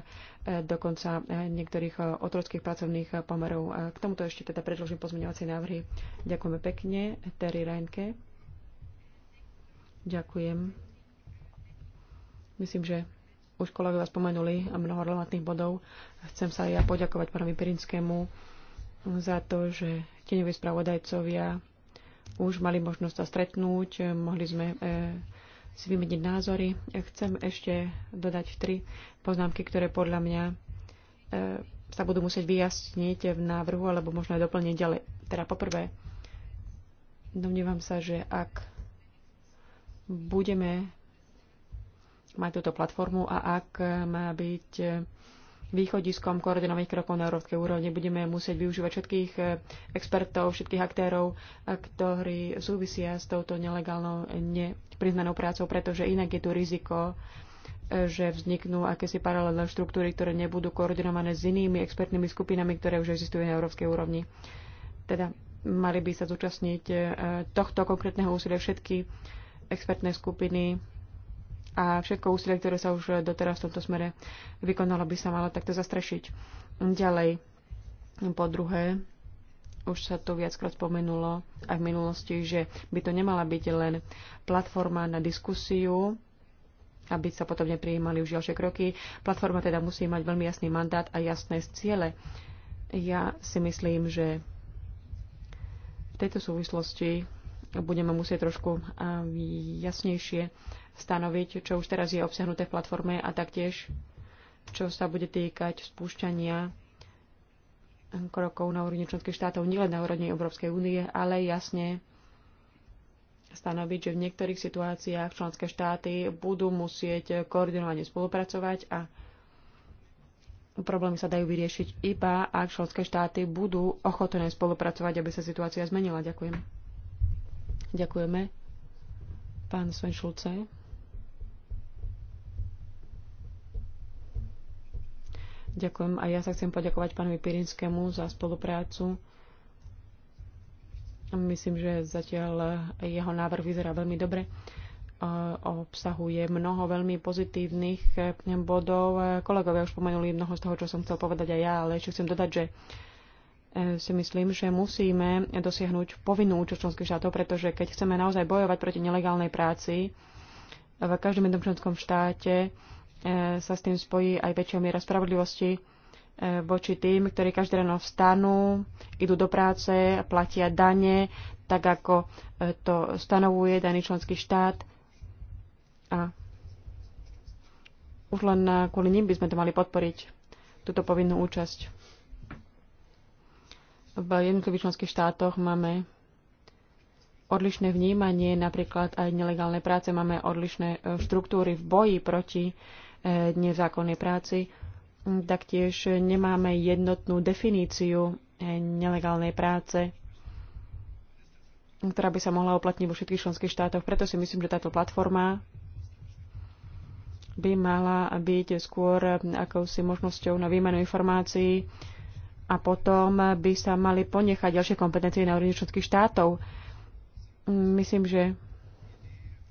dokonca e, niektorých e, otrockých pracovných pomerov. K tomuto ešte teda predložím pozmeňovací návrhy. Ďakujeme pekne. Terry Reinke. Ďakujem. Myslím, že už kolegovia spomenuli mnoho relevantných bodov. Chcem sa aj ja poďakovať pánovi Pirinskému za to, že tieňoví spravodajcovia už mali možnosť sa stretnúť, mohli sme e, si vymeniť názory. Chcem ešte dodať tri poznámky, ktoré podľa mňa e, sa budú musieť vyjasniť v návrhu, alebo možno aj doplniť ďalej. Teda poprvé, domnievam sa, že ak budeme mať túto platformu a ak má byť východiskom koordinovaných krokov na európskej úrovni. Budeme musieť využívať všetkých eh, expertov, všetkých aktérov, eh, ktorí súvisia s touto nelegálnou, nepriznanou prácou, pretože inak je tu riziko, eh, že vzniknú akési paralelné štruktúry, ktoré nebudú koordinované s inými expertnými skupinami, ktoré už existujú na európskej úrovni. Teda mali by sa zúčastniť tohto konkrétneho úsilia všetky expertné skupiny, a všetko úsilie, ktoré sa už doteraz v tomto smere vykonalo, by sa malo takto zastrešiť. Ďalej, po druhé, už sa tu viackrát spomenulo aj v minulosti, že by to nemala byť len platforma na diskusiu, aby sa potom neprijímali už ďalšie kroky. Platforma teda musí mať veľmi jasný mandát a jasné ciele. Ja si myslím, že v tejto súvislosti budeme musieť trošku jasnejšie stanoviť, čo už teraz je obsahnuté v platforme a taktiež, čo sa bude týkať spúšťania krokov na úrovni členských štátov, nielen na úrovni Európskej únie, ale jasne stanoviť, že v niektorých situáciách členské štáty budú musieť koordinovane spolupracovať a problémy sa dajú vyriešiť iba, ak členské štáty budú ochotné spolupracovať, aby sa situácia zmenila. Ďakujem. Ďakujeme. Pán Sven Šulce. Ďakujem a ja sa chcem poďakovať pánovi Pirinskému za spoluprácu. Myslím, že zatiaľ jeho návrh vyzerá veľmi dobre. Obsahuje mnoho veľmi pozitívnych bodov. Kolegovia už pomenuli mnoho z toho, čo som chcel povedať aj ja, ale ešte chcem dodať, že e, si myslím, že musíme dosiahnuť povinnú účasť členských štátov, pretože keď chceme naozaj bojovať proti nelegálnej práci v každom jednom členskom štáte, E, sa s tým spojí aj väčšia miera spravodlivosti e, voči tým, ktorí každé ráno vstanú, idú do práce, platia dane, tak ako e, to stanovuje daný členský štát. A už len kvôli nim by sme to mali podporiť, túto povinnú účasť. V jednotlivých členských štátoch máme odlišné vnímanie, napríklad aj nelegálne práce, máme odlišné štruktúry v boji proti E, nezákonnej práci. Taktiež nemáme jednotnú definíciu e, nelegálnej práce, ktorá by sa mohla uplatniť vo všetkých členských štátoch. Preto si myslím, že táto platforma by mala byť skôr akousi možnosťou na výmenu informácií a potom by sa mali ponechať ďalšie kompetencie na úrovni členských štátov. Myslím, že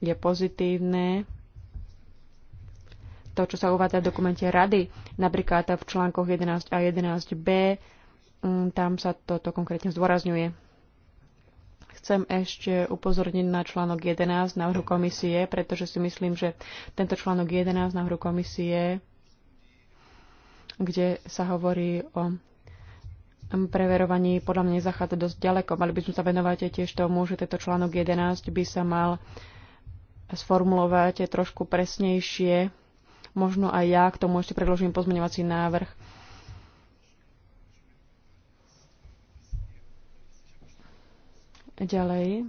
je pozitívne, to, čo sa uvádza v dokumente rady, napríklad v článkoch 11 a 11b, mm, tam sa toto konkrétne zdôrazňuje. Chcem ešte upozorniť na článok 11 návrhu komisie, pretože si myslím, že tento článok 11 návrhu komisie, kde sa hovorí o preverovaní podľa mňa nezachádza dosť ďaleko. Mali by sme sa venovať tiež tomu, že tento článok 11 by sa mal sformulovať trošku presnejšie Možno aj ja k tomu ešte predložím pozmeňovací návrh. Ďalej.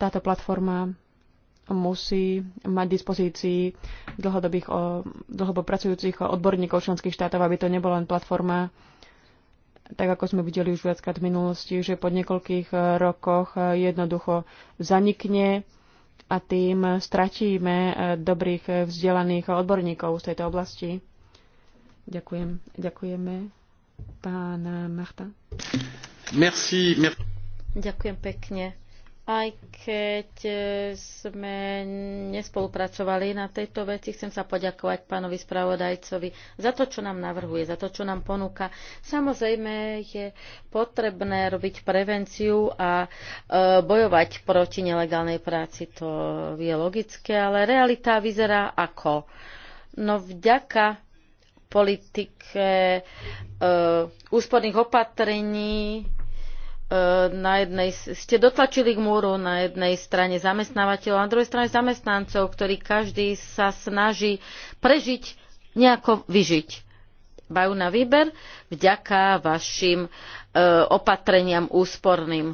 Táto platforma musí mať dispozícii dlhodobých, dlhobo pracujúcich odborníkov členských štátov, aby to nebola len platforma, tak ako sme videli už viackrát v minulosti, že po niekoľkých e, rokoch e, jednoducho zanikne a tým stratíme e, dobrých e, vzdelaných odborníkov z tejto oblasti. Ďakujem. Ďakujeme. Pán Marta. Merci, merci. Ďakujem pekne. Aj keď e, sme nespolupracovali na tejto veci, chcem sa poďakovať pánovi spravodajcovi za to, čo nám navrhuje, za to, čo nám ponúka. Samozrejme je potrebné robiť prevenciu a e, bojovať proti nelegálnej práci. To je logické, ale realita vyzerá ako. No vďaka politike e, úsporných opatrení E, na jednej, ste dotlačili k múru na jednej strane zamestnávateľov, na druhej strane zamestnancov, ktorí každý sa snaží prežiť, nejako vyžiť. Majú na výber vďaka vašim e, opatreniam úsporným.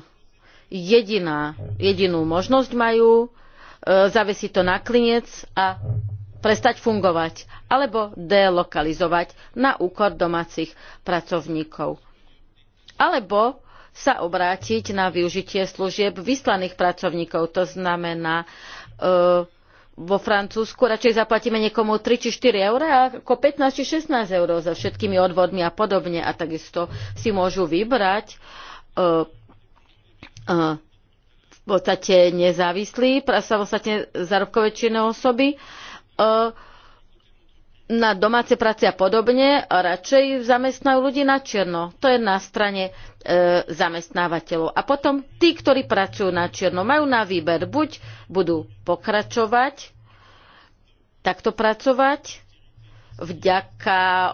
Jediná, jedinú možnosť majú e, zavesiť to na klinec a prestať fungovať alebo delokalizovať na úkor domácich pracovníkov. Alebo sa obrátiť na využitie služieb vyslaných pracovníkov. To znamená, e, vo Francúzsku radšej zaplatíme niekomu 3 či 4 eur ako 15 či 16 eur za všetkými odvodmi a podobne. A takisto si môžu vybrať e, e, v podstate nezávislí, samostatne zárobkové činné osoby, na domáce práce a podobne radšej zamestnajú ľudí na čierno. To je na strane e, zamestnávateľov. A potom tí, ktorí pracujú na čierno, majú na výber. Buď budú pokračovať, takto pracovať, vďaka e,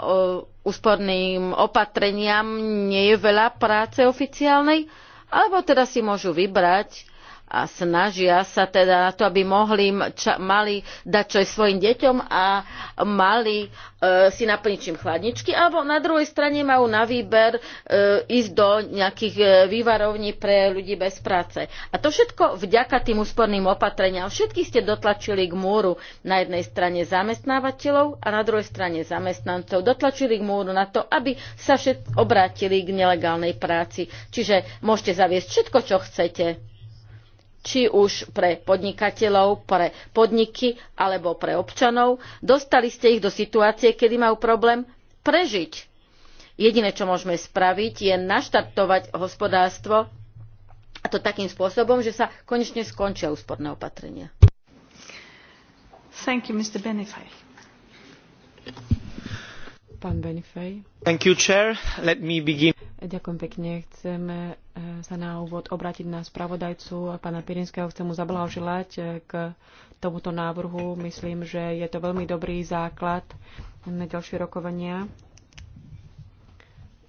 úsporným opatreniam nie je veľa práce oficiálnej, alebo teda si môžu vybrať a snažia sa teda na to, aby mohli, ča, mali dať čo aj svojim deťom a mali e, si naplniť čím chladničky, alebo na druhej strane majú na výber e, ísť do nejakých e, vývarovní pre ľudí bez práce. A to všetko vďaka tým úsporným opatreniam. Všetky ste dotlačili k múru na jednej strane zamestnávateľov a na druhej strane zamestnancov. Dotlačili k múru na to, aby sa všet, obrátili k nelegálnej práci. Čiže môžete zaviesť všetko, čo chcete či už pre podnikateľov, pre podniky alebo pre občanov. Dostali ste ich do situácie, kedy majú problém prežiť. Jediné, čo môžeme spraviť, je naštartovať hospodárstvo a to takým spôsobom, že sa konečne skončia úsporné opatrenia. Thank you, Mr. Benefaj. Pán Benfej. Thank you, chair. Let me begin. Ďakujem pekne. Chcem eh, sa na úvod obrátiť na spravodajcu pána Pirinského. Chcem mu zablahoželať eh, k tomuto návrhu. Myslím, že je to veľmi dobrý základ na ďalšie rokovania.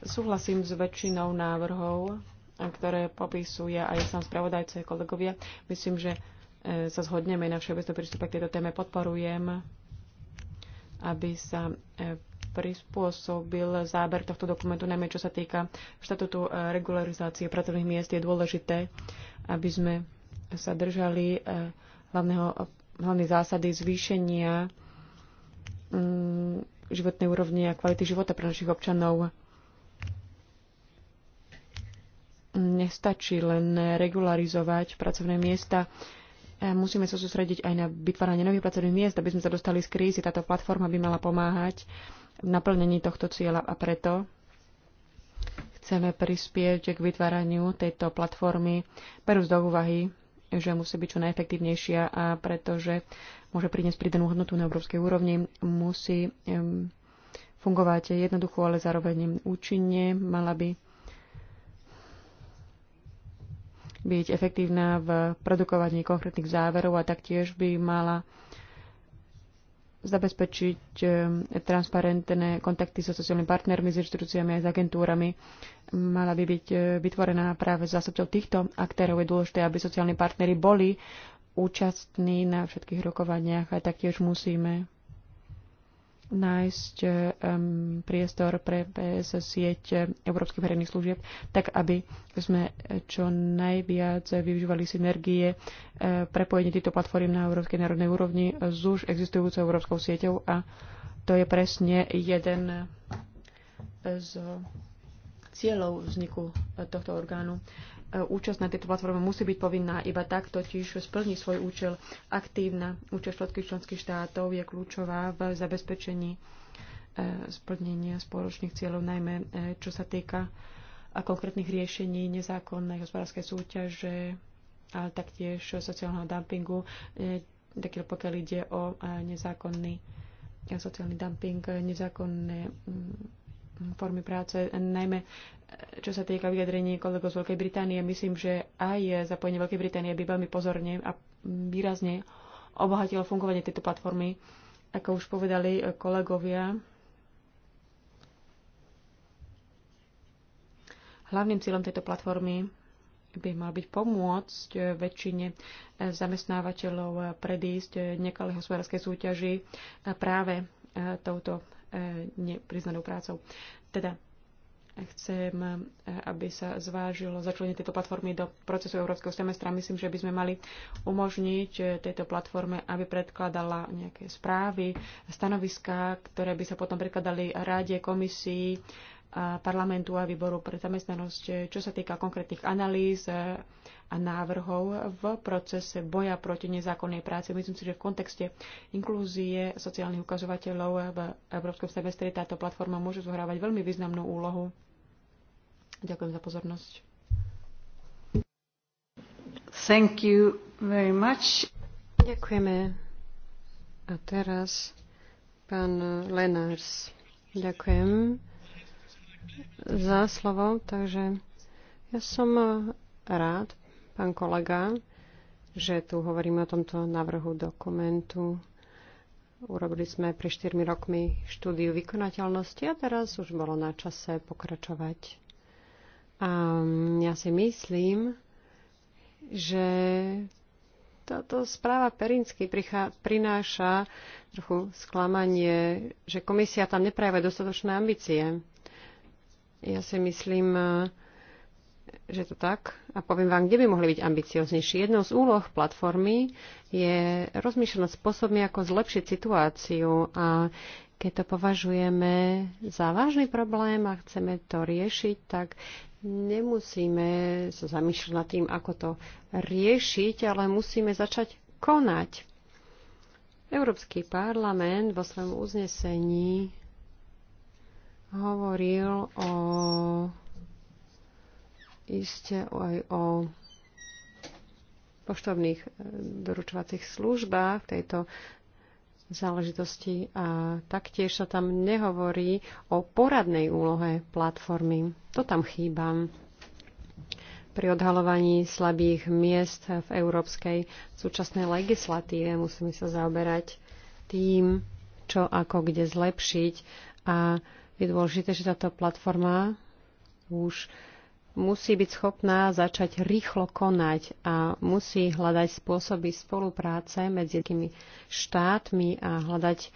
Súhlasím s väčšinou návrhov, eh, ktoré popisuje aj sám spravodajce kolegovia. Myslím, že sa zhodneme na všeobecnom prístupe k tejto téme. Podporujem, aby sa prispôsobil záber tohto dokumentu, najmä čo sa týka štatutu e, regularizácie pracovných miest, je dôležité, aby sme sa držali e, hlavného, hlavnej zásady zvýšenia mm, životnej úrovne a kvality života pre našich občanov. Nestačí len regularizovať pracovné miesta. E, musíme sa sústrediť aj na vytváranie nových pracovných miest, aby sme sa dostali z krízy. Táto platforma by mala pomáhať v naplnení tohto cieľa a preto chceme prispieť k vytváraniu tejto platformy, perú z úvahy, že musí byť čo najefektívnejšia a pretože môže priniesť pridanú hodnotu na európskej úrovni, musí fungovať jednoducho, ale zároveň účinne, mala by byť efektívna v produkovaní konkrétnych záverov a taktiež by mala zabezpečiť transparentné kontakty so sociálnymi partnermi, s inštitúciami aj s agentúrami. Mala by byť eh, vytvorená práve zásobcov týchto aktérov. Je dôležité, aby sociálni partnery boli účastní na všetkých rokovaniach a taktiež musíme nájsť um, priestor pre PS sieť európskych verejných služieb, tak aby sme čo najviac využívali synergie, uh, prepojenie týchto platform na európskej národnej úrovni s už existujúcou európskou sieťou a to je presne jeden eh, z cieľov vzniku eh, tohto orgánu. Uh, E, účasť na tejto platforme musí byť povinná. Iba tak totiž splní svoj účel. Aktívna účasť všetkých členských štátov je kľúčová v zabezpečení e, splnenia spoločných cieľov, najmä e, čo sa týka konkrétnych riešení nezákonnej hospodárskej súťaže, ale taktiež sociálneho dumpingu, takýto pokiaľ ide o nezákonný sociálny dumping, nezákonné formy práce, najmä eh, čo sa týka vyjadrení kolegov z Veľkej Británie. Myslím, že aj zapojenie Veľkej Británie by veľmi pozorne a výrazne obohatilo fungovanie tejto platformy. Ako už povedali eh, kolegovia, hlavným cieľom tejto platformy by mal byť pomôcť eh, väčšine zamestnávateľov predísť nekalej hospodárskej súťaži práve touto nepriznanou prácou. Teda chcem, eh, aby sa zvážilo začlenie tejto platformy do procesu európskeho semestra. Myslím, že by sme mali umožniť eh, tejto platforme, aby predkladala nejaké správy, stanoviská, ktoré by sa potom predkladali Ráde, komisii, a parlamentu a výboru pre zamestnanosť, čo sa týka konkrétnych analýz e, a návrhov v procese boja proti nezákonnej práci. Myslím si, že v kontexte inklúzie sociálnych ukazovateľov v Európskom semestri táto platforma môže zohrávať veľmi významnú úlohu. Ďakujem za pozornosť. Thank you very much. Ďakujeme. A teraz pán Lenars. Ďakujem za slovo. Takže ja som e, rád, pán kolega, že tu hovoríme o tomto návrhu dokumentu. Urobili sme pre 4 rokmi štúdiu vykonateľnosti a teraz už bolo na čase pokračovať. A mm, ja si myslím, že táto správa Perinsky prináša trochu sklamanie, že komisia tam neprejavuje dostatočné ambície. Ja si myslím, eh, že to tak. A poviem vám, kde by mohli byť ambicioznejší. Jednou z úloh platformy je rozmýšľať nad spôsobmi, ako zlepšiť situáciu. A keď to považujeme za vážny problém a chceme to riešiť, tak nemusíme sa zamýšľať nad tým, ako to riešiť, ale musíme začať konať. Európsky parlament vo svojom uznesení hovoril o iste aj o poštovných e, doručovacích službách tejto záležitosti a taktiež sa tam nehovorí o poradnej úlohe platformy. To tam chýba pri odhalovaní slabých miest v európskej súčasnej legislatíve. Musíme sa zaoberať tým, čo ako kde zlepšiť a je dôležité, že táto platforma už musí byť schopná začať rýchlo konať a musí hľadať spôsoby spolupráce medzi tými štátmi a hľadať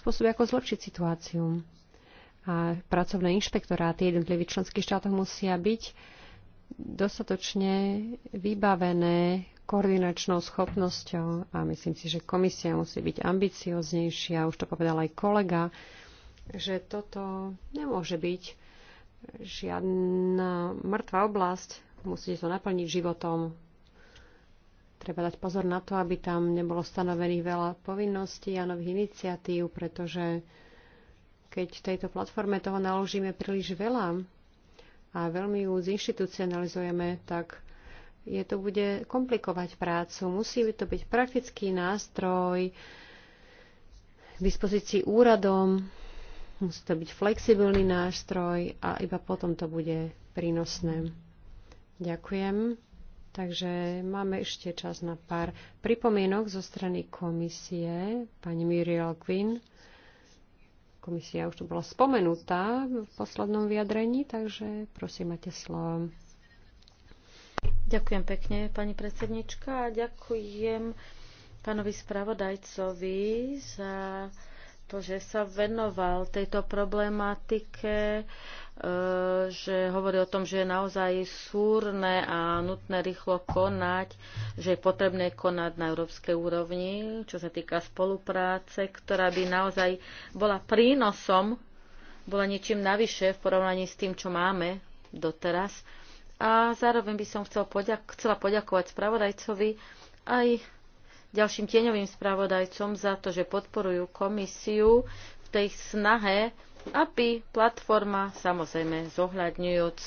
spôsoby, ako zlepšiť situáciu. A pracovné inšpektoráty jednotlivých členských štátov musia byť dostatočne vybavené koordinačnou schopnosťou a myslím si, že komisia musí byť ambicioznejšia, už to povedal aj kolega, že toto nemôže byť žiadna mŕtva oblasť. Musíte to naplniť životom. Treba dať pozor na to, aby tam nebolo stanovených veľa povinností a nových iniciatív, pretože keď v tejto platforme toho naložíme príliš veľa a veľmi ju zinstitucionalizujeme, tak je to bude komplikovať prácu. Musí to byť praktický nástroj k dispozícii úradom, Musí to byť flexibilný nástroj a iba potom to bude prínosné. Ďakujem. Takže máme ešte čas na pár pripomienok zo strany komisie. Pani Muriel Quinn. Komisia už tu bola spomenutá v poslednom vyjadrení, takže prosím, máte slovo. Ďakujem pekne, pani predsednička, a ďakujem pánovi spravodajcovi za to, že sa venoval tejto problematike, e, že hovorí o tom, že je naozaj súrne a nutné rýchlo konať, že je potrebné konať na európskej úrovni, čo sa týka spolupráce, ktorá by naozaj bola prínosom, bola niečím navyše v porovnaní s tým, čo máme doteraz. A zároveň by som chcela poďakovať spravodajcovi aj ďalším tieňovým spravodajcom za to, že podporujú komisiu v tej snahe, aby platforma, samozrejme zohľadňujúc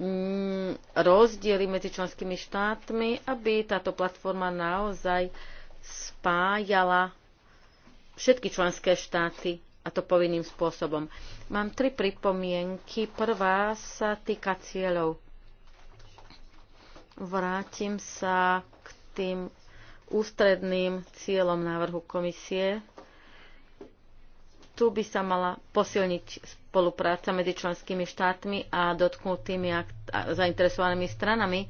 mm, rozdiely medzi členskými štátmi, aby táto platforma naozaj spájala všetky členské štáty a to povinným spôsobom. Mám tri pripomienky. Prvá sa týka cieľov. Vrátim sa k tým ústredným cieľom návrhu komisie. Tu by sa mala posilniť spolupráca medzi členskými štátmi a dotknutými a zainteresovanými stranami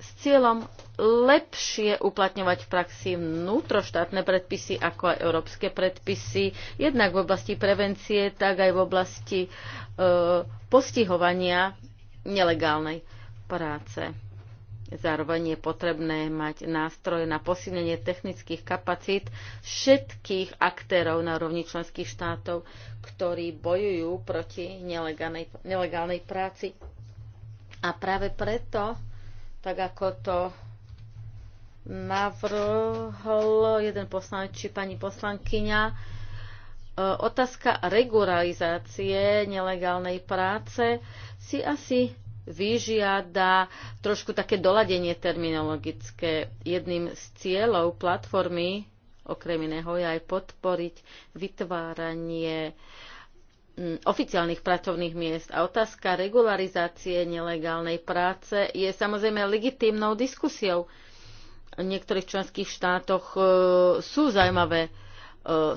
s cieľom lepšie uplatňovať v praxi vnútroštátne predpisy ako aj európske predpisy, jednak v oblasti prevencie, tak aj v oblasti e, postihovania nelegálnej práce Zároveň je potrebné mať nástroje na posilnenie technických kapacít všetkých aktérov na rovni členských štátov, ktorí bojujú proti nelegálnej, nelegálnej práci. A práve preto, tak ako to navrhol jeden poslanec či pani poslankyňa, e, otázka regularizácie nelegálnej práce si asi vyžiada trošku také doladenie terminologické. Jedným z cieľov platformy okrem iného je aj podporiť vytváranie mm, oficiálnych pracovných miest. A otázka regularizácie nelegálnej práce je samozrejme legitímnou diskusiou. V niektorých členských štátoch e, sú zaujímavé e,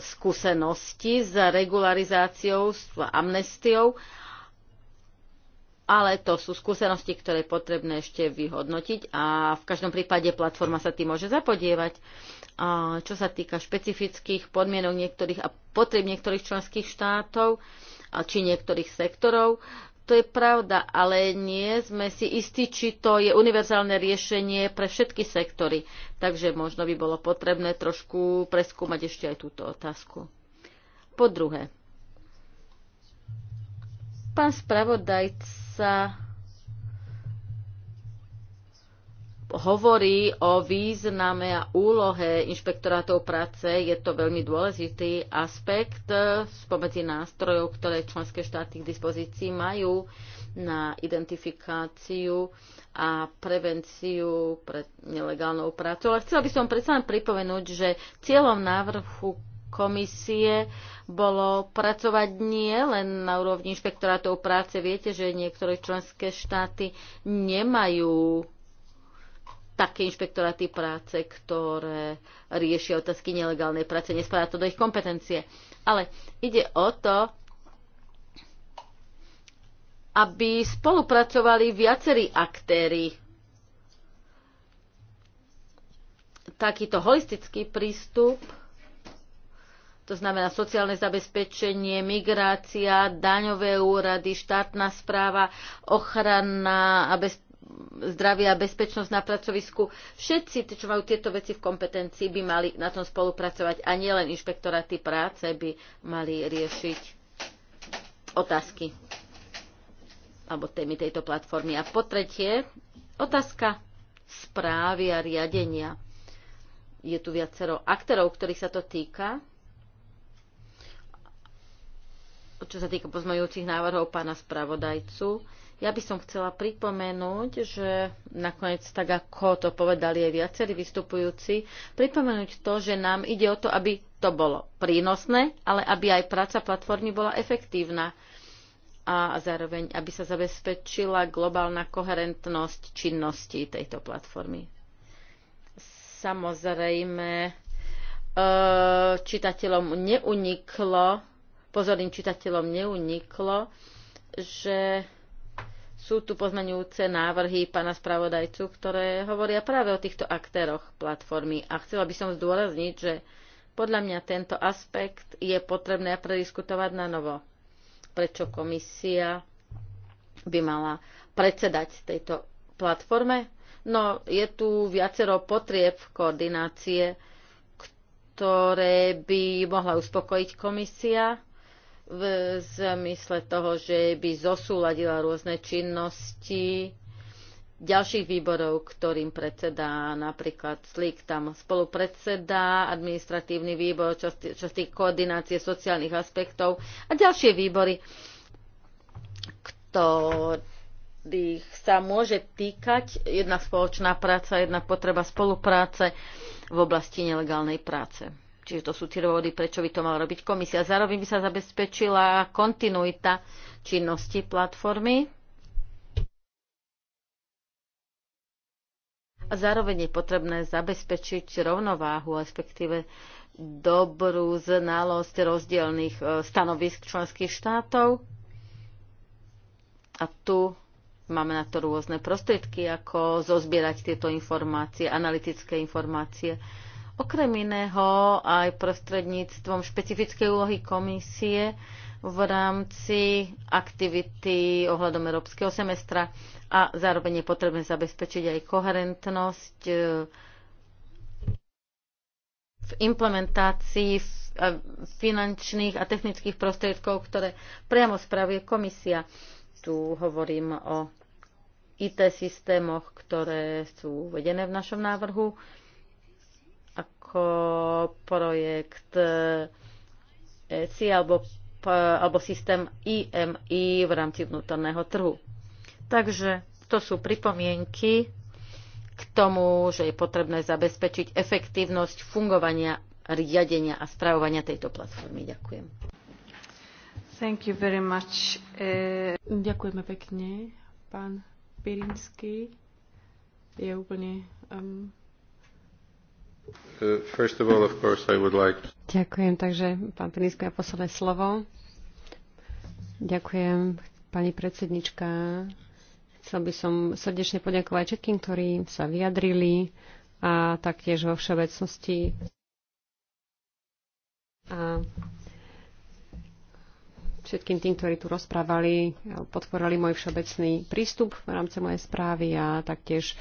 skúsenosti s regularizáciou, s amnestiou, ale to sú skúsenosti, ktoré je potrebné ešte vyhodnotiť a v každom prípade platforma sa tým môže zapodievať. A čo sa týka špecifických podmienok niektorých a potreb niektorých členských štátov a či niektorých sektorov, to je pravda, ale nie sme si istí, či to je univerzálne riešenie pre všetky sektory. Takže možno by bolo potrebné trošku preskúmať ešte aj túto otázku. Po druhé, pán spravodajca sa hovorí o význame a úlohe inšpektorátov práce. Je to veľmi dôležitý aspekt spomedzi nástrojov, ktoré členské štáty k dispozícii majú na identifikáciu a prevenciu pred nelegálnou prácou. Ale chcela by som predsa len pripomenúť, že cieľom návrhu komisie bolo pracovať nie len na úrovni inšpektorátov práce. Viete, že niektoré členské štáty nemajú také inšpektoráty práce, ktoré riešia otázky nelegálnej práce. Nespadá to do ich kompetencie. Ale ide o to, aby spolupracovali viacerí aktéry. Takýto holistický prístup to znamená sociálne zabezpečenie, migrácia, daňové úrady, štátna správa, ochrana a bez, zdravie a bezpečnosť na pracovisku. Všetci, tí, čo majú tieto veci v kompetencii, by mali na tom spolupracovať a nielen inšpektoráty práce by mali riešiť otázky alebo témy tejto platformy. A po tretie, otázka správy a riadenia. Je tu viacero aktérov, ktorých sa to týka čo sa týka pozmajúcich návrhov pána spravodajcu. Ja by som chcela pripomenúť, že nakoniec, tak ako to povedali aj viacerí vystupujúci, pripomenúť to, že nám ide o to, aby to bolo prínosné, ale aby aj práca platformy bola efektívna a zároveň, aby sa zabezpečila globálna koherentnosť činnosti tejto platformy. Samozrejme, e, čitateľom neuniklo, pozorným čitateľom neuniklo, že sú tu pozmenujúce návrhy pána spravodajcu, ktoré hovoria práve o týchto aktéroch platformy. A chcela by som zdôrazniť, že podľa mňa tento aspekt je potrebné prediskutovať na novo. Prečo komisia by mala predsedať tejto platforme? No, je tu viacero potrieb koordinácie, ktoré by mohla uspokojiť komisia v zmysle toho, že by zosúladila rôzne činnosti ďalších výborov, ktorým predsedá napríklad SLIK, tam spolupredsedá administratívny výbor, čo, z tých koordinácie sociálnych aspektov a ďalšie výbory, ktorých sa môže týkať jedna spoločná práca, jedna potreba spolupráce v oblasti nelegálnej práce. Čiže to sú tie dôvody, prečo by to mala robiť komisia. Zároveň by sa zabezpečila kontinuita činnosti platformy. A zároveň je potrebné zabezpečiť rovnováhu, respektíve dobrú znalosť rozdielných e, stanovisk členských štátov. A tu máme na to rôzne prostriedky, ako zozbierať tieto informácie, analytické informácie. Okrem iného aj prostredníctvom špecifickej úlohy komisie v rámci aktivity ohľadom európskeho semestra a zároveň je potrebné zabezpečiť aj koherentnosť e, v implementácii e, finančných a technických prostriedkov, ktoré priamo spravuje komisia. Tu hovorím o IT systémoch, ktoré sú uvedené v našom návrhu ako projekt ECI eh, alebo, alebo systém IMI v rámci vnútorného trhu. Takže to sú pripomienky k tomu, že je potrebné zabezpečiť efektívnosť fungovania, riadenia a spravovania tejto platformy. Ďakujem. Thank you very much. Uh... Ďakujeme pekne. Pán Pirinsky je úplne um, Uh, Ďakujem, takže pán Pinisko, ja posledné slovo. Ďakujem, pani predsednička. Chcel by som srdečne poďakovať všetkým, ktorí sa vyjadrili a taktiež vo všeobecnosti. A všetkým tým, ktorí tu rozprávali, podporali môj všeobecný prístup v rámci mojej správy a taktiež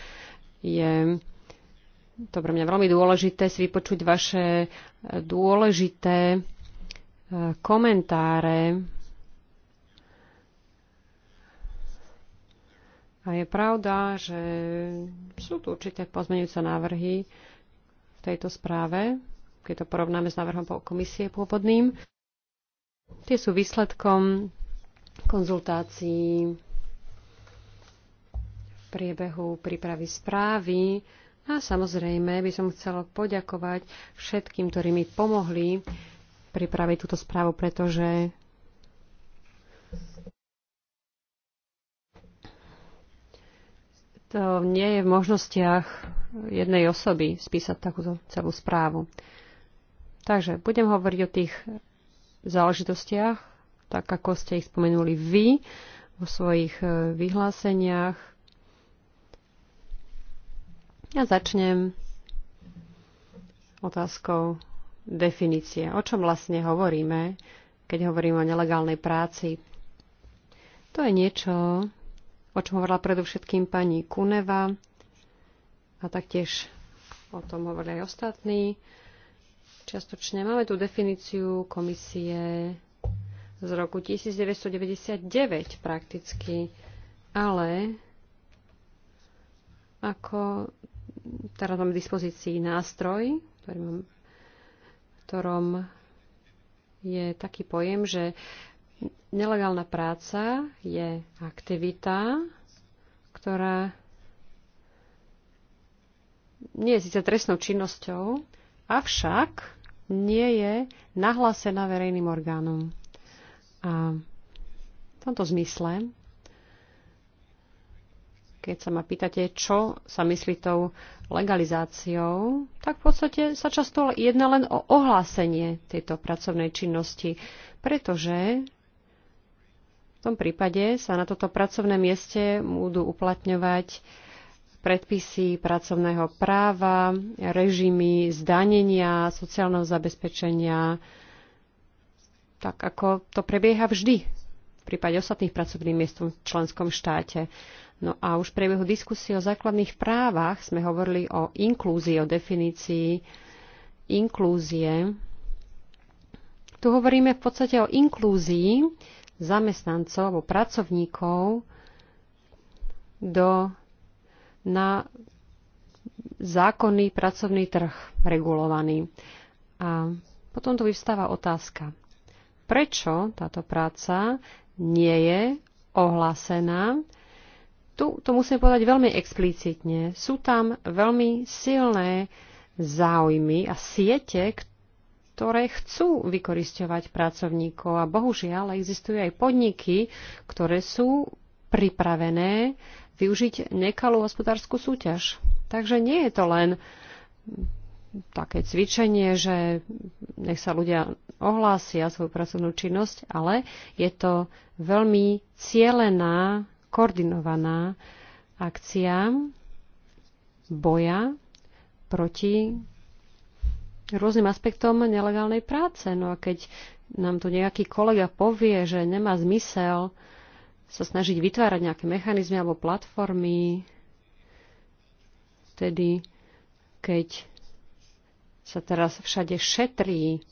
je to pre mňa veľmi dôležité si vypočuť vaše e, dôležité e, komentáre. A je pravda, že sú tu určité pozmeňujúce návrhy v tejto správe, keď to porovnáme s návrhom komisie pôvodným. Tie sú výsledkom konzultácií v priebehu prípravy správy a samozrejme by som chcela poďakovať všetkým, ktorí mi pomohli pripraviť túto správu, pretože to nie je v možnostiach jednej osoby spísať takúto celú správu. Takže budem hovoriť o tých záležitostiach, tak ako ste ich spomenuli vy vo svojich eh, vyhláseniach. Ja začnem otázkou definície. O čom vlastne hovoríme, keď hovoríme o nelegálnej práci? To je niečo, o čom hovorila predovšetkým pani Kuneva a taktiež o tom hovorili aj ostatní. Čiastočne máme tu definíciu komisie z roku 1999 prakticky, ale ako teraz mám v dispozícii nástroj, ktorý mám, ktorom je taký pojem, že nelegálna práca je aktivita, ktorá nie je síce trestnou činnosťou, avšak nie je nahlásená verejným orgánom. A v tomto zmysle keď sa ma pýtate, čo sa myslí tou legalizáciou, tak v podstate sa často jedná len o ohlásenie tejto pracovnej činnosti, pretože v tom prípade sa na toto pracovné mieste budú uplatňovať predpisy pracovného práva, režimy zdanenia, sociálneho zabezpečenia, tak ako to prebieha vždy v prípade ostatných pracovných miest v členskom štáte. No a už v priebehu diskusie o základných právach sme hovorili o inklúzii, o definícii inklúzie. Tu hovoríme v podstate o inklúzii zamestnancov alebo pracovníkov do, na zákonný pracovný trh regulovaný. A potom tu vyvstáva otázka, prečo táto práca nie je ohlásená tu to musím povedať veľmi explicitne. Sú tam veľmi silné záujmy a siete, ktoré chcú vykoristovať pracovníkov a bohužiaľ existujú aj podniky, ktoré sú pripravené využiť nekalú hospodárskú súťaž. Takže nie je to len také cvičenie, že nech sa ľudia ohlásia svoju pracovnú činnosť, ale je to veľmi cielená koordinovaná akcia boja proti rôznym aspektom nelegálnej práce. No a keď nám tu nejaký kolega povie, že nemá zmysel sa snažiť vytvárať nejaké mechanizmy alebo platformy, vtedy, keď sa teraz všade šetrí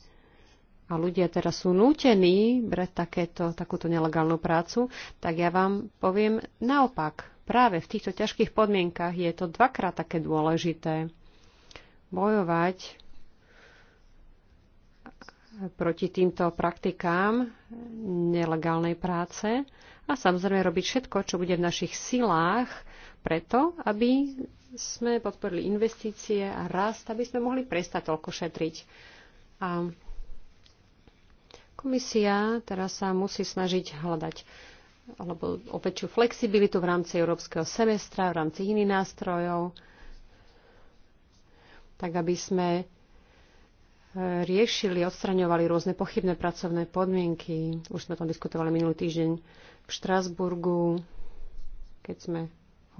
a ľudia teraz sú nútení brať takéto, takúto nelegálnu prácu, tak ja vám poviem naopak. Práve v týchto ťažkých podmienkach je to dvakrát také dôležité bojovať proti týmto praktikám nelegálnej práce a samozrejme robiť všetko, čo bude v našich silách preto, aby sme podporili investície a rast, aby sme mohli prestať toľko šetriť. A Komisia teraz sa musí snažiť hľadať alebo o väčšiu flexibilitu v rámci európskeho semestra, v rámci iných nástrojov, tak aby sme e, riešili, odstraňovali rôzne pochybné pracovné podmienky. Už sme o tom diskutovali minulý týždeň v Štrásburgu, keď sme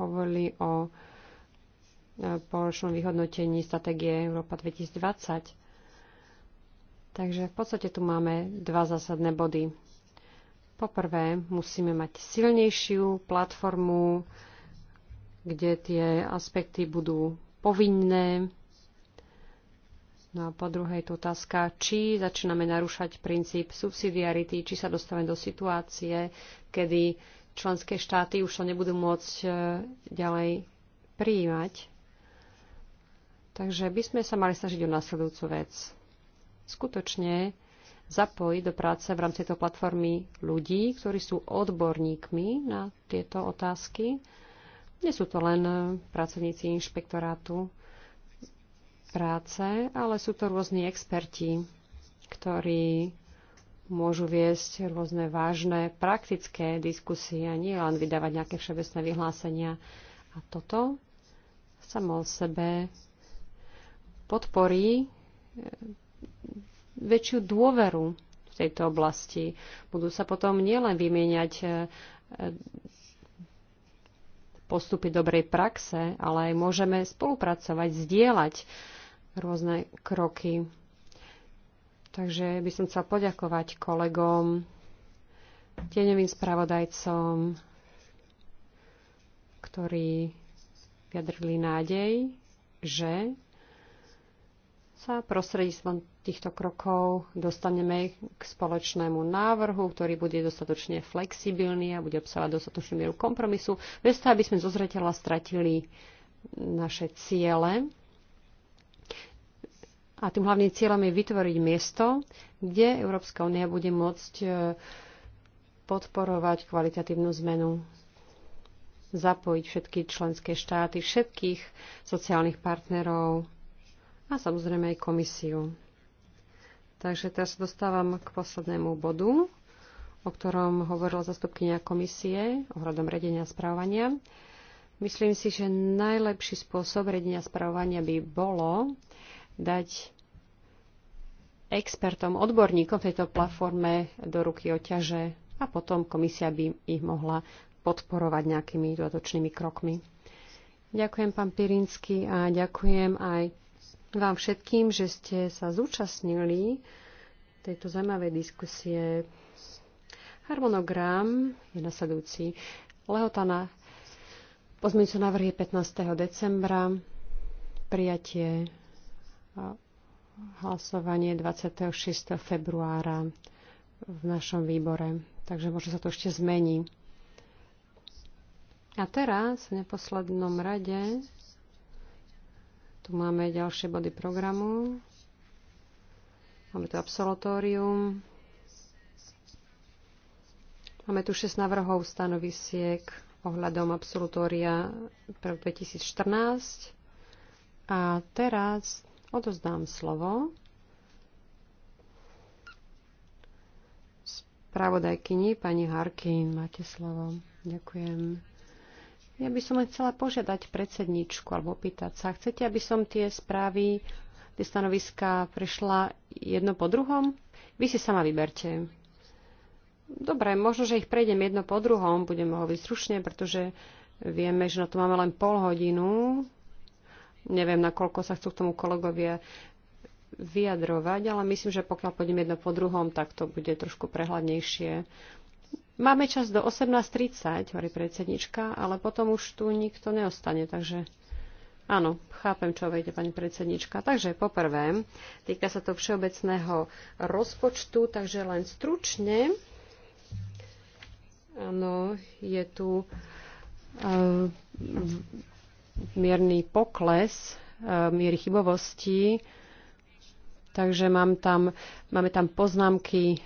hovorili o e, poročnom vyhodnotení stratégie Európa 2020. Takže v podstate tu máme dva zásadné body. Poprvé, musíme mať silnejšiu platformu, kde tie aspekty budú povinné. No a po druhé je tu otázka, či začíname narúšať princíp subsidiarity, či sa dostávame do situácie, kedy členské štáty už to nebudú môcť e, ďalej prijímať. Takže by sme sa mali snažiť o následujúcu vec skutočne zapojiť do práce v rámci tejto platformy ľudí, ktorí sú odborníkmi na tieto otázky. Nie sú to len pracovníci inšpektorátu práce, ale sú to rôzni experti, ktorí môžu viesť rôzne vážne praktické diskusie a nie len vydávať nejaké všeobecné vyhlásenia. A toto samo o sebe podporí väčšiu dôveru v tejto oblasti. Budú sa potom nielen vymieňať e, postupy dobrej praxe, ale aj môžeme spolupracovať, zdieľať rôzne kroky. Takže by som chcel poďakovať kolegom, tieňovým spravodajcom, ktorí vyjadrili nádej, že sa prostredníctvom týchto krokov dostaneme k spoločnému návrhu, ktorý bude dostatočne flexibilný a bude obsahovať dostatočnú mieru kompromisu, bez toho, aby sme zo zreteľa stratili naše ciele. A tým hlavným cieľom je vytvoriť miesto, kde Európska únia bude môcť e, podporovať kvalitatívnu zmenu, zapojiť všetky členské štáty, všetkých sociálnych partnerov a samozrejme aj komisiu. Takže teraz sa dostávam k poslednému bodu, o ktorom hovorila zastupkynia komisie ohľadom redenia správania. Myslím si, že najlepší spôsob redenia správania by bolo dať expertom, odborníkom v tejto platforme do ruky oťaže a potom komisia by ich mohla podporovať nejakými dodatočnými krokmi. Ďakujem, pán Pirinsky, a ďakujem aj vám všetkým, že ste sa zúčastnili tejto zaujímavej diskusie. Harmonogram je nasledujúci. Lehota na pozmeňujúce návrhy 15. decembra, prijatie a hlasovanie 26. februára v našom výbore. Takže možno sa to ešte zmení. A teraz v neposlednom rade tu máme ďalšie body programu. Máme tu absolutórium. Máme tu 6 navrhov stanovisiek ohľadom absolutória pre 2014. A teraz odozdám slovo spravodajkyni pani Harkin. Máte slovo. Ďakujem. Ja by som len chcela požiadať predsedničku alebo pýtať sa, chcete, aby som tie správy, tie stanoviska prešla jedno po druhom? Vy si sama vyberte. Dobre, možno, že ich prejdem jedno po druhom, budem hovoriť stručne, pretože vieme, že na to máme len pol hodinu. Neviem, na koľko sa chcú k tomu kolegovia vyjadrovať, ale myslím, že pokiaľ pôjdem jedno po druhom, tak to bude trošku prehľadnejšie. Máme čas do 18.30, hovorí predsednička, ale potom už tu nikto neostane, takže áno, chápem, čo vejde pani predsednička. Takže poprvé, týka sa to všeobecného rozpočtu, takže len stručne. Áno, je tu uh, mierny pokles uh, miery chybovosti, takže mám tam, máme tam poznámky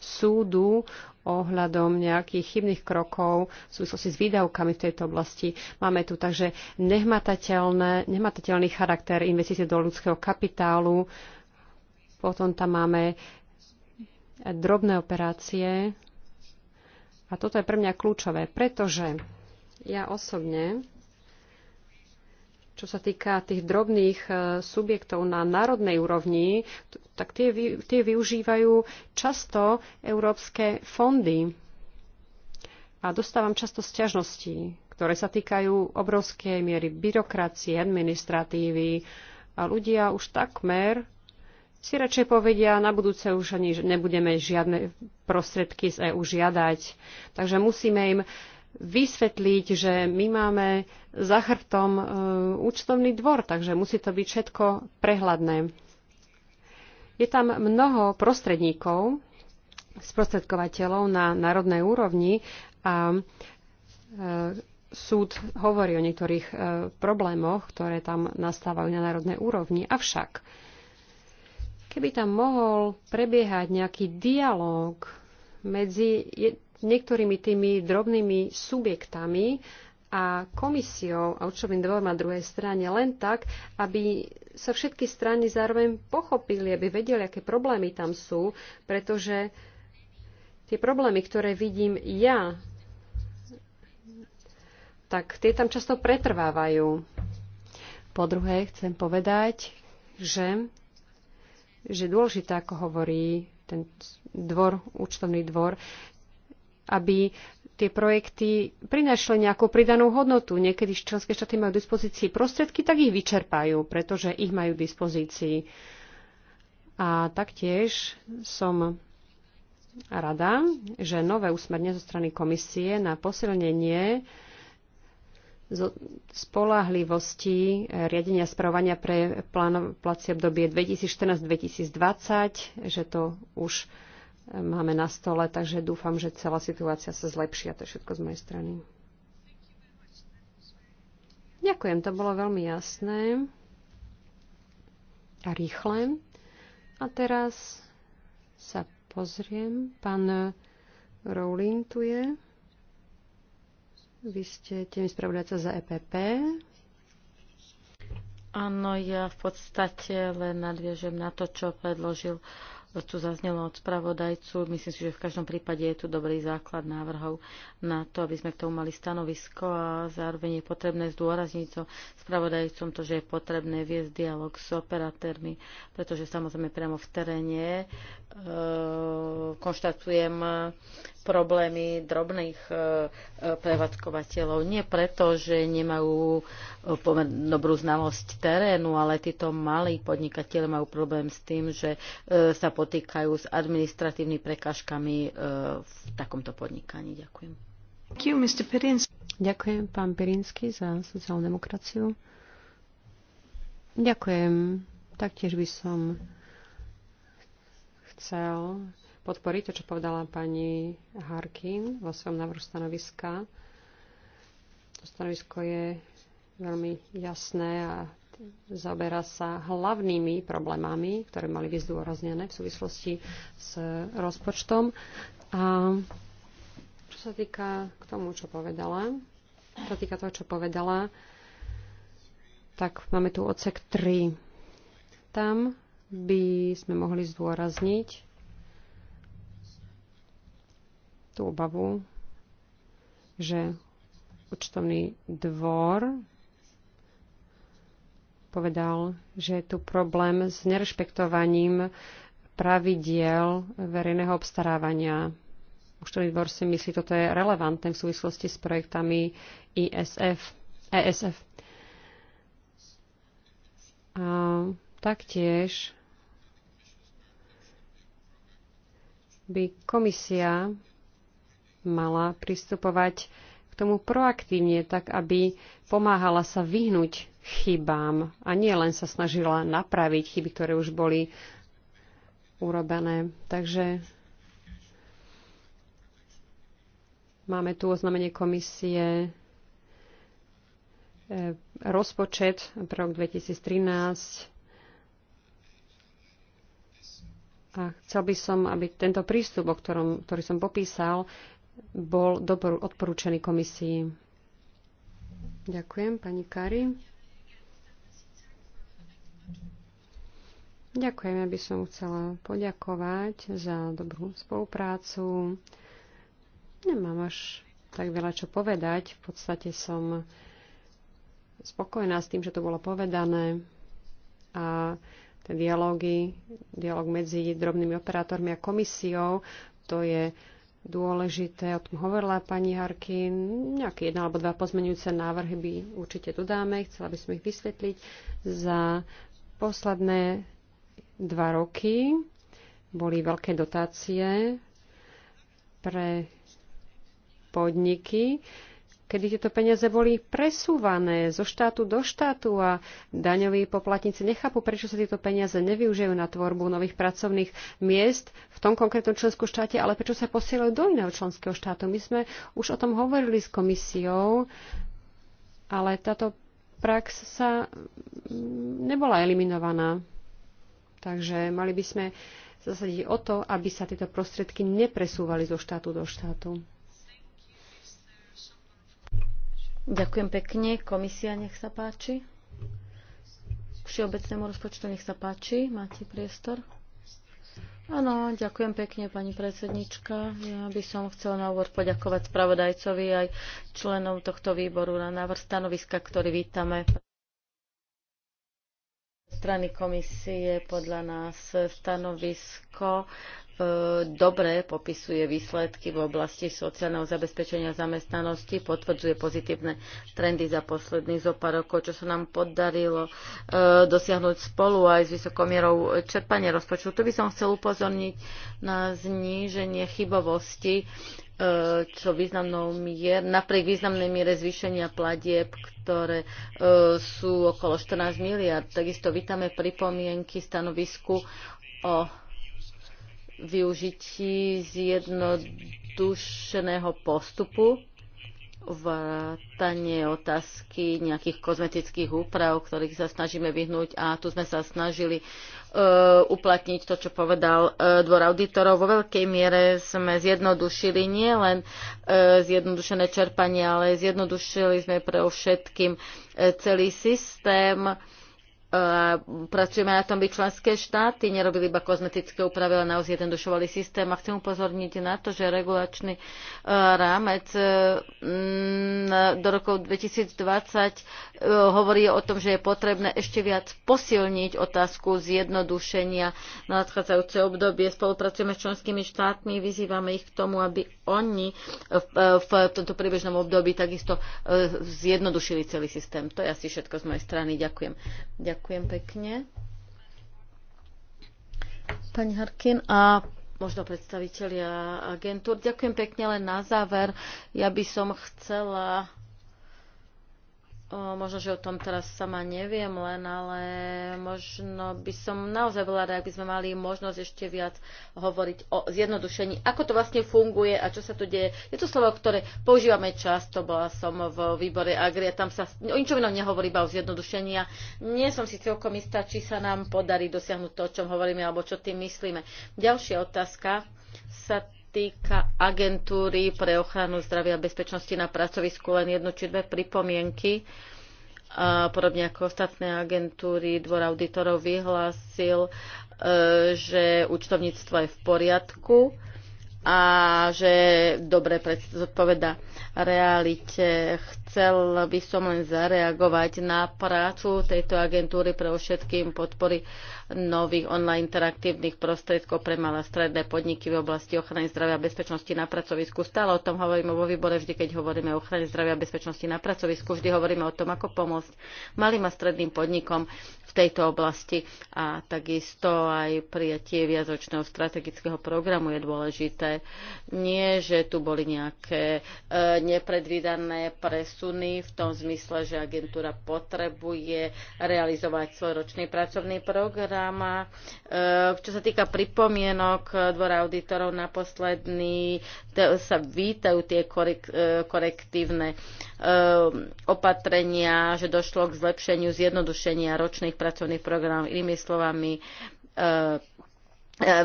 súdu ohľadom nejakých chybných krokov v súvislosti s výdavkami v tejto oblasti. Máme tu takže nehmatateľný charakter investície do ľudského kapitálu, potom tam máme drobné operácie. A toto je pre mňa kľúčové, pretože ja osobne čo sa týka tých drobných e, subjektov na národnej úrovni, tak tie, tie využívajú často európske fondy. A dostávam často sťažnosti, ktoré sa týkajú obrovskej miery byrokracie, administratívy. A ľudia už takmer si radšej povedia, na budúce už ani nebudeme žiadne prostriedky z EU žiadať. Takže musíme im vysvetliť, že my máme za chrbtom e, účtovný dvor, takže musí to byť všetko prehľadné. Je tam mnoho prostredníkov, sprostredkovateľov na národnej úrovni a e, súd hovorí o niektorých e, problémoch, ktoré tam nastávajú na národnej úrovni. Avšak, keby tam mohol prebiehať nejaký dialog medzi s niektorými tými drobnými subjektami a komisiou a určovým dvorom na druhej strane len tak, aby sa všetky strany zároveň pochopili, aby vedeli, aké problémy tam sú, pretože tie problémy, ktoré vidím ja, tak tie tam často pretrvávajú. Po druhé, chcem povedať, že, že dôležité, ako hovorí ten dvor, účtovný dvor, aby tie projekty prinášli nejakú pridanú hodnotu. Niekedy členské štáty majú v dispozícii prostriedky, tak ich vyčerpajú, pretože ich majú k dispozícii. A taktiež som rada, že nové úsmerne zo strany komisie na posilnenie spolahlivosti riadenia spravovania pre plánovacie obdobie 2014-2020, že to už máme na stole, takže dúfam, že celá situácia sa zlepší a to je všetko z mojej strany. Ďakujem, to bolo veľmi jasné a rýchle. A teraz sa pozriem. Pán Rowling tu je. Vy ste tým spravodajca za EPP. Áno, ja v podstate len nadviežem na to, čo predložil uh, čo zaznelo od spravodajcu. Myslím si, že v každom prípade je tu dobrý základ návrhov na to, aby sme k tomu mali stanovisko a zároveň je potrebné zdôrazniť to spravodajcom to, že je potrebné viesť dialog s operatérmi, pretože samozrejme priamo v teréne e, konštatujem e, problémy drobných e, e, prevádzkovateľov. Nie preto, že nemajú e, dobrú znalosť terénu, ale títo malí podnikatelia majú problém s tým, že e, sa potýkajú s administratívnymi prekážkami e, v takomto podnikaní. Ďakujem. Thank you, Mr. Ďakujem pán Pirinsky za sociálnu demokraciu. Ďakujem. Taktiež by som chcel podporiť to, čo povedala pani Harkin vo svojom návrhu stanoviska. To stanovisko je veľmi jasné a zaoberá sa hlavnými problémami, ktoré mali byť zdôraznené v súvislosti s rozpočtom. A čo sa týka k tomu, čo povedala, čo sa týka toho, čo povedala, tak máme tu odsek 3. Tam by sme mohli zdôrazniť tú obavu, že účtovný dvor povedal, že je tu problém s nerešpektovaním pravidiel verejného obstarávania. Účtovný výbor si myslí, toto je relevantné v súvislosti s projektami ISF, ESF. A taktiež by komisia mala pristupovať k tomu proaktívne, tak aby pomáhala sa vyhnúť chybám a nie len sa snažila napraviť chyby, ktoré už boli urobené. Takže Máme tu oznámenie komisie e, rozpočet pre rok 2013 A chcel by som, aby tento prístup, o ktorom, ktorý som popísal, bol odporúčený komisii. Ďakujem, pani Kari. Ďakujem, ja by som chcela poďakovať za dobrú spoluprácu Nemám až tak veľa čo povedať. V podstate som spokojná s tým, že to bolo povedané a tie dialógy, dialóg medzi drobnými operátormi a komisiou, to je dôležité, o tom hovorila pani Harkin, nejaké jedna alebo dva pozmenujúce návrhy by určite tu dáme, chcela by som ich vysvetliť. Za posledné dva roky boli veľké dotácie pre podniky, kedy tieto peniaze boli presúvané zo štátu do štátu a daňoví poplatníci nechápu, prečo sa tieto peniaze nevyužijú na tvorbu nových pracovných miest v tom konkrétnom členskom štáte, ale prečo sa posielajú do iného členského štátu. My sme už o tom hovorili s komisiou, ale táto prax sa mm, nebola eliminovaná. Takže mali by sme zasadiť o to, aby sa tieto prostriedky nepresúvali zo štátu do štátu. Ďakujem pekne. Komisia, nech sa páči. K všeobecnému rozpočtu, nech sa páči. Máte priestor. Áno, ďakujem pekne, pani predsednička. Ja by som chcela na úvod poďakovať spravodajcovi aj členom tohto výboru na návrh stanoviska, ktorý vítame strany komisie podľa nás stanovisko e, dobre popisuje výsledky v oblasti sociálneho zabezpečenia zamestnanosti, potvrdzuje pozitívne trendy za posledných zo pár rokov, čo sa nám podarilo e, dosiahnuť spolu aj s vysokou mierou čerpania rozpočtu. Tu by som chcel upozorniť na zníženie chybovosti E, čo významnou mier, napriek významnej miere zvýšenia platieb, ktoré e, sú okolo 14 miliard. Takisto vítame pripomienky stanovisku o využití zjednodušeného postupu vrátanie otázky nejakých kozmetických úprav, ktorých sa snažíme vyhnúť a tu sme sa snažili uh, uplatniť to, čo povedal uh, dvor auditorov. Vo veľkej miere sme zjednodušili nielen uh, zjednodušené čerpanie, ale zjednodušili sme pre všetkým celý systém a pracujeme na tom, aby členské štáty nerobili iba kozmetické úpravy, ale naozaj jednodušovali systém. A chcem upozorniť na to, že regulačný e, rámec e, do rokov 2020 e, hovorí o tom, že je potrebné ešte viac posilniť otázku zjednodušenia na nadchádzajúce obdobie. Spolupracujeme s členskými štátmi, vyzývame ich k tomu, aby oni v tomto priebežnom období takisto zjednodušili celý systém. To je asi všetko z mojej strany. Ďakujem. Ďakujem. Ďakujem pekne. Pani Harkin a možno predstavitelia agentúr. Ďakujem pekne, len na záver. Ja by som chcela O, možno, že o tom teraz sama neviem len, ale možno by som naozaj bola rada, ak by sme mali možnosť ešte viac hovoriť o zjednodušení, ako to vlastne funguje a čo sa tu deje. Je to slovo, ktoré používame často, bola som v výbore Agria, tam sa o ničom inom nehovorí iba o zjednodušení a nie som si celkom istá, či sa nám podarí dosiahnuť to, o čom hovoríme alebo čo tým myslíme. Ďalšia otázka sa týka agentúry pre ochranu zdravia a bezpečnosti na pracovisku, len jednu či dve pripomienky. A podobne ako ostatné agentúry, dvor auditorov vyhlásil, e, že účtovníctvo je v poriadku a že dobre zodpoveda realite. Chcel by som len zareagovať na prácu tejto agentúry pre všetkým podpory nových online interaktívnych prostriedkov pre malé stredné podniky v oblasti ochrany zdravia a bezpečnosti na pracovisku. Stále o tom hovoríme vo výbore, vždy keď hovoríme o ochrane zdravia a bezpečnosti na pracovisku, vždy hovoríme o tom, ako pomôcť malým a stredným podnikom v tejto oblasti a takisto aj prijatie viazočného strategického programu je dôležité. Nie, že tu boli nejaké e, nepredvídané presu posuny v tom zmysle, že agentúra potrebuje realizovať svoj ročný pracovný program. E, čo sa týka pripomienok e, dvora auditorov na posledný, sa vítajú tie e, korektívne opatrenia, že došlo k zlepšeniu zjednodušenia ročných pracovných programov. Inými slovami,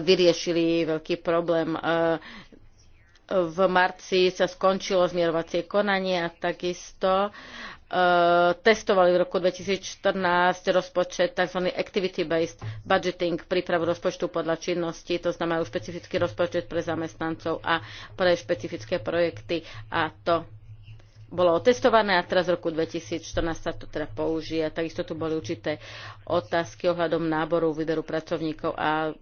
vyriešili veľký problém v marci sa skončilo zmierovacie konanie a takisto e, testovali v roku 2014 rozpočet tzv. activity-based budgeting, prípravu rozpočtu podľa činnosti, to znamená špecifický rozpočet pre zamestnancov a pre špecifické projekty a to bolo otestované a teraz v roku 2014 sa to teda použije. Takisto tu boli určité otázky ohľadom náboru, výberu pracovníkov a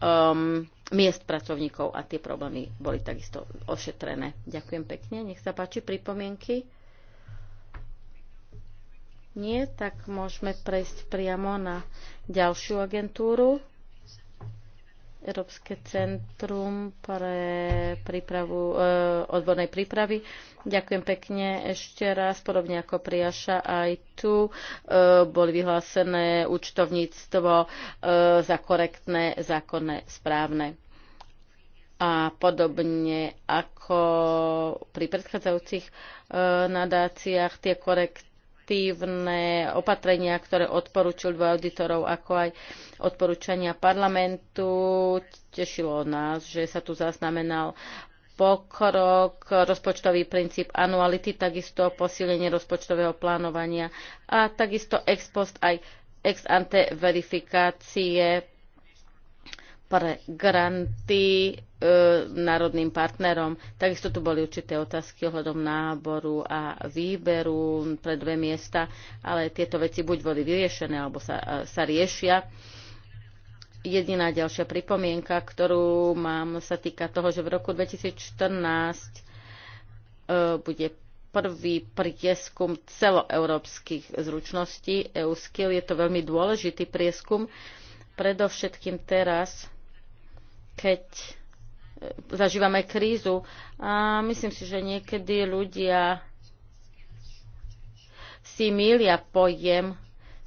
um, miest pracovníkov a tie problémy boli takisto ošetrené. Ďakujem pekne. Nech sa páči pripomienky. Nie, tak môžeme prejsť priamo na ďalšiu agentúru. Európske centrum pre prípravu, e, odbornej prípravy. Ďakujem pekne ešte raz, podobne ako priaša aj tu. E, boli vyhlásené účtovníctvo e, za korektné, zákonné, správne. A podobne ako pri predchádzajúcich e, nadáciách, tie korekt preventívne opatrenia, ktoré odporúčil dvoj auditorov, ako aj odporúčania parlamentu. Tešilo nás, že sa tu zaznamenal pokrok, rozpočtový princíp anuality, takisto posilnenie rozpočtového plánovania a takisto ex post aj ex ante verifikácie pre granty e, národným partnerom. Takisto tu boli určité otázky ohľadom náboru a výberu pre dve miesta, ale tieto veci buď boli vyriešené, alebo sa, e, sa riešia. Jediná ďalšia pripomienka, ktorú mám, sa týka toho, že v roku 2014 e, bude prvý prieskum celoeurópskych zručností EU Skill. Je to veľmi dôležitý prieskum, predovšetkým teraz, keď e, zažívame krízu. A myslím si, že niekedy ľudia si mília pojem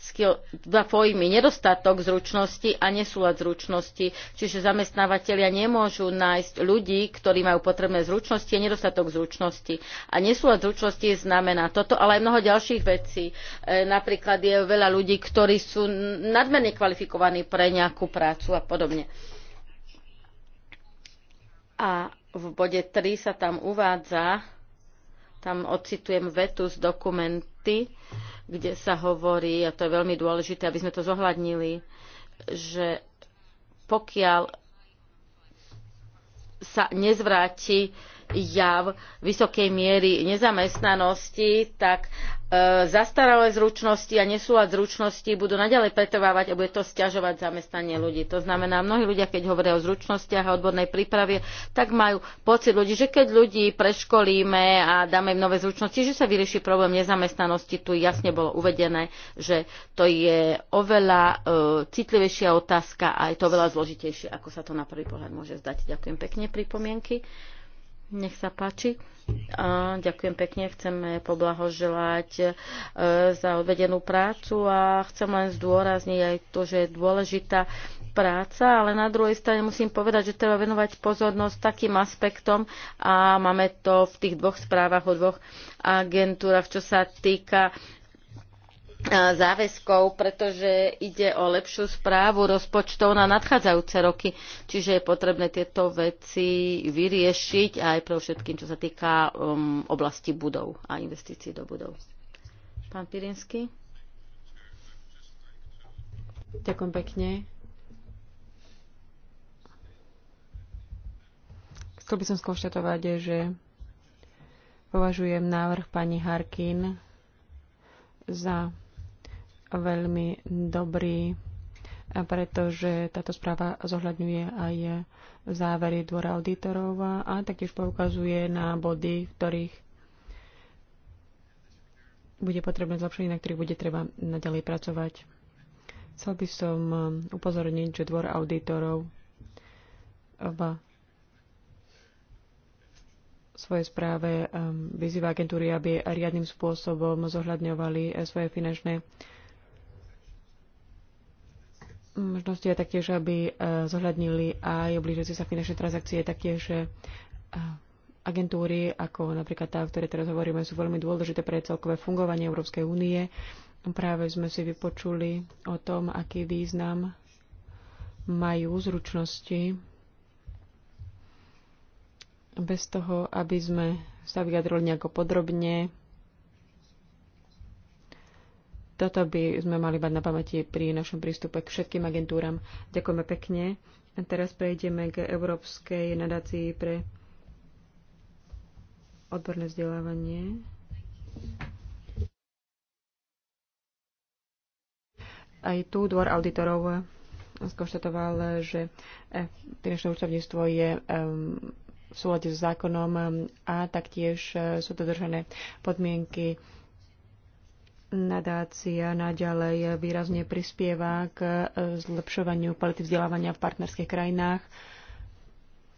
skill, dva pojmy, nedostatok zručnosti a nesúlad zručnosti. Čiže zamestnávateľia nemôžu nájsť ľudí, ktorí majú potrebné zručnosti a nedostatok zručnosti. A nesúlad zručnosti znamená toto, ale aj mnoho ďalších vecí. E, napríklad je veľa ľudí, ktorí sú nadmerne kvalifikovaní pre nejakú prácu a podobne. E, a v bode 3 sa tam uvádza, tam ocitujem vetu z dokumenty, kde sa hovorí, a to je veľmi dôležité, aby sme to zohľadnili, že pokiaľ sa nezvráti jav vysokej miery nezamestnanosti, tak e, zastaralé zručnosti a nesúlad zručnosti, budú naďalej pretrvávať a bude to sťažovať zamestnanie ľudí. To znamená, mnohí ľudia, keď hovoria o zručnostiach a odbornej príprave, tak majú pocit ľudí, že keď ľudí preškolíme a dáme im nové zručnosti, že sa vyrieši problém nezamestnanosti. Tu jasne bolo uvedené, že to je oveľa e, citlivejšia otázka a je to oveľa zložitejšie, ako sa to na prvý pohľad môže zdať. Ďakujem pekne pripomienky. Nech sa páči. A ďakujem pekne, chceme poblahoželať e, za odvedenú prácu a chcem len zdôrazniť aj to, že je dôležitá práca, ale na druhej strane musím povedať, že treba venovať pozornosť takým aspektom a máme to v tých dvoch správach o dvoch agentúrach, čo sa týka záväzkov, pretože ide o lepšiu správu rozpočtov na nadchádzajúce roky. Čiže je potrebné tieto veci vyriešiť aj pre všetkým, čo sa týka um, oblasti budov a investícií do budov. Pán Pirinsky. Ďakujem pekne. Chcel by som skonštatovať, že považujem návrh pani Harkin za veľmi dobrý, pretože táto správa zohľadňuje aj závery dvora auditorov a taktiež poukazuje na body, v ktorých bude potrebné zlepšenie, na ktorých bude treba naďalej pracovať. Chcel by som um, upozorniť, že dvor auditorov uh, v svojej správe um, vyzýva agentúry, aby riadnym spôsobom zohľadňovali uh, svoje finančné možnosti je taktiež, aby e, zohľadnili aj obližujúce sa finančné transakcie, taktiež e, agentúry, ako napríklad tá, o ktorej teraz hovoríme, sú veľmi dôležité pre celkové fungovanie Európskej únie. Práve sme si vypočuli o tom, aký význam majú zručnosti bez toho, aby sme sa vyjadrili nejako podrobne toto by sme mali mať na pamäti pri našom prístupe k všetkým agentúram. Ďakujeme pekne. A teraz prejdeme k Európskej nadácii pre odborné vzdelávanie. Aj tu dvor auditorov skonštatoval, že e, finančné účtovníctvo je v súlade s zákonom a taktiež e, sú dodržané podmienky Nadácia naďalej výrazne prispieva k e, zlepšovaniu kvality vzdelávania v partnerských krajinách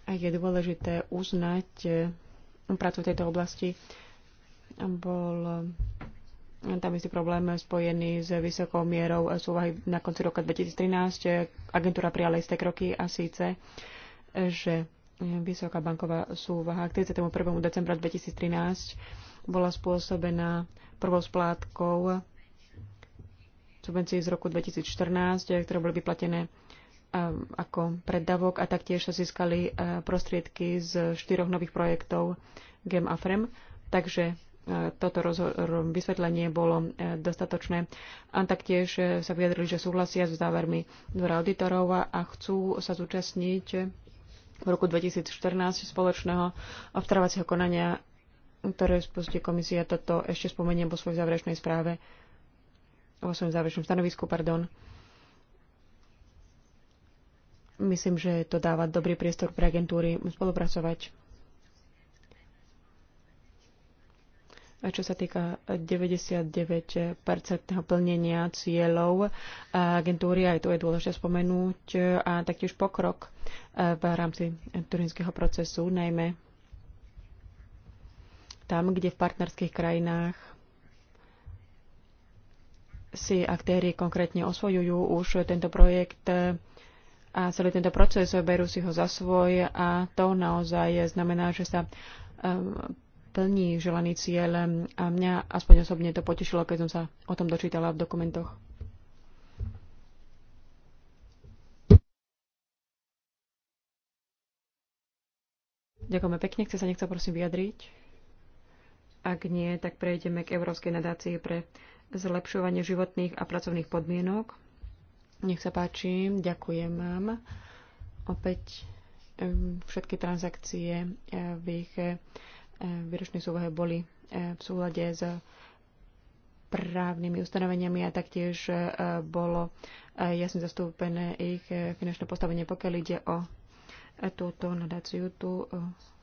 a je dôležité uznať e, prácu v tejto oblasti. Bol e, tam istý problém spojený s vysokou mierou súvahy na konci roka 2013. Agentúra prijala isté kroky a síce, že vysoká banková súvaha k 31. decembra 2013 bola spôsobená prvou splátkou subvencií z roku 2014, eh, ktoré boli vyplatené eh, ako preddavok a taktiež sa získali eh, prostriedky z štyroch nových projektov GEM a FREM. Takže toto vysvetlenie bolo dostatočné. A taktiež sa vyjadrili, že súhlasia s závermi dvora auditorov a chcú sa zúčastniť v roku 2014 spoločného obstarávacieho konania ktoré spustí komisia. Toto ešte spomeniem po svojej záverečnej správe, o svojom záverečnom stanovisku, pardon. Myslím, že to dáva dobrý priestor pre agentúry spolupracovať. A čo sa týka 99% plnenia cieľov agentúry, aj to je dôležité spomenúť, a taktiež pokrok v rámci turinského procesu, najmä tam, kde v partnerských krajinách si aktéry konkrétne osvojujú už tento projekt a celý tento proces, berú si ho za svoj a to naozaj znamená, že sa ehm, plní želaný cieľ a mňa aspoň osobne to potešilo, keď som sa o tom dočítala v dokumentoch. Ďakujeme pekne. Chce sa niekto prosím vyjadriť? Ak nie, tak prejdeme k Európskej nadácii pre zlepšovanie životných a pracovných podmienok. Nech sa páči, ďakujem vám. Opäť všetky transakcie v ich výročnej súvahe boli v súlade s právnymi ustanoveniami a taktiež e, bolo e, jasne zastúpené ich e, finančné postavenie, pokiaľ ide o túto nadáciu. Tu e,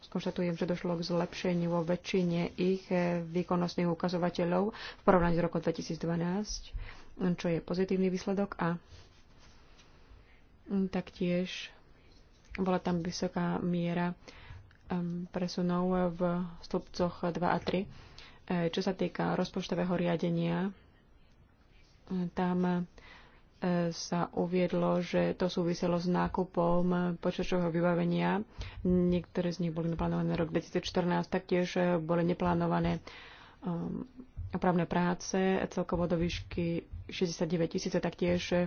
skonštatujem, že došlo k zlepšeniu vo väčšine ich e, výkonnostných ukazovateľov v porovnaní s rokom 2012, čo je pozitívny výsledok a taktiež bola tam vysoká miera presunov v stupcoch 2 a 3. E, čo sa týka rozpočtového riadenia, tam sa uviedlo, že to súviselo s nákupom počítačového vybavenia. Niektoré z nich boli naplánované na rok 2014, taktiež boli neplánované um, opravné práce celkovo do výšky 69 tisíc a taktiež uh,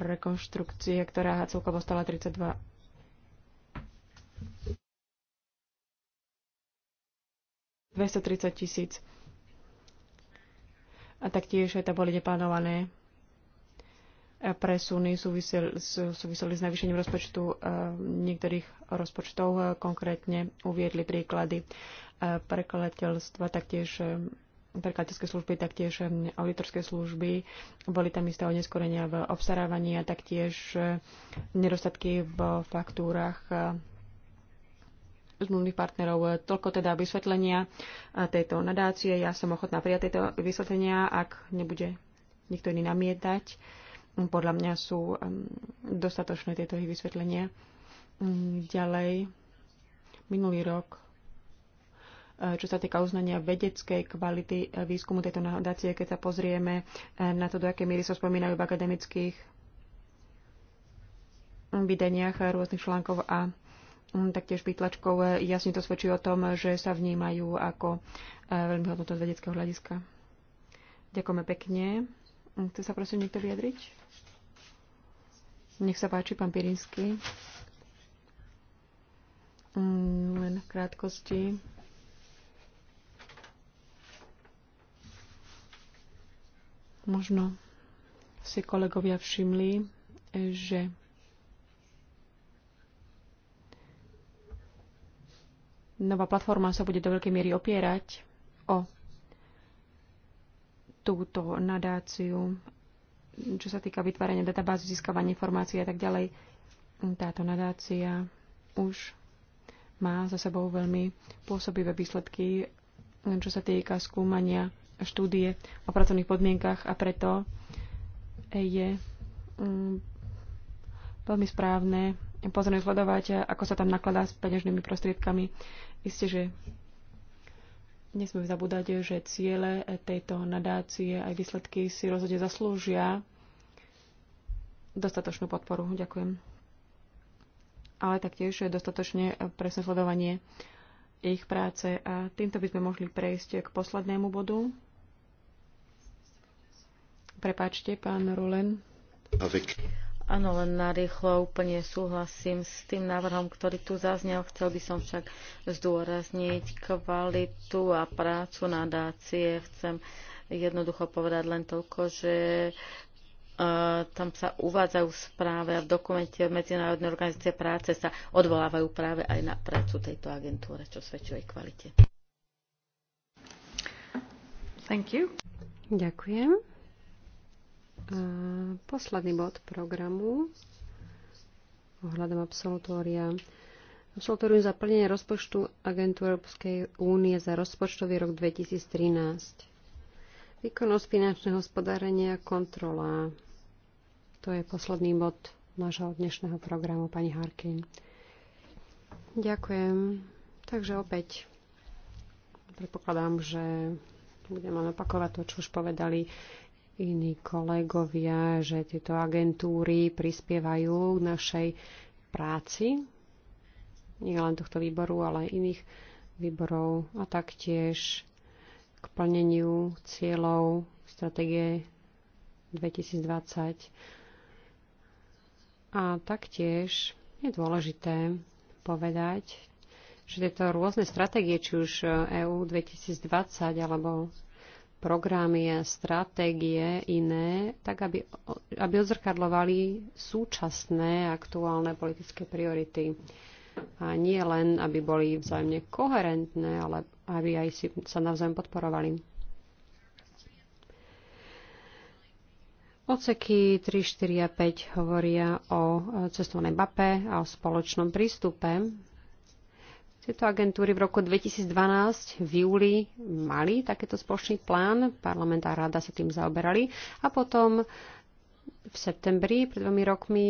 rekonštrukcie, ktorá celkovo stala 32 230 tisíc. A taktiež to boli neplánované presuny súviseli, s navýšením rozpočtu eh, niektorých rozpočtov. Eh, konkrétne uviedli príklady eh, prekladateľstva, taktiež prekladateľské služby, taktiež auditorské služby. Boli tam isté oneskorenia v obstarávaní a taktiež nedostatky v faktúrach zmluvných partnerov. Toľko teda vysvetlenia tejto nadácie. Ja som ochotná prijať tieto vysvetlenia, ak nebude nikto iný namietať podľa mňa sú dostatočné tieto ich vysvetlenia. Ďalej, minulý rok, e, čo sa týka uznania vedeckej kvality e, výskumu tejto nadácie, keď sa pozrieme e, na to, do akej miery sa spomínajú v akademických videniach rôznych článkov a taktiež výtlačkov jasne to svedčí o tom, že sa vnímajú ako veľmi hodnotosť z vedeckého hľadiska. Ďakujeme pekne. Chce sa prosím niekto vyjadriť? Nech sa páči, pán Pirinsky. Mm, len v krátkosti. Možno si kolegovia všimli, že nová platforma sa bude do veľkej miery opierať o túto nadáciu, čo sa týka vytvárania databázy, získavania informácií a tak ďalej. Táto nadácia už má za sebou veľmi pôsobivé výsledky, čo sa týka skúmania štúdie o pracovných podmienkach a preto je mm, veľmi správne pozorne sledovať, ako sa tam nakladá s peňažnými prostriedkami. Isté, že Nesmieme zabúdať, že ciele tejto nadácie aj výsledky si rozhodne zaslúžia dostatočnú podporu. Ďakujem. Ale taktiež dostatočne presne sledovanie ich práce. A týmto by sme mohli prejsť k poslednému bodu. Prepáčte, pán Rulen. Avec. Áno, len narýchlo úplne súhlasím s tým návrhom, ktorý tu zaznel. Chcel by som však zdôrazniť kvalitu a prácu nadácie. Chcem jednoducho povedať len toľko, že e, tam sa uvádzajú správe a v dokumente Medzinárodnej organizácie práce sa odvolávajú práve aj na prácu tejto agentúre, čo svedčuje o kvalite. Thank you. Ďakujem posledný bod programu ohľadom absolutória. Absolutórium za plnenie rozpočtu agentúry Európskej únie za rozpočtový rok 2013. Výkonnosť finančného hospodárenia a kontrola. To je posledný bod nášho dnešného programu, pani Harkin. Ďakujem. Takže opäť predpokladám, že budem len opakovať to, čo už povedali iní kolegovia, že tieto agentúry prispievajú k našej práci, nie len tohto výboru, ale aj iných výborov a taktiež k plneniu cieľov stratégie 2020. A taktiež je dôležité povedať, že tieto rôzne stratégie, či už EU 2020 alebo programy a stratégie iné, tak aby, aby odzrkadlovali súčasné aktuálne politické priority. A nie len, aby boli vzájomne koherentné, ale aby aj si sa navzájom podporovali. Oceky 3, 4 a 5 hovoria o cestovnej mape a o spoločnom prístupe tieto agentúry v roku 2012 v júli mali takéto spoločný plán, parlament a rada sa tým zaoberali a potom v septembri pred dvomi rokmi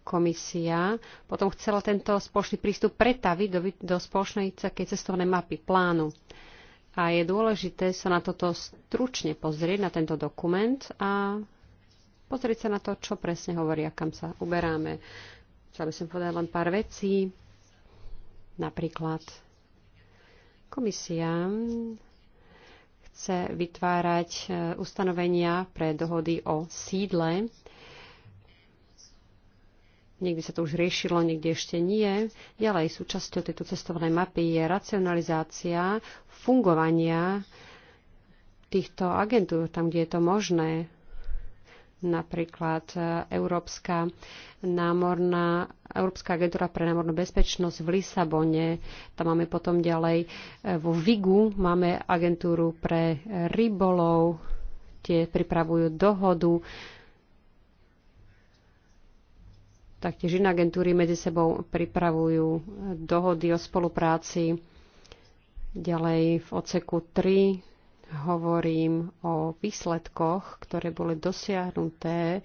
komisia potom chcela tento spoločný prístup pretaviť do, do spoločnej takej cestovnej mapy plánu. A je dôležité sa na toto stručne pozrieť, na tento dokument a pozrieť sa na to, čo presne hovoria, kam sa uberáme. Chcela by som povedať len pár vecí Napríklad komisia chce vytvárať e, ustanovenia pre dohody o sídle. Niekde sa to už riešilo, niekde ešte nie. Ďalej súčasťou tejto cestovnej mapy je racionalizácia fungovania týchto agentúr, tam, kde je to možné. Napríklad e, Európska, námorná, Európska agentúra pre námornú bezpečnosť v Lisabone. Tam máme potom ďalej e, vo Vigu máme agentúru pre rybolov. Tie pripravujú dohodu taktiež iné agentúry medzi sebou pripravujú e, dohody o spolupráci. Ďalej v oceku 3 hovorím o výsledkoch, ktoré boli dosiahnuté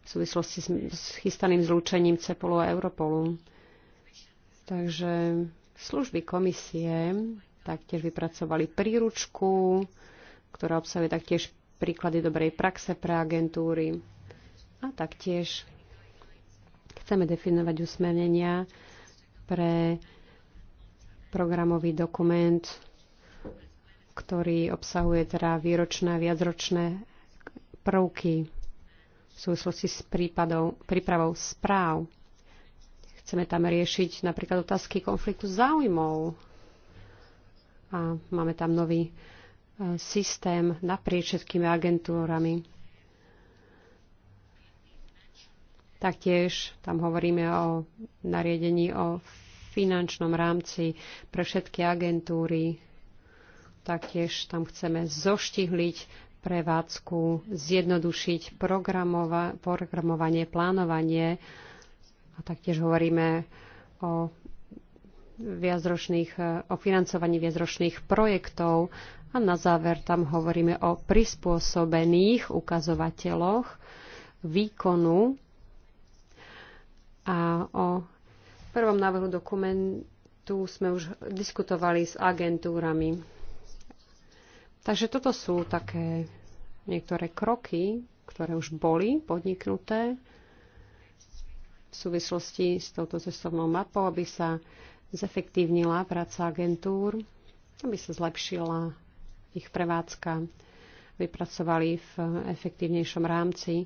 v súvislosti s chystaným zlúčením CEPOLu a Europolu. Takže služby komisie taktiež vypracovali príručku, ktorá obsahuje taktiež príklady dobrej praxe pre agentúry a taktiež chceme definovať usmernenia pre programový dokument ktorý obsahuje teda výročné, viacročné prvky v súvislosti s prípadou, prípravou správ. Chceme tam riešiť napríklad otázky konfliktu záujmov a máme tam nový e, systém naprieč všetkými agentúrami. Taktiež tam hovoríme o nariadení o finančnom rámci pre všetky agentúry Taktiež tam chceme zoštihliť prevádzku, zjednodušiť programova- programovanie, plánovanie a taktiež hovoríme o viacročných, o financovaní viacročných projektov a na záver tam hovoríme o prispôsobených ukazovateľoch výkonu a o prvom návrhu dokumentu sme už diskutovali s agentúrami. Takže toto sú také niektoré kroky, ktoré už boli podniknuté v súvislosti s touto cestovnou mapou, aby sa zefektívnila práca agentúr, aby sa zlepšila ich prevádzka, vypracovali v efektívnejšom rámci.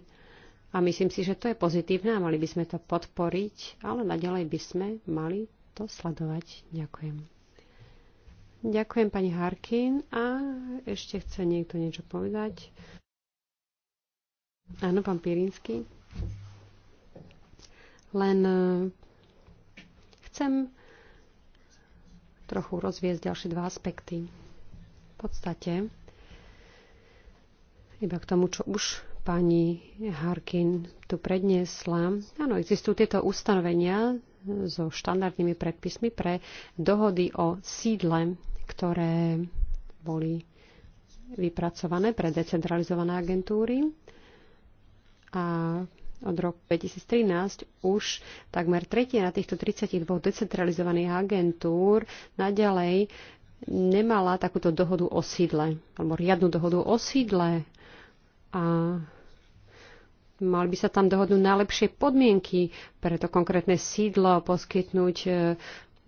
A myslím si, že to je pozitívne a mali by sme to podporiť, ale naďalej by sme mali to sledovať. Ďakujem. Ďakujem pani Harkin. A ešte chce niekto niečo povedať? Áno, pán Pirinsky. Len e, chcem trochu rozviesť ďalšie dva aspekty. V podstate iba k tomu, čo už pani Harkin tu predniesla. Áno, existujú tieto ustanovenia so štandardnými predpismi pre dohody o sídle ktoré boli vypracované pre decentralizované agentúry a od roku 2013 už takmer tretina týchto 32 decentralizovaných agentúr naďalej nemala takúto dohodu o sídle, alebo riadnu dohodu o sídle a mali by sa tam dohodnúť najlepšie podmienky pre to konkrétne sídlo, poskytnúť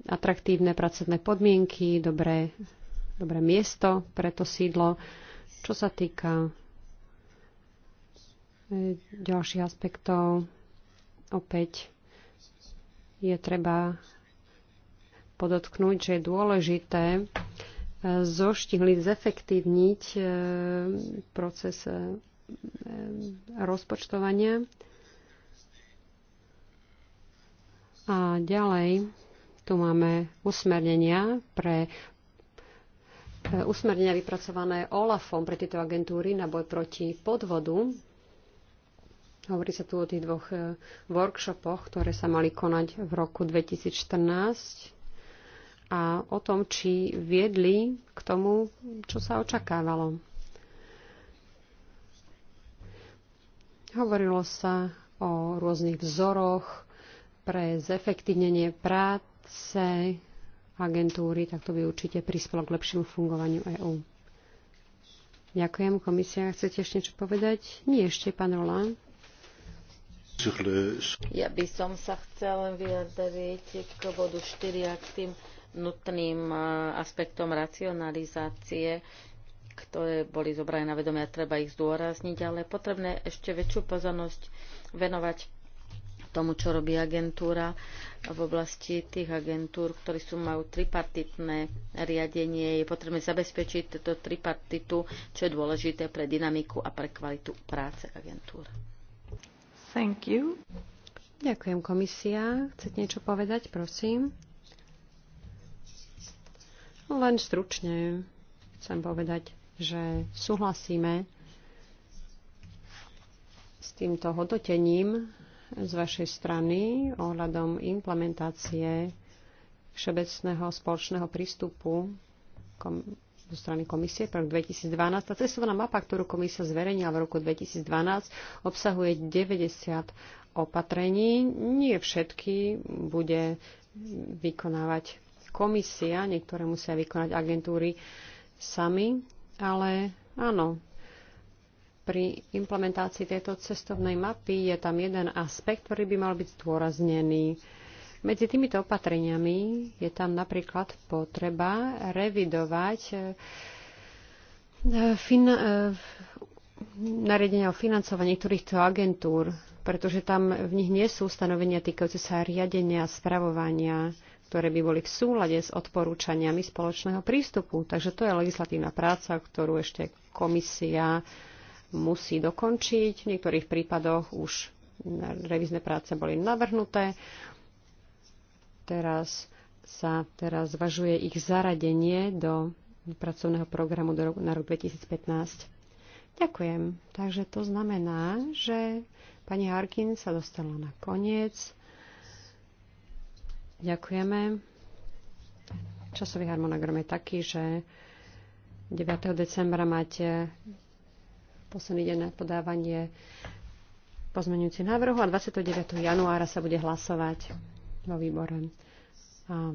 atraktívne pracovné podmienky, dobré, dobré miesto pre to sídlo. Čo sa týka e, ďalších aspektov, opäť je treba podotknúť, že je dôležité e, zoštihliť, zefektívniť e, proces rozpočtovania. A ďalej tu máme usmernenia pre e, usmernenia vypracované OLAFom pre tieto agentúry na boj proti podvodu. Hovorí sa tu o tých dvoch e, workshopoch, ktoré sa mali konať v roku 2014 a o tom, či viedli k tomu, čo sa očakávalo. Hovorilo sa o rôznych vzoroch pre zefektívnenie prác, práce agentúry, tak to by určite prispelo k lepšiemu fungovaniu EÚ. Ďakujem. Komisia, chcete ešte niečo povedať? Nie ešte, pán Roland. Ja by som sa chcel vyjadriť k bodu 4 a k tým nutným aspektom racionalizácie, ktoré boli zobrané na vedomia, treba ich zdôrazniť, ale potrebné ešte väčšiu pozornosť venovať tomu, čo robí agentúra v oblasti tých agentúr, ktorí sú, majú tripartitné riadenie. Je potrebné zabezpečiť toto tripartitu, čo je dôležité pre dynamiku a pre kvalitu práce agentúr. Thank you. Ďakujem, komisia. Chcete niečo povedať, prosím? Len stručne chcem povedať, že súhlasíme s týmto hodnotením z vašej strany ohľadom implementácie všeobecného spoločného prístupu kom- zo strany komisie pre rok 2012. Tá cestovná mapa, ktorú komisia zverejnila v roku 2012, obsahuje 90 opatrení. Nie všetky bude vykonávať komisia, niektoré musia vykonať agentúry sami, ale áno, pri implementácii tejto cestovnej mapy je tam jeden aspekt, ktorý by mal byť zdôraznený. Medzi týmito opatreniami je tam napríklad potreba revidovať eh, fin- eh, nariadenia o financovaní niektorýchto agentúr, pretože tam v nich nie sú stanovenia týkajúce sa riadenia a spravovania, ktoré by boli v súlade s odporúčaniami spoločného prístupu. Takže to je legislatívna práca, ktorú ešte komisia musí dokončiť. V niektorých prípadoch už revizné práce boli navrhnuté. Teraz sa teraz zvažuje ich zaradenie do pracovného programu do roku, na rok 2015. Ďakujem. Takže to znamená, že pani Harkin sa dostala na koniec. Ďakujeme. Časový harmonogram je taký, že 9. decembra máte posledný deň na podávanie pozmeňujúci návrhu a 29. januára sa bude hlasovať vo výbore. A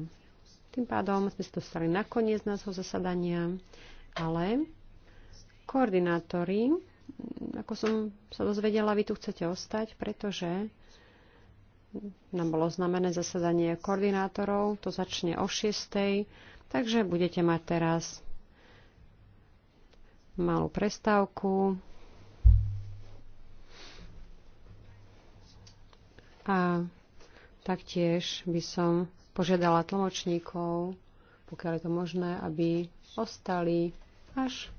tým pádom sme sa dostali na koniec nášho zasadania, ale koordinátori, ako som sa dozvedela, vy tu chcete ostať, pretože nám bolo znamené zasadanie koordinátorov, to začne o 6. Takže budete mať teraz malú prestávku. A taktiež by som požiadala tlmočníkov, pokiaľ je to možné, aby ostali až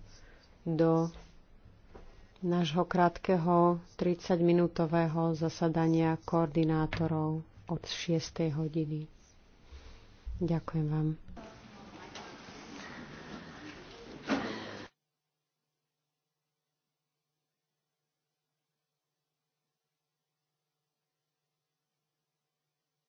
do nášho krátkeho 30-minútového zasadania koordinátorov od 6. hodiny. Ďakujem vám.